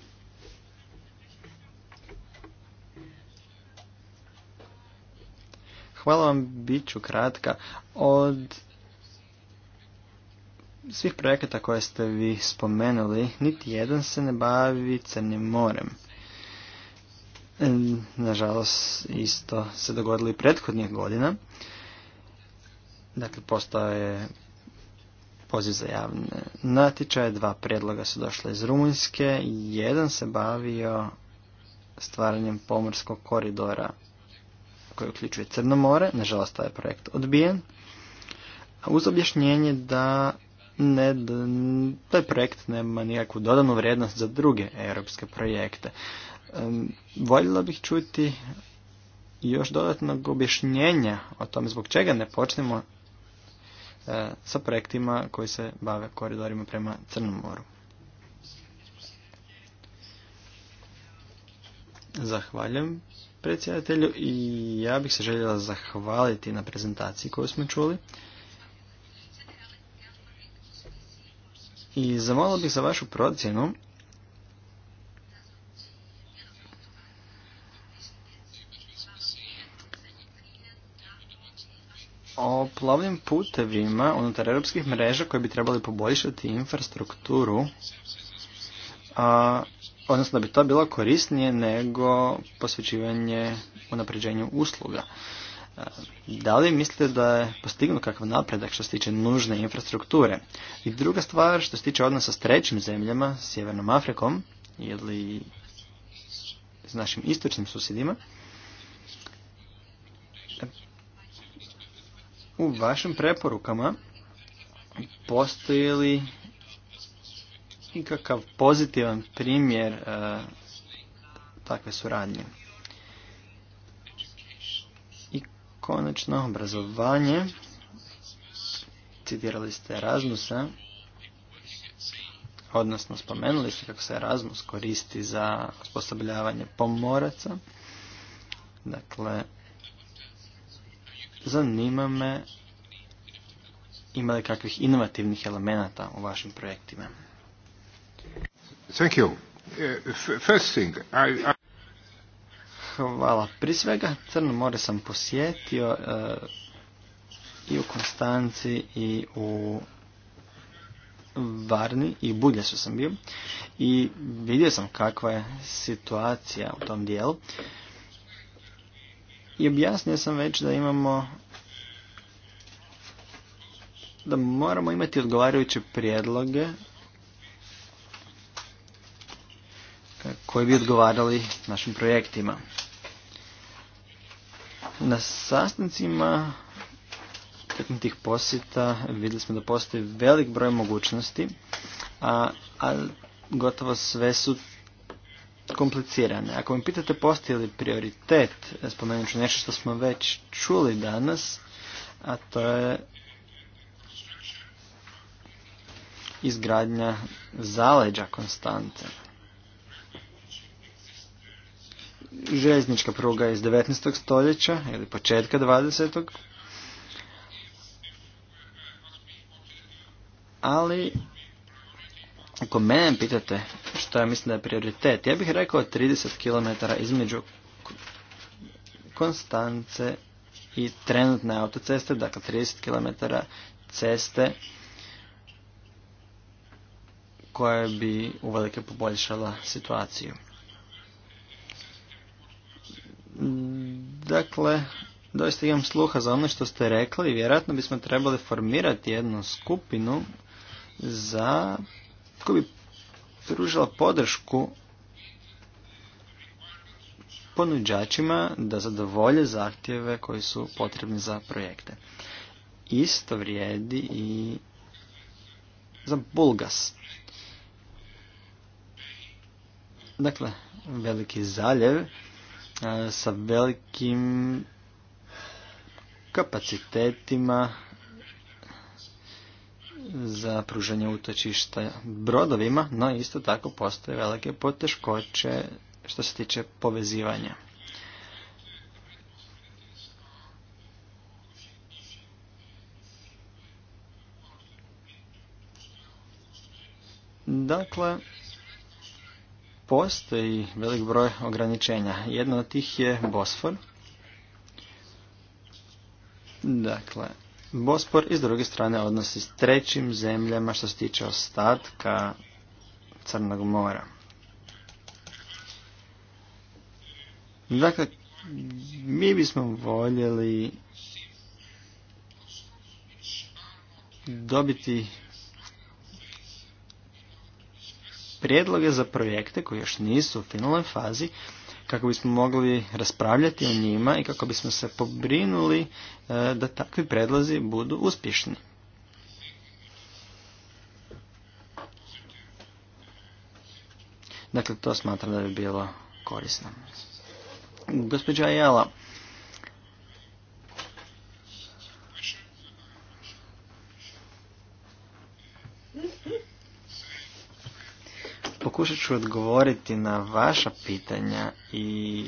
A: Hvala vam, bit ću kratka. Od svih projekata koje ste vi spomenuli, niti jedan se ne bavi Crnim morem. Nažalost, isto se dogodilo i prethodnih godina. Dakle, postao je poziv za javne natječaje, dva prijedloga su došla iz Rumunjske, jedan se bavio stvaranjem pomorskog koridora koje uključuje Crno more, nažalost taj je projekt odbijen, uz objašnjenje da ne, taj projekt nema nikakvu dodanu vrijednost za druge europske projekte. Voljela bih čuti još dodatnog objašnjenja o tome zbog čega ne počnemo e, sa projektima koji se bave koridorima prema Crnom moru. Zahvaljujem predsjedatelju i ja bih se željela zahvaliti na prezentaciji koju smo čuli. I zamolila bih za vašu procjenu o plovnim putevima unutar europskih mreža koje bi trebali poboljšati infrastrukturu a odnosno da bi to bilo korisnije nego posvećivanje unapređenju usluga. E, da li mislite da je postignut kakav napredak što se tiče nužne infrastrukture? I druga stvar što se tiče odnosa s trećim zemljama, Sjevernom Afrikom ili s našim istočnim susjedima, u vašim preporukama postoji li kakav pozitivan primjer e, takve suradnje. I konačno obrazovanje. Citirali ste Erasmusa, odnosno spomenuli ste kako se Erasmus koristi za osposobljavanje pomoraca. Dakle, zanima me ima li kakvih inovativnih elemenata u vašim projektima. Thank you.
B: Uh,
A: Hvala. Prije svega Crno more sam posjetio uh, i u Konstanci i u Varni i u Budljesu sam bio i vidio sam kakva je situacija u tom dijelu i objasnio sam već da imamo da moramo imati odgovarajuće prijedloge koji bi odgovarali našim projektima. Na sastancima tih posjeta vidjeli smo da postoji velik broj mogućnosti, a, gotovo sve su komplicirane. Ako me pitate postoji li prioritet, spomenut ću nešto što smo već čuli danas, a to je izgradnja zaleđa konstante željeznička pruga iz 19. stoljeća ili početka 20. Ali ako mene pitate što ja mislim da je prioritet, ja bih rekao 30 km između Konstance i trenutne autoceste, dakle 30 km ceste koja bi uvelike poboljšala situaciju. Dakle, doista imam sluha za ono što ste rekli i vjerojatno bismo trebali formirati jednu skupinu za koju bi pružila podršku ponuđačima da zadovolje zahtjeve koji su potrebni za projekte. Isto vrijedi i za Bulgas. Dakle, veliki zaljev E, sa velikim kapacitetima za pružanje utočišta brodovima, no isto tako postoje velike poteškoće što se tiče povezivanja. Dakle, postoji velik broj ograničenja. Jedno od tih je Bosfor. Dakle, Bospor i s druge strane odnosi s trećim zemljama što se tiče ostatka Crnog mora. Dakle, mi bismo voljeli dobiti prijedloge za projekte koji još nisu u finalnoj fazi kako bismo mogli raspravljati o njima i kako bismo se pobrinuli e, da takvi predlozi budu uspješni. Dakle, to smatram da bi bilo korisno. Gospođa Jela, Pokušat ću odgovoriti na vaša pitanja i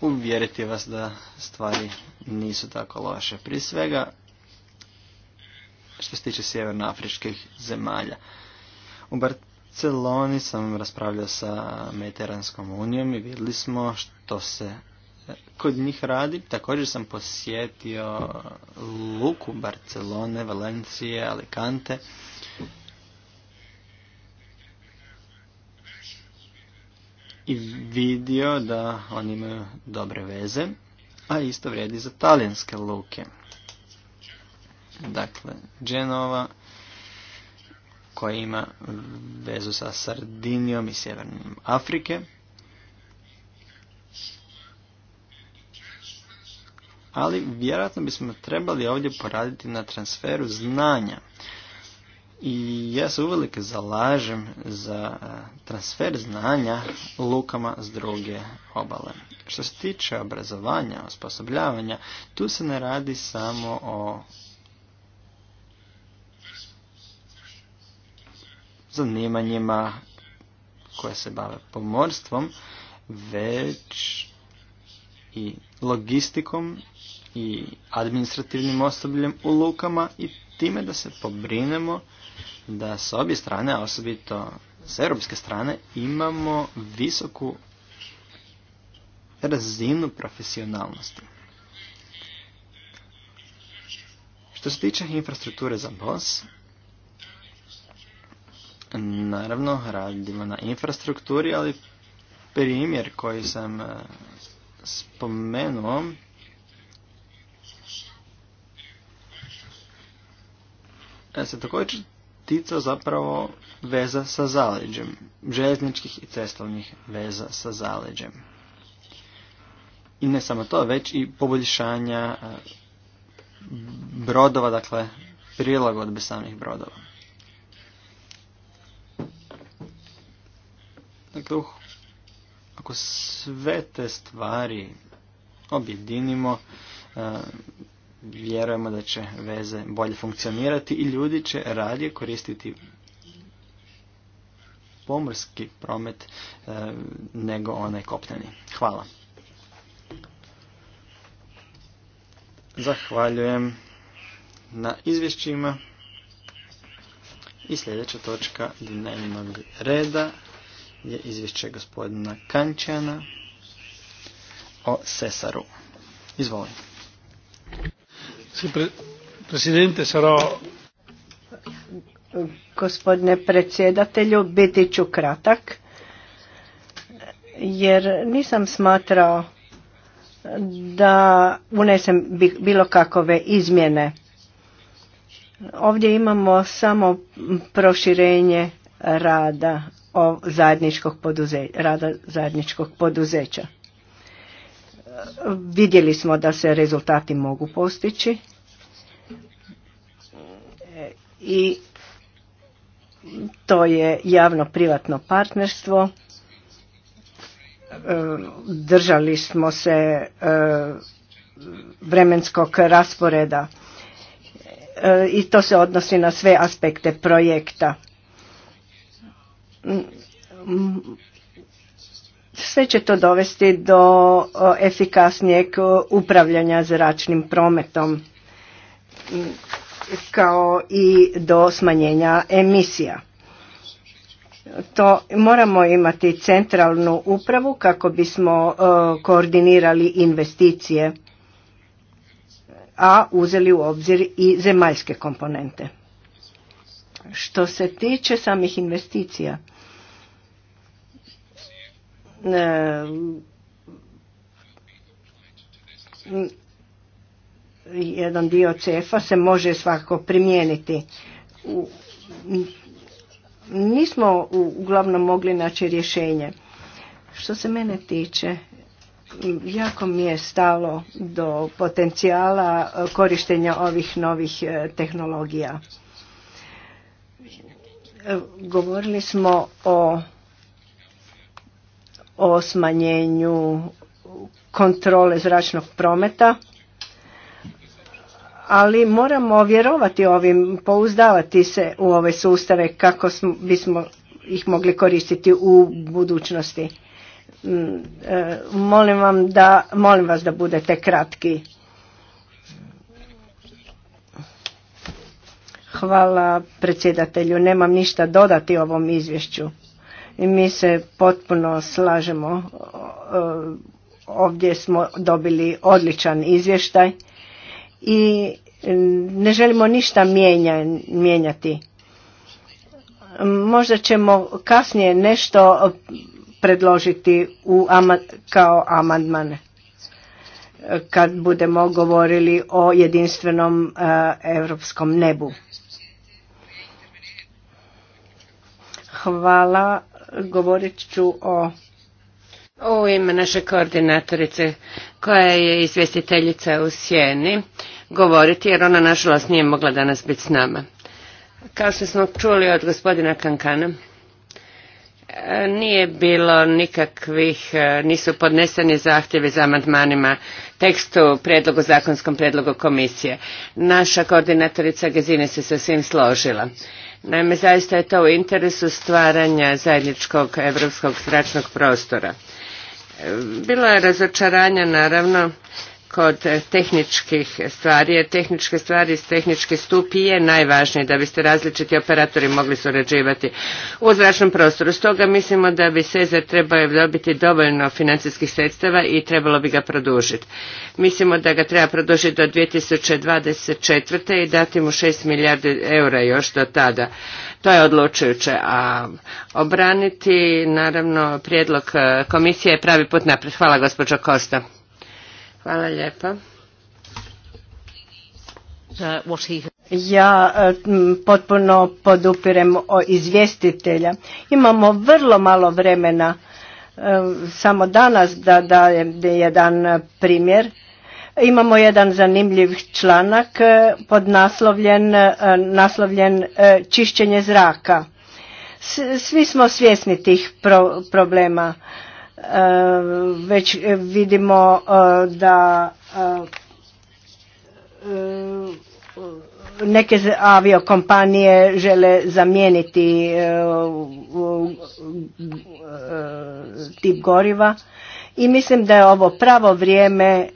A: uvjeriti vas da stvari nisu tako loše. Prije svega, što se tiče sjevernoafričkih zemalja. U Barceloni sam raspravljao sa Mediteranskom unijom i vidjeli smo što se kod njih radi. Također sam posjetio Luku, Barcelone, Valencije, Alicante. I vidio da oni imaju dobre veze, a isto vrijedi za talijanske luke. Dakle, Genova koja ima vezu sa Sardinijom i Sjevernim Afrike. ali vjerojatno bismo trebali ovdje poraditi na transferu znanja. I ja se uvelike zalažem za e, transfer znanja lukama s druge obale. Što se tiče obrazovanja, osposobljavanja, tu se ne radi samo o zanimanjima koje se bave pomorstvom, već i logistikom i administrativnim osobljem u lukama i time da se pobrinemo da s obje strane, a osobito s europske strane, imamo visoku razinu profesionalnosti. Što se tiče infrastrukture za BOS, naravno radimo na infrastrukturi, ali primjer koji sam eh, spomenuo se također tica zapravo veza sa zaleđem, željezničkih i cestovnih veza sa zaleđem. I ne samo to, već i poboljšanja e, brodova, dakle prilagodbe samih brodova. Dakle, uh, ako sve te stvari objedinimo, e, vjerujemo da će veze bolje funkcionirati i ljudi će radije koristiti pomorski promet e, nego onaj kopneni. Hvala. Zahvaljujem na izvješćima. I sljedeća točka dnevnog reda je izvješće gospodina Kančana o sesaru. Izvolite.
D: Gospodine predsjedatelju, biti ću kratak, jer nisam smatrao da unesem bilo kakove izmjene. Ovdje imamo samo proširenje rada rada zajedničkog poduzeća. Vidjeli smo da se rezultati mogu postići i to je javno-privatno partnerstvo. E, držali smo se e, vremenskog rasporeda e, i to se odnosi na sve aspekte projekta sve će to dovesti do efikasnijeg upravljanja zračnim prometom kao i do smanjenja emisija. To moramo imati centralnu upravu kako bismo koordinirali investicije, a uzeli u obzir i zemaljske komponente. Što se tiče samih investicija, E, jedan dio cefa se može svakako primijeniti. Nismo uglavnom mogli naći rješenje. Što se mene tiče, jako mi je stalo do potencijala e, korištenja ovih novih e, tehnologija. Govorili smo o o smanjenju kontrole zračnog prometa, ali moramo vjerovati ovim, pouzdavati se u ove sustave kako bismo ih mogli koristiti u budućnosti. Mm, e, molim, vam da, molim vas da budete kratki. Hvala predsjedatelju. Nemam ništa dodati ovom izvješću mi se potpuno slažemo. Ovdje smo dobili odličan izvještaj i ne želimo ništa mijenjati. Možda ćemo kasnije nešto predložiti u, kao amandman e, kad budemo govorili o jedinstvenom e, europskom nebu. Hvala govorit ću o
C: u ime naše koordinatorice koja je izvjestiteljica u Sjeni govoriti jer ona nažalost nije mogla danas biti s nama. Kao što smo čuli od gospodina Kankana, e, nije bilo nikakvih, e, nisu podneseni zahtjevi za amandmanima tekstu predlogu, zakonskom predlogu komisije. Naša koordinatorica Gezine se sa svim složila. Naime, zaista je to u interesu stvaranja zajedničkog europskog zračnog prostora. Bilo je razočaranja naravno kod tehničkih stvari, jer tehničke stvari iz tehnički stup je najvažnije da biste različiti operatori mogli surađivati u zračnom prostoru. Stoga mislimo da bi Sezer trebao dobiti dovoljno financijskih sredstava i trebalo bi ga produžiti. Mislimo da ga treba produžiti do 2024. i dati mu 6 milijardi eura još do tada. To je odlučujuće, a obraniti naravno prijedlog eh, komisije je pravi put naprijed. Hvala gospođo Kosta.
D: Uh, ja uh, potpuno podupirem o izvjestitelja. Imamo vrlo malo vremena, uh, samo danas da dajem jedan primjer. Imamo jedan zanimljiv članak pod naslovljen, naslovljen čišćenje zraka. Svi smo svjesni tih problema. E, već vidimo e, da e, neke aviokompanije žele zamijeniti tip goriva i mislim da je ovo pravo vrijeme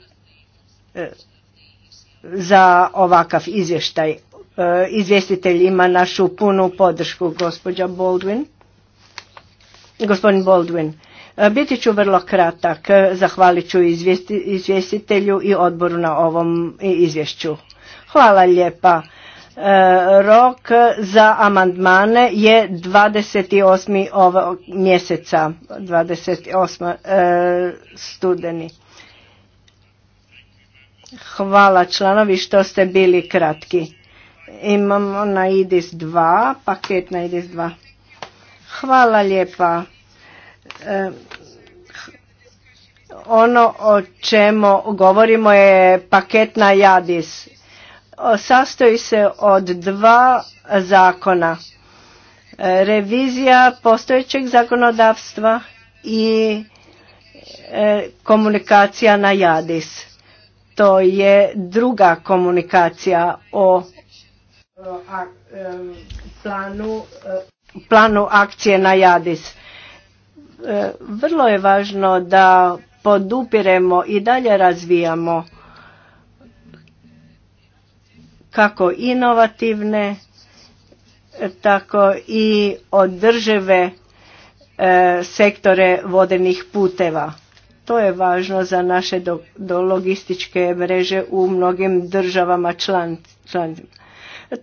D: za ovakav izvještaj. Izvjestitelj ima našu punu podršku gospođa Baldwin. Gospodin Baldwin, biti ću vrlo kratak, zahvalit ću izvjestitelju i odboru na ovom izvješću. Hvala lijepa. E, rok za amandmane je 28. ovog mjeseca, 28. E, studeni. Hvala članovi što ste bili kratki. Imamo na IDIS 2, paket na IDIS 2. Hvala lijepa Eh, ono o čemu govorimo je paket na Jadis. Sastoji se od dva zakona. Eh, revizija postojećeg zakonodavstva i eh, komunikacija na Jadis. To je druga komunikacija o planu, planu akcije na Jadis E, vrlo je važno da podupiremo i dalje razvijamo kako inovativne, e, tako i održive e, sektore vodenih puteva. To je važno za naše do, logističke mreže u mnogim državama član,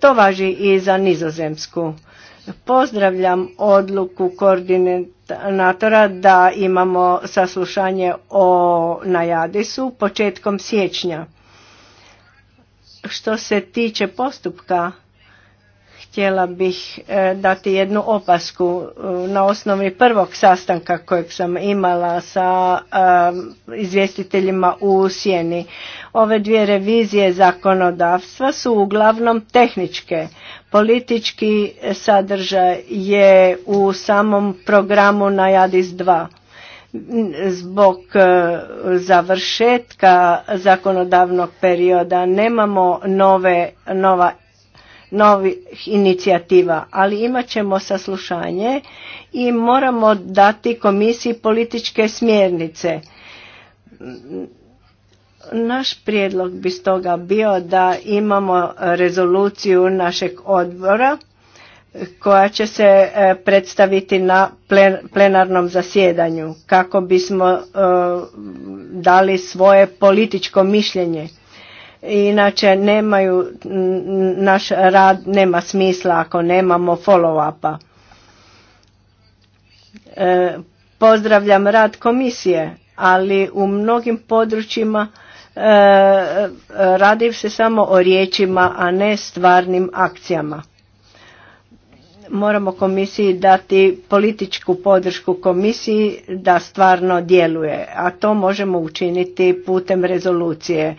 D: To važi i za nizozemsku. Pozdravljam odluku koordinatora koordinatora da imamo saslušanje o Najadisu početkom siječnja. Što se tiče postupka, htjela bih e, dati jednu opasku e, na osnovi prvog sastanka kojeg sam imala sa e, izvjestiteljima u Sjeni. Ove dvije revizije zakonodavstva su uglavnom tehničke. Politički sadržaj je u samom programu na JADIS 2. Zbog e, završetka zakonodavnog perioda nemamo nove, nova, novih inicijativa, ali imat ćemo saslušanje i moramo dati komisiji političke smjernice naš prijedlog bi stoga bio da imamo rezoluciju našeg odbora koja će se e, predstaviti na plenarnom zasjedanju kako bismo e, dali svoje političko mišljenje. Inače nemaju, naš rad nema smisla ako nemamo follow-upa. E, pozdravljam rad komisije, ali u mnogim područjima E, radi se samo o riječima, a ne stvarnim akcijama. Moramo komisiji dati političku podršku komisiji da stvarno djeluje, a to možemo učiniti putem rezolucije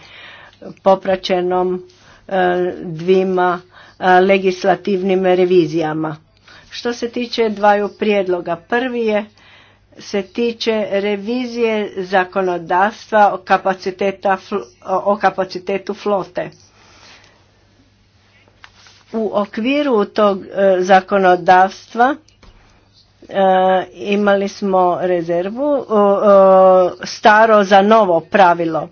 D: popraćenom e, dvima e, legislativnim revizijama. Što se tiče dvaju prijedloga, prvi je se tiče revizije zakonodavstva o, o kapacitetu flote. U okviru tog e, zakonodavstva e, imali smo rezervu staro za novo pravilo.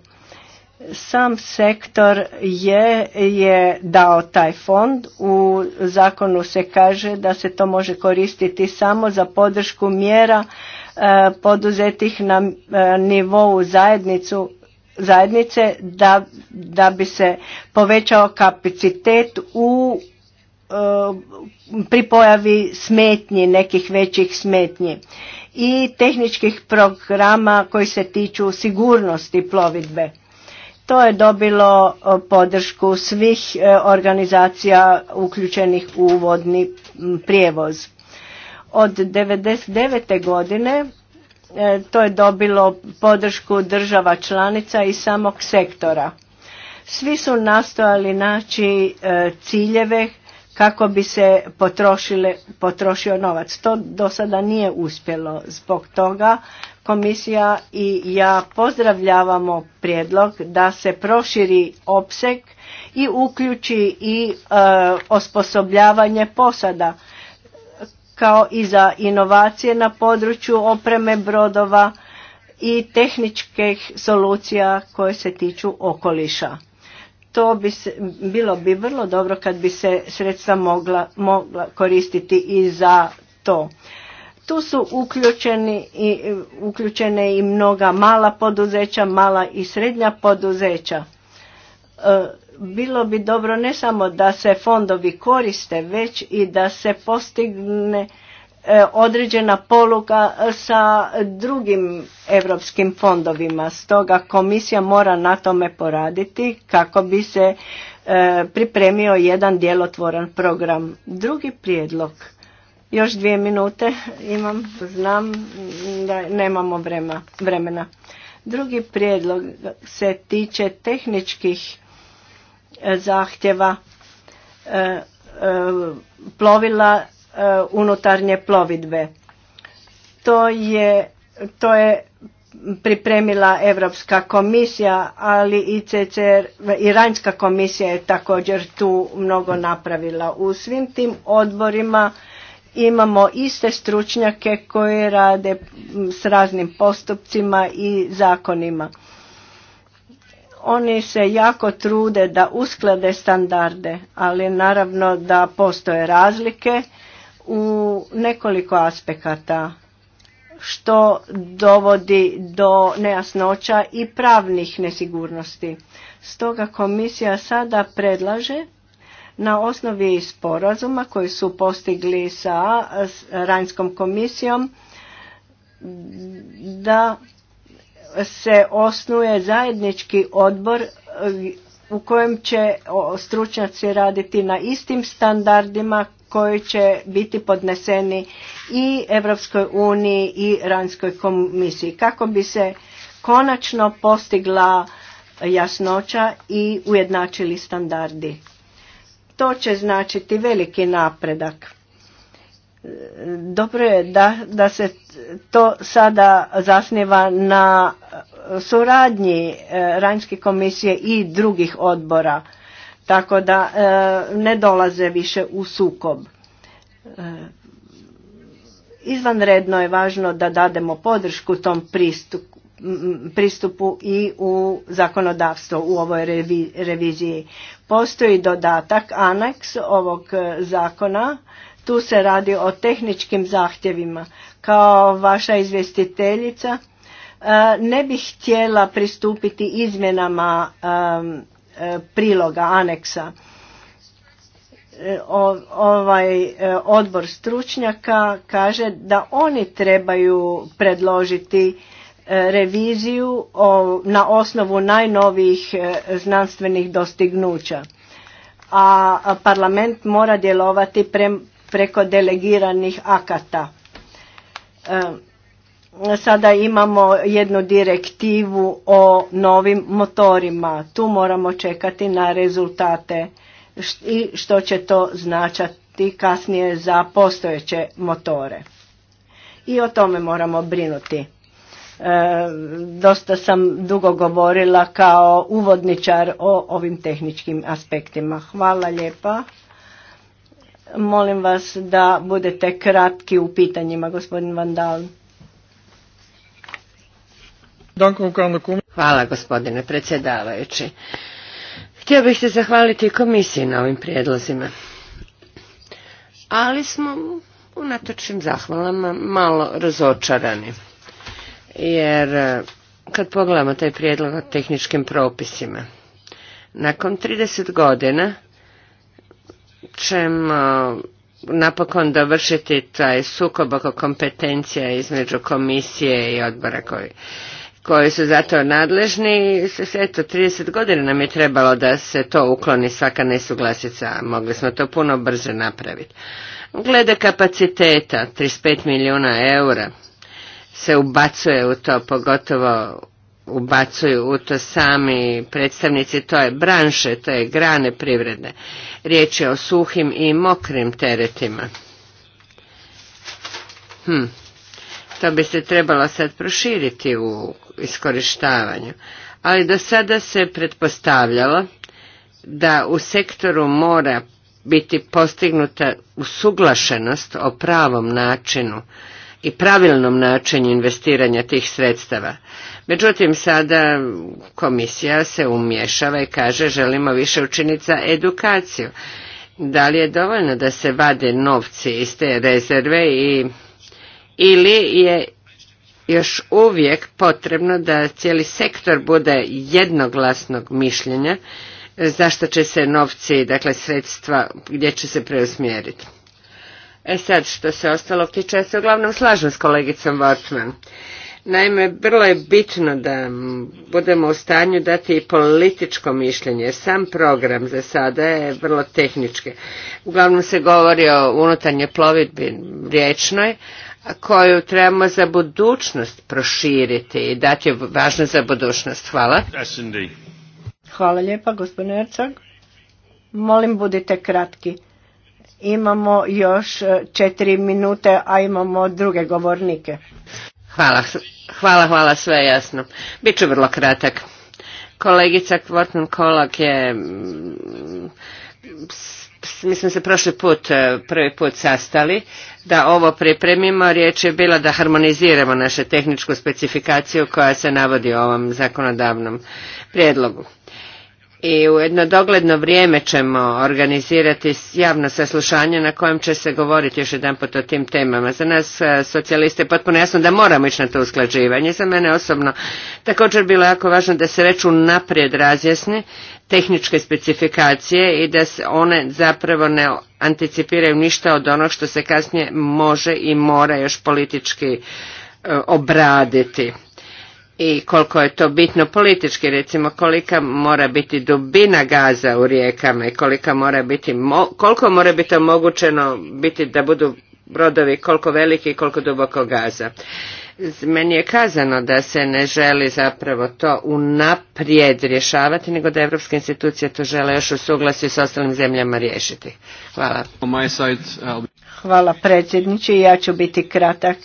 D: Sam sektor je, je dao taj fond. U zakonu se kaže da se to može koristiti samo za podršku mjera E, poduzetih na e, nivou zajednicu, zajednice da, da bi se povećao kapacitet u e, pri pojavi smetnji, nekih većih smetnji i tehničkih programa koji se tiču sigurnosti plovidbe. To je dobilo podršku svih organizacija uključenih u vodni prijevoz. Od 1999. godine e, to je dobilo podršku država članica i samog sektora. Svi su nastojali naći e, ciljeve kako bi se potrošio novac. To do sada nije uspjelo. Zbog toga komisija i ja pozdravljavamo prijedlog da se proširi opseg i uključi i e, osposobljavanje posada kao i za inovacije na području opreme brodova i tehničkih solucija koje se tiču okoliša. To bi se, bilo bi vrlo dobro kad bi se sredstva mogla, mogla koristiti i za to. Tu su uključeni i, uključene i mnoga mala poduzeća, mala i srednja poduzeća. E, bilo bi dobro ne samo da se fondovi koriste, već i da se postigne e, određena poluka e, sa drugim europskim fondovima. Stoga komisija mora na tome poraditi kako bi se e, pripremio jedan djelotvoran program. Drugi prijedlog. Još dvije minute imam, znam da nemamo vremena. Drugi prijedlog se tiče tehničkih zahtjeva e, e, plovila e, unutarnje plovidbe. To je, to je pripremila Europska komisija, ali i CCR, Iranska komisija je također tu mnogo napravila. U svim tim odborima imamo iste stručnjake koje rade s raznim postupcima i zakonima. Oni se jako trude da usklade standarde, ali naravno da postoje razlike u nekoliko aspekata što dovodi do nejasnoća i pravnih nesigurnosti. Stoga komisija sada predlaže na osnovi sporazuma koji su postigli sa Rajnskom komisijom da se osnuje zajednički odbor e, u kojem će stručnjaci raditi na istim standardima koji će biti podneseni i Europskoj uniji i Ranskoj komisiji kako bi se konačno postigla jasnoća i ujednačili standardi. To će značiti veliki napredak. Dobro je da, da se to sada zasniva na suradnji e, Ranjske komisije i drugih odbora, tako da e, ne dolaze više u sukob. E, izvanredno je važno da dademo podršku tom pristupu pristupu i u zakonodavstvo u ovoj reviziji. Postoji dodatak, aneks ovog zakona tu se radi o tehničkim zahtjevima. Kao vaša izvjestiteljica e, ne bih htjela pristupiti izmjenama e, priloga, aneksa. E, ovaj odbor stručnjaka kaže da oni trebaju predložiti reviziju na osnovu najnovijih znanstvenih dostignuća a parlament mora djelovati prema preko delegiranih akata. E, sada imamo jednu direktivu o novim motorima. Tu moramo čekati na rezultate i što će to značati kasnije za postojeće motore. I o tome moramo brinuti. E, dosta sam dugo govorila kao uvodničar o ovim tehničkim aspektima. Hvala lijepa. Molim vas da budete kratki u pitanjima, gospodin Vandal.
C: Hvala gospodine predsjedavajući. Htio bih se zahvaliti komisiji na ovim prijedlozima. Ali smo natočnim zahvalama malo razočarani. Jer e, kad pogledamo taj prijedlog o tehničkim propisima, nakon 30 godina ćemo e, napokon dovršiti taj sukob oko kompetencija između komisije i odbora koji koji su za to nadležni, eto, 30 godina nam je trebalo da se to ukloni svaka nesuglasica, mogli smo to puno brže napraviti. Glede kapaciteta, 35 milijuna eura se ubacuje u to, pogotovo ubacuju u to sami predstavnici to je branše, to je grane privredne. Riječ je o suhim i mokrim teretima. Hm. To bi se trebalo sad proširiti u iskorištavanju. Ali do sada se pretpostavljalo da u sektoru mora biti postignuta usuglašenost o pravom načinu i pravilnom načinu investiranja tih sredstava. Međutim, sada komisija se umješava i kaže želimo više učiniti za edukaciju. Da li je dovoljno da se vade novci iz te rezerve i, ili je još uvijek potrebno da cijeli sektor bude jednoglasnog mišljenja zašto će se novci, dakle sredstva, gdje će se preusmjeriti. E sad, što se ostalo tiče, ja se uglavnom slažem s kolegicom Vortman. Naime, vrlo je bitno da budemo u stanju dati i političko mišljenje. Sam program za sada je vrlo tehnički. Uglavnom se govori o unutarnje plovidbi riječnoj, koju trebamo za budućnost proširiti i dati je važno za budućnost. Hvala.
D: Hvala lijepa, gospodine Ercog. Molim, budite kratki. Imamo još e, četiri minute, a imamo druge govornike.
C: Hvala, hvala, hvala, sve je jasno. Biću vrlo kratak. Kolegica Kvortun Kolak je mi smo se prošli put, e, prvi put sastali, da ovo pripremimo. Riječ je bila da harmoniziramo našu tehničku specifikaciju koja se navodi u ovom zakonodavnom prijedlogu i u jedno dogledno vrijeme ćemo organizirati javno saslušanje na kojem će se govoriti još jedanput o tim temama. Za nas e, socijaliste je potpuno jasno da moramo ići na to usklađivanje. Za mene osobno također bilo jako važno da se već unaprijed razjasne tehničke specifikacije i da se one zapravo ne anticipiraju ništa od onog što se kasnije može i mora još politički e, obraditi i koliko je to bitno politički, recimo kolika mora biti dubina gaza u rijekama i kolika mora biti, koliko mora biti omogućeno biti da budu brodovi koliko veliki i koliko duboko gaza. Meni je kazano da se ne želi zapravo to unaprijed rješavati, nego da evropske institucije to žele još u suglasju s ostalim zemljama riješiti.
B: Hvala.
D: Hvala predsjedniče, ja ću biti kratak.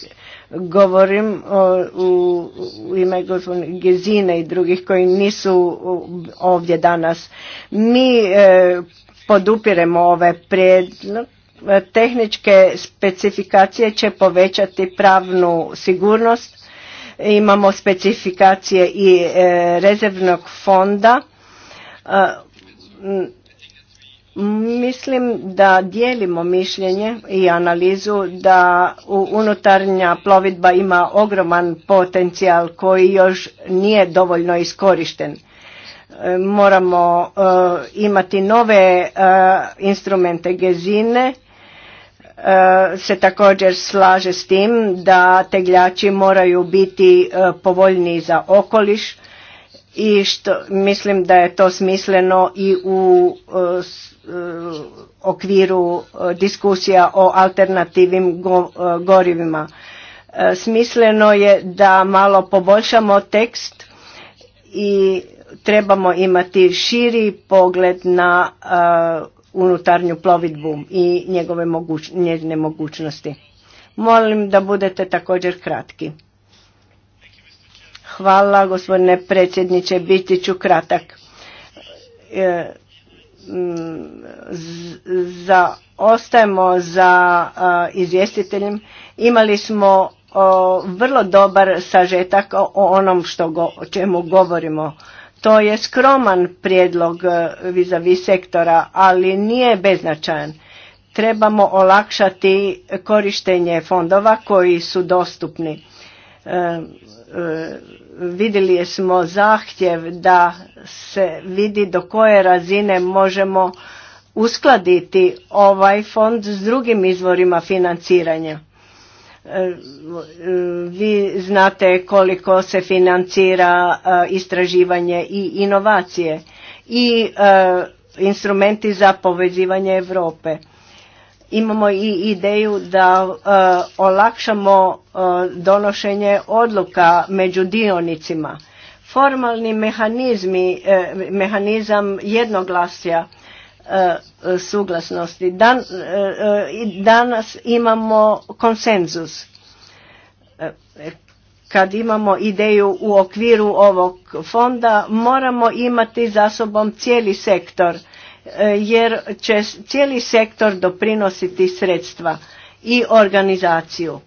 D: Govorim u, ime gospodine Gezine i drugih koji nisu ovdje danas. Mi e, podupiremo ove ovaj prijedlog. Tehničke specifikacije će povećati pravnu sigurnost. Imamo specifikacije i e, rezervnog fonda. E, Mislim da dijelimo mišljenje i analizu da unutarnja plovidba ima ogroman potencijal koji još nije dovoljno iskorišten. E, moramo e, imati nove e, instrumente gezine, se također slaže s tim da tegljači moraju biti povoljniji za okoliš, i što mislim da je to smisleno i u e, e, okviru e, diskusija o alternativnim gorivima. Smisleno je da malo poboljšamo tekst i trebamo imati širi pogled na unutarnju plovidbu i njegove mogućnosti. Molim da budete također kratki. Hvala gospodine predsjedniče, biti ću kratak. E, mm, za, ostajemo za izvjestiteljem. Imali smo vrlo dobar sažetak o, onom o čemu govorimo. To je skroman prijedlog e, vis-a-vis sektora, ali nije beznačajan. Trebamo olakšati korištenje fondova koji su dostupni. E, vidjeli smo zahtjev da se vidi do koje razine možemo uskladiti ovaj fond s drugim izvorima financiranja. E, vi znate koliko se financira e, istraživanje i inovacije i e, instrumenti za povezivanje Europe imamo i ideju da e, olakšamo e, donošenje odluka među dionicima. Formalni mehanizmi, e, mehanizam jednoglasja suglasnosti. danas imamo konsenzus. Kad imamo ideju u okviru ovog fonda moramo imati za sobom cijeli sektor jer će cijeli sektor doprinositi sredstva i organizaciju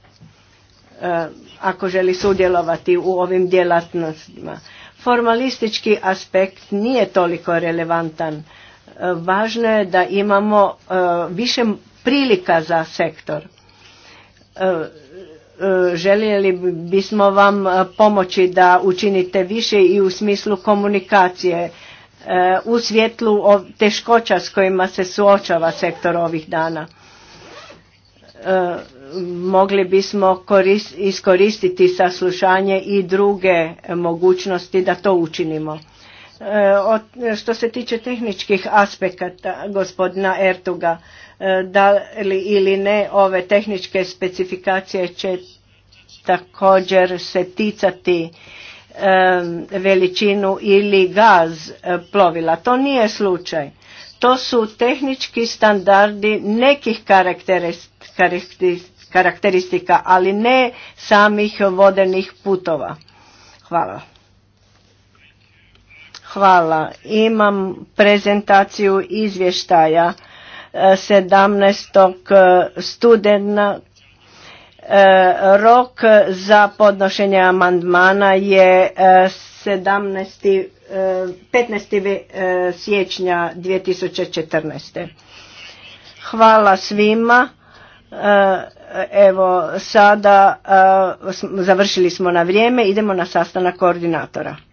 D: e, ako želi sudjelovati u ovim djelatnostima. Formalistički aspekt nije toliko relevantan. E, važno je da imamo e, više prilika za sektor. Željeli bismo vam pomoći da učinite više i u smislu komunikacije E, u svjetlu teškoća s kojima se suočava sektor ovih dana. E, mogli bismo iskoristiti saslušanje i druge mogućnosti da to učinimo. E, što se tiče tehničkih aspekata gospodina Ertuga, da li ili ne ove tehničke specifikacije će također se ticati veličinu ili gaz e, plovila. To nije slučaj. To su tehnički standardi nekih karakteristika, ali ne samih vodenih putova. Hvala. Hvala. Imam prezentaciju izvještaja 17. E, e, studenta Rok za podnošenje amandmana je 15. E, e, e, siječnja 2014. Hvala svima. Evo sada završili smo na vrijeme, idemo na sastanak koordinatora.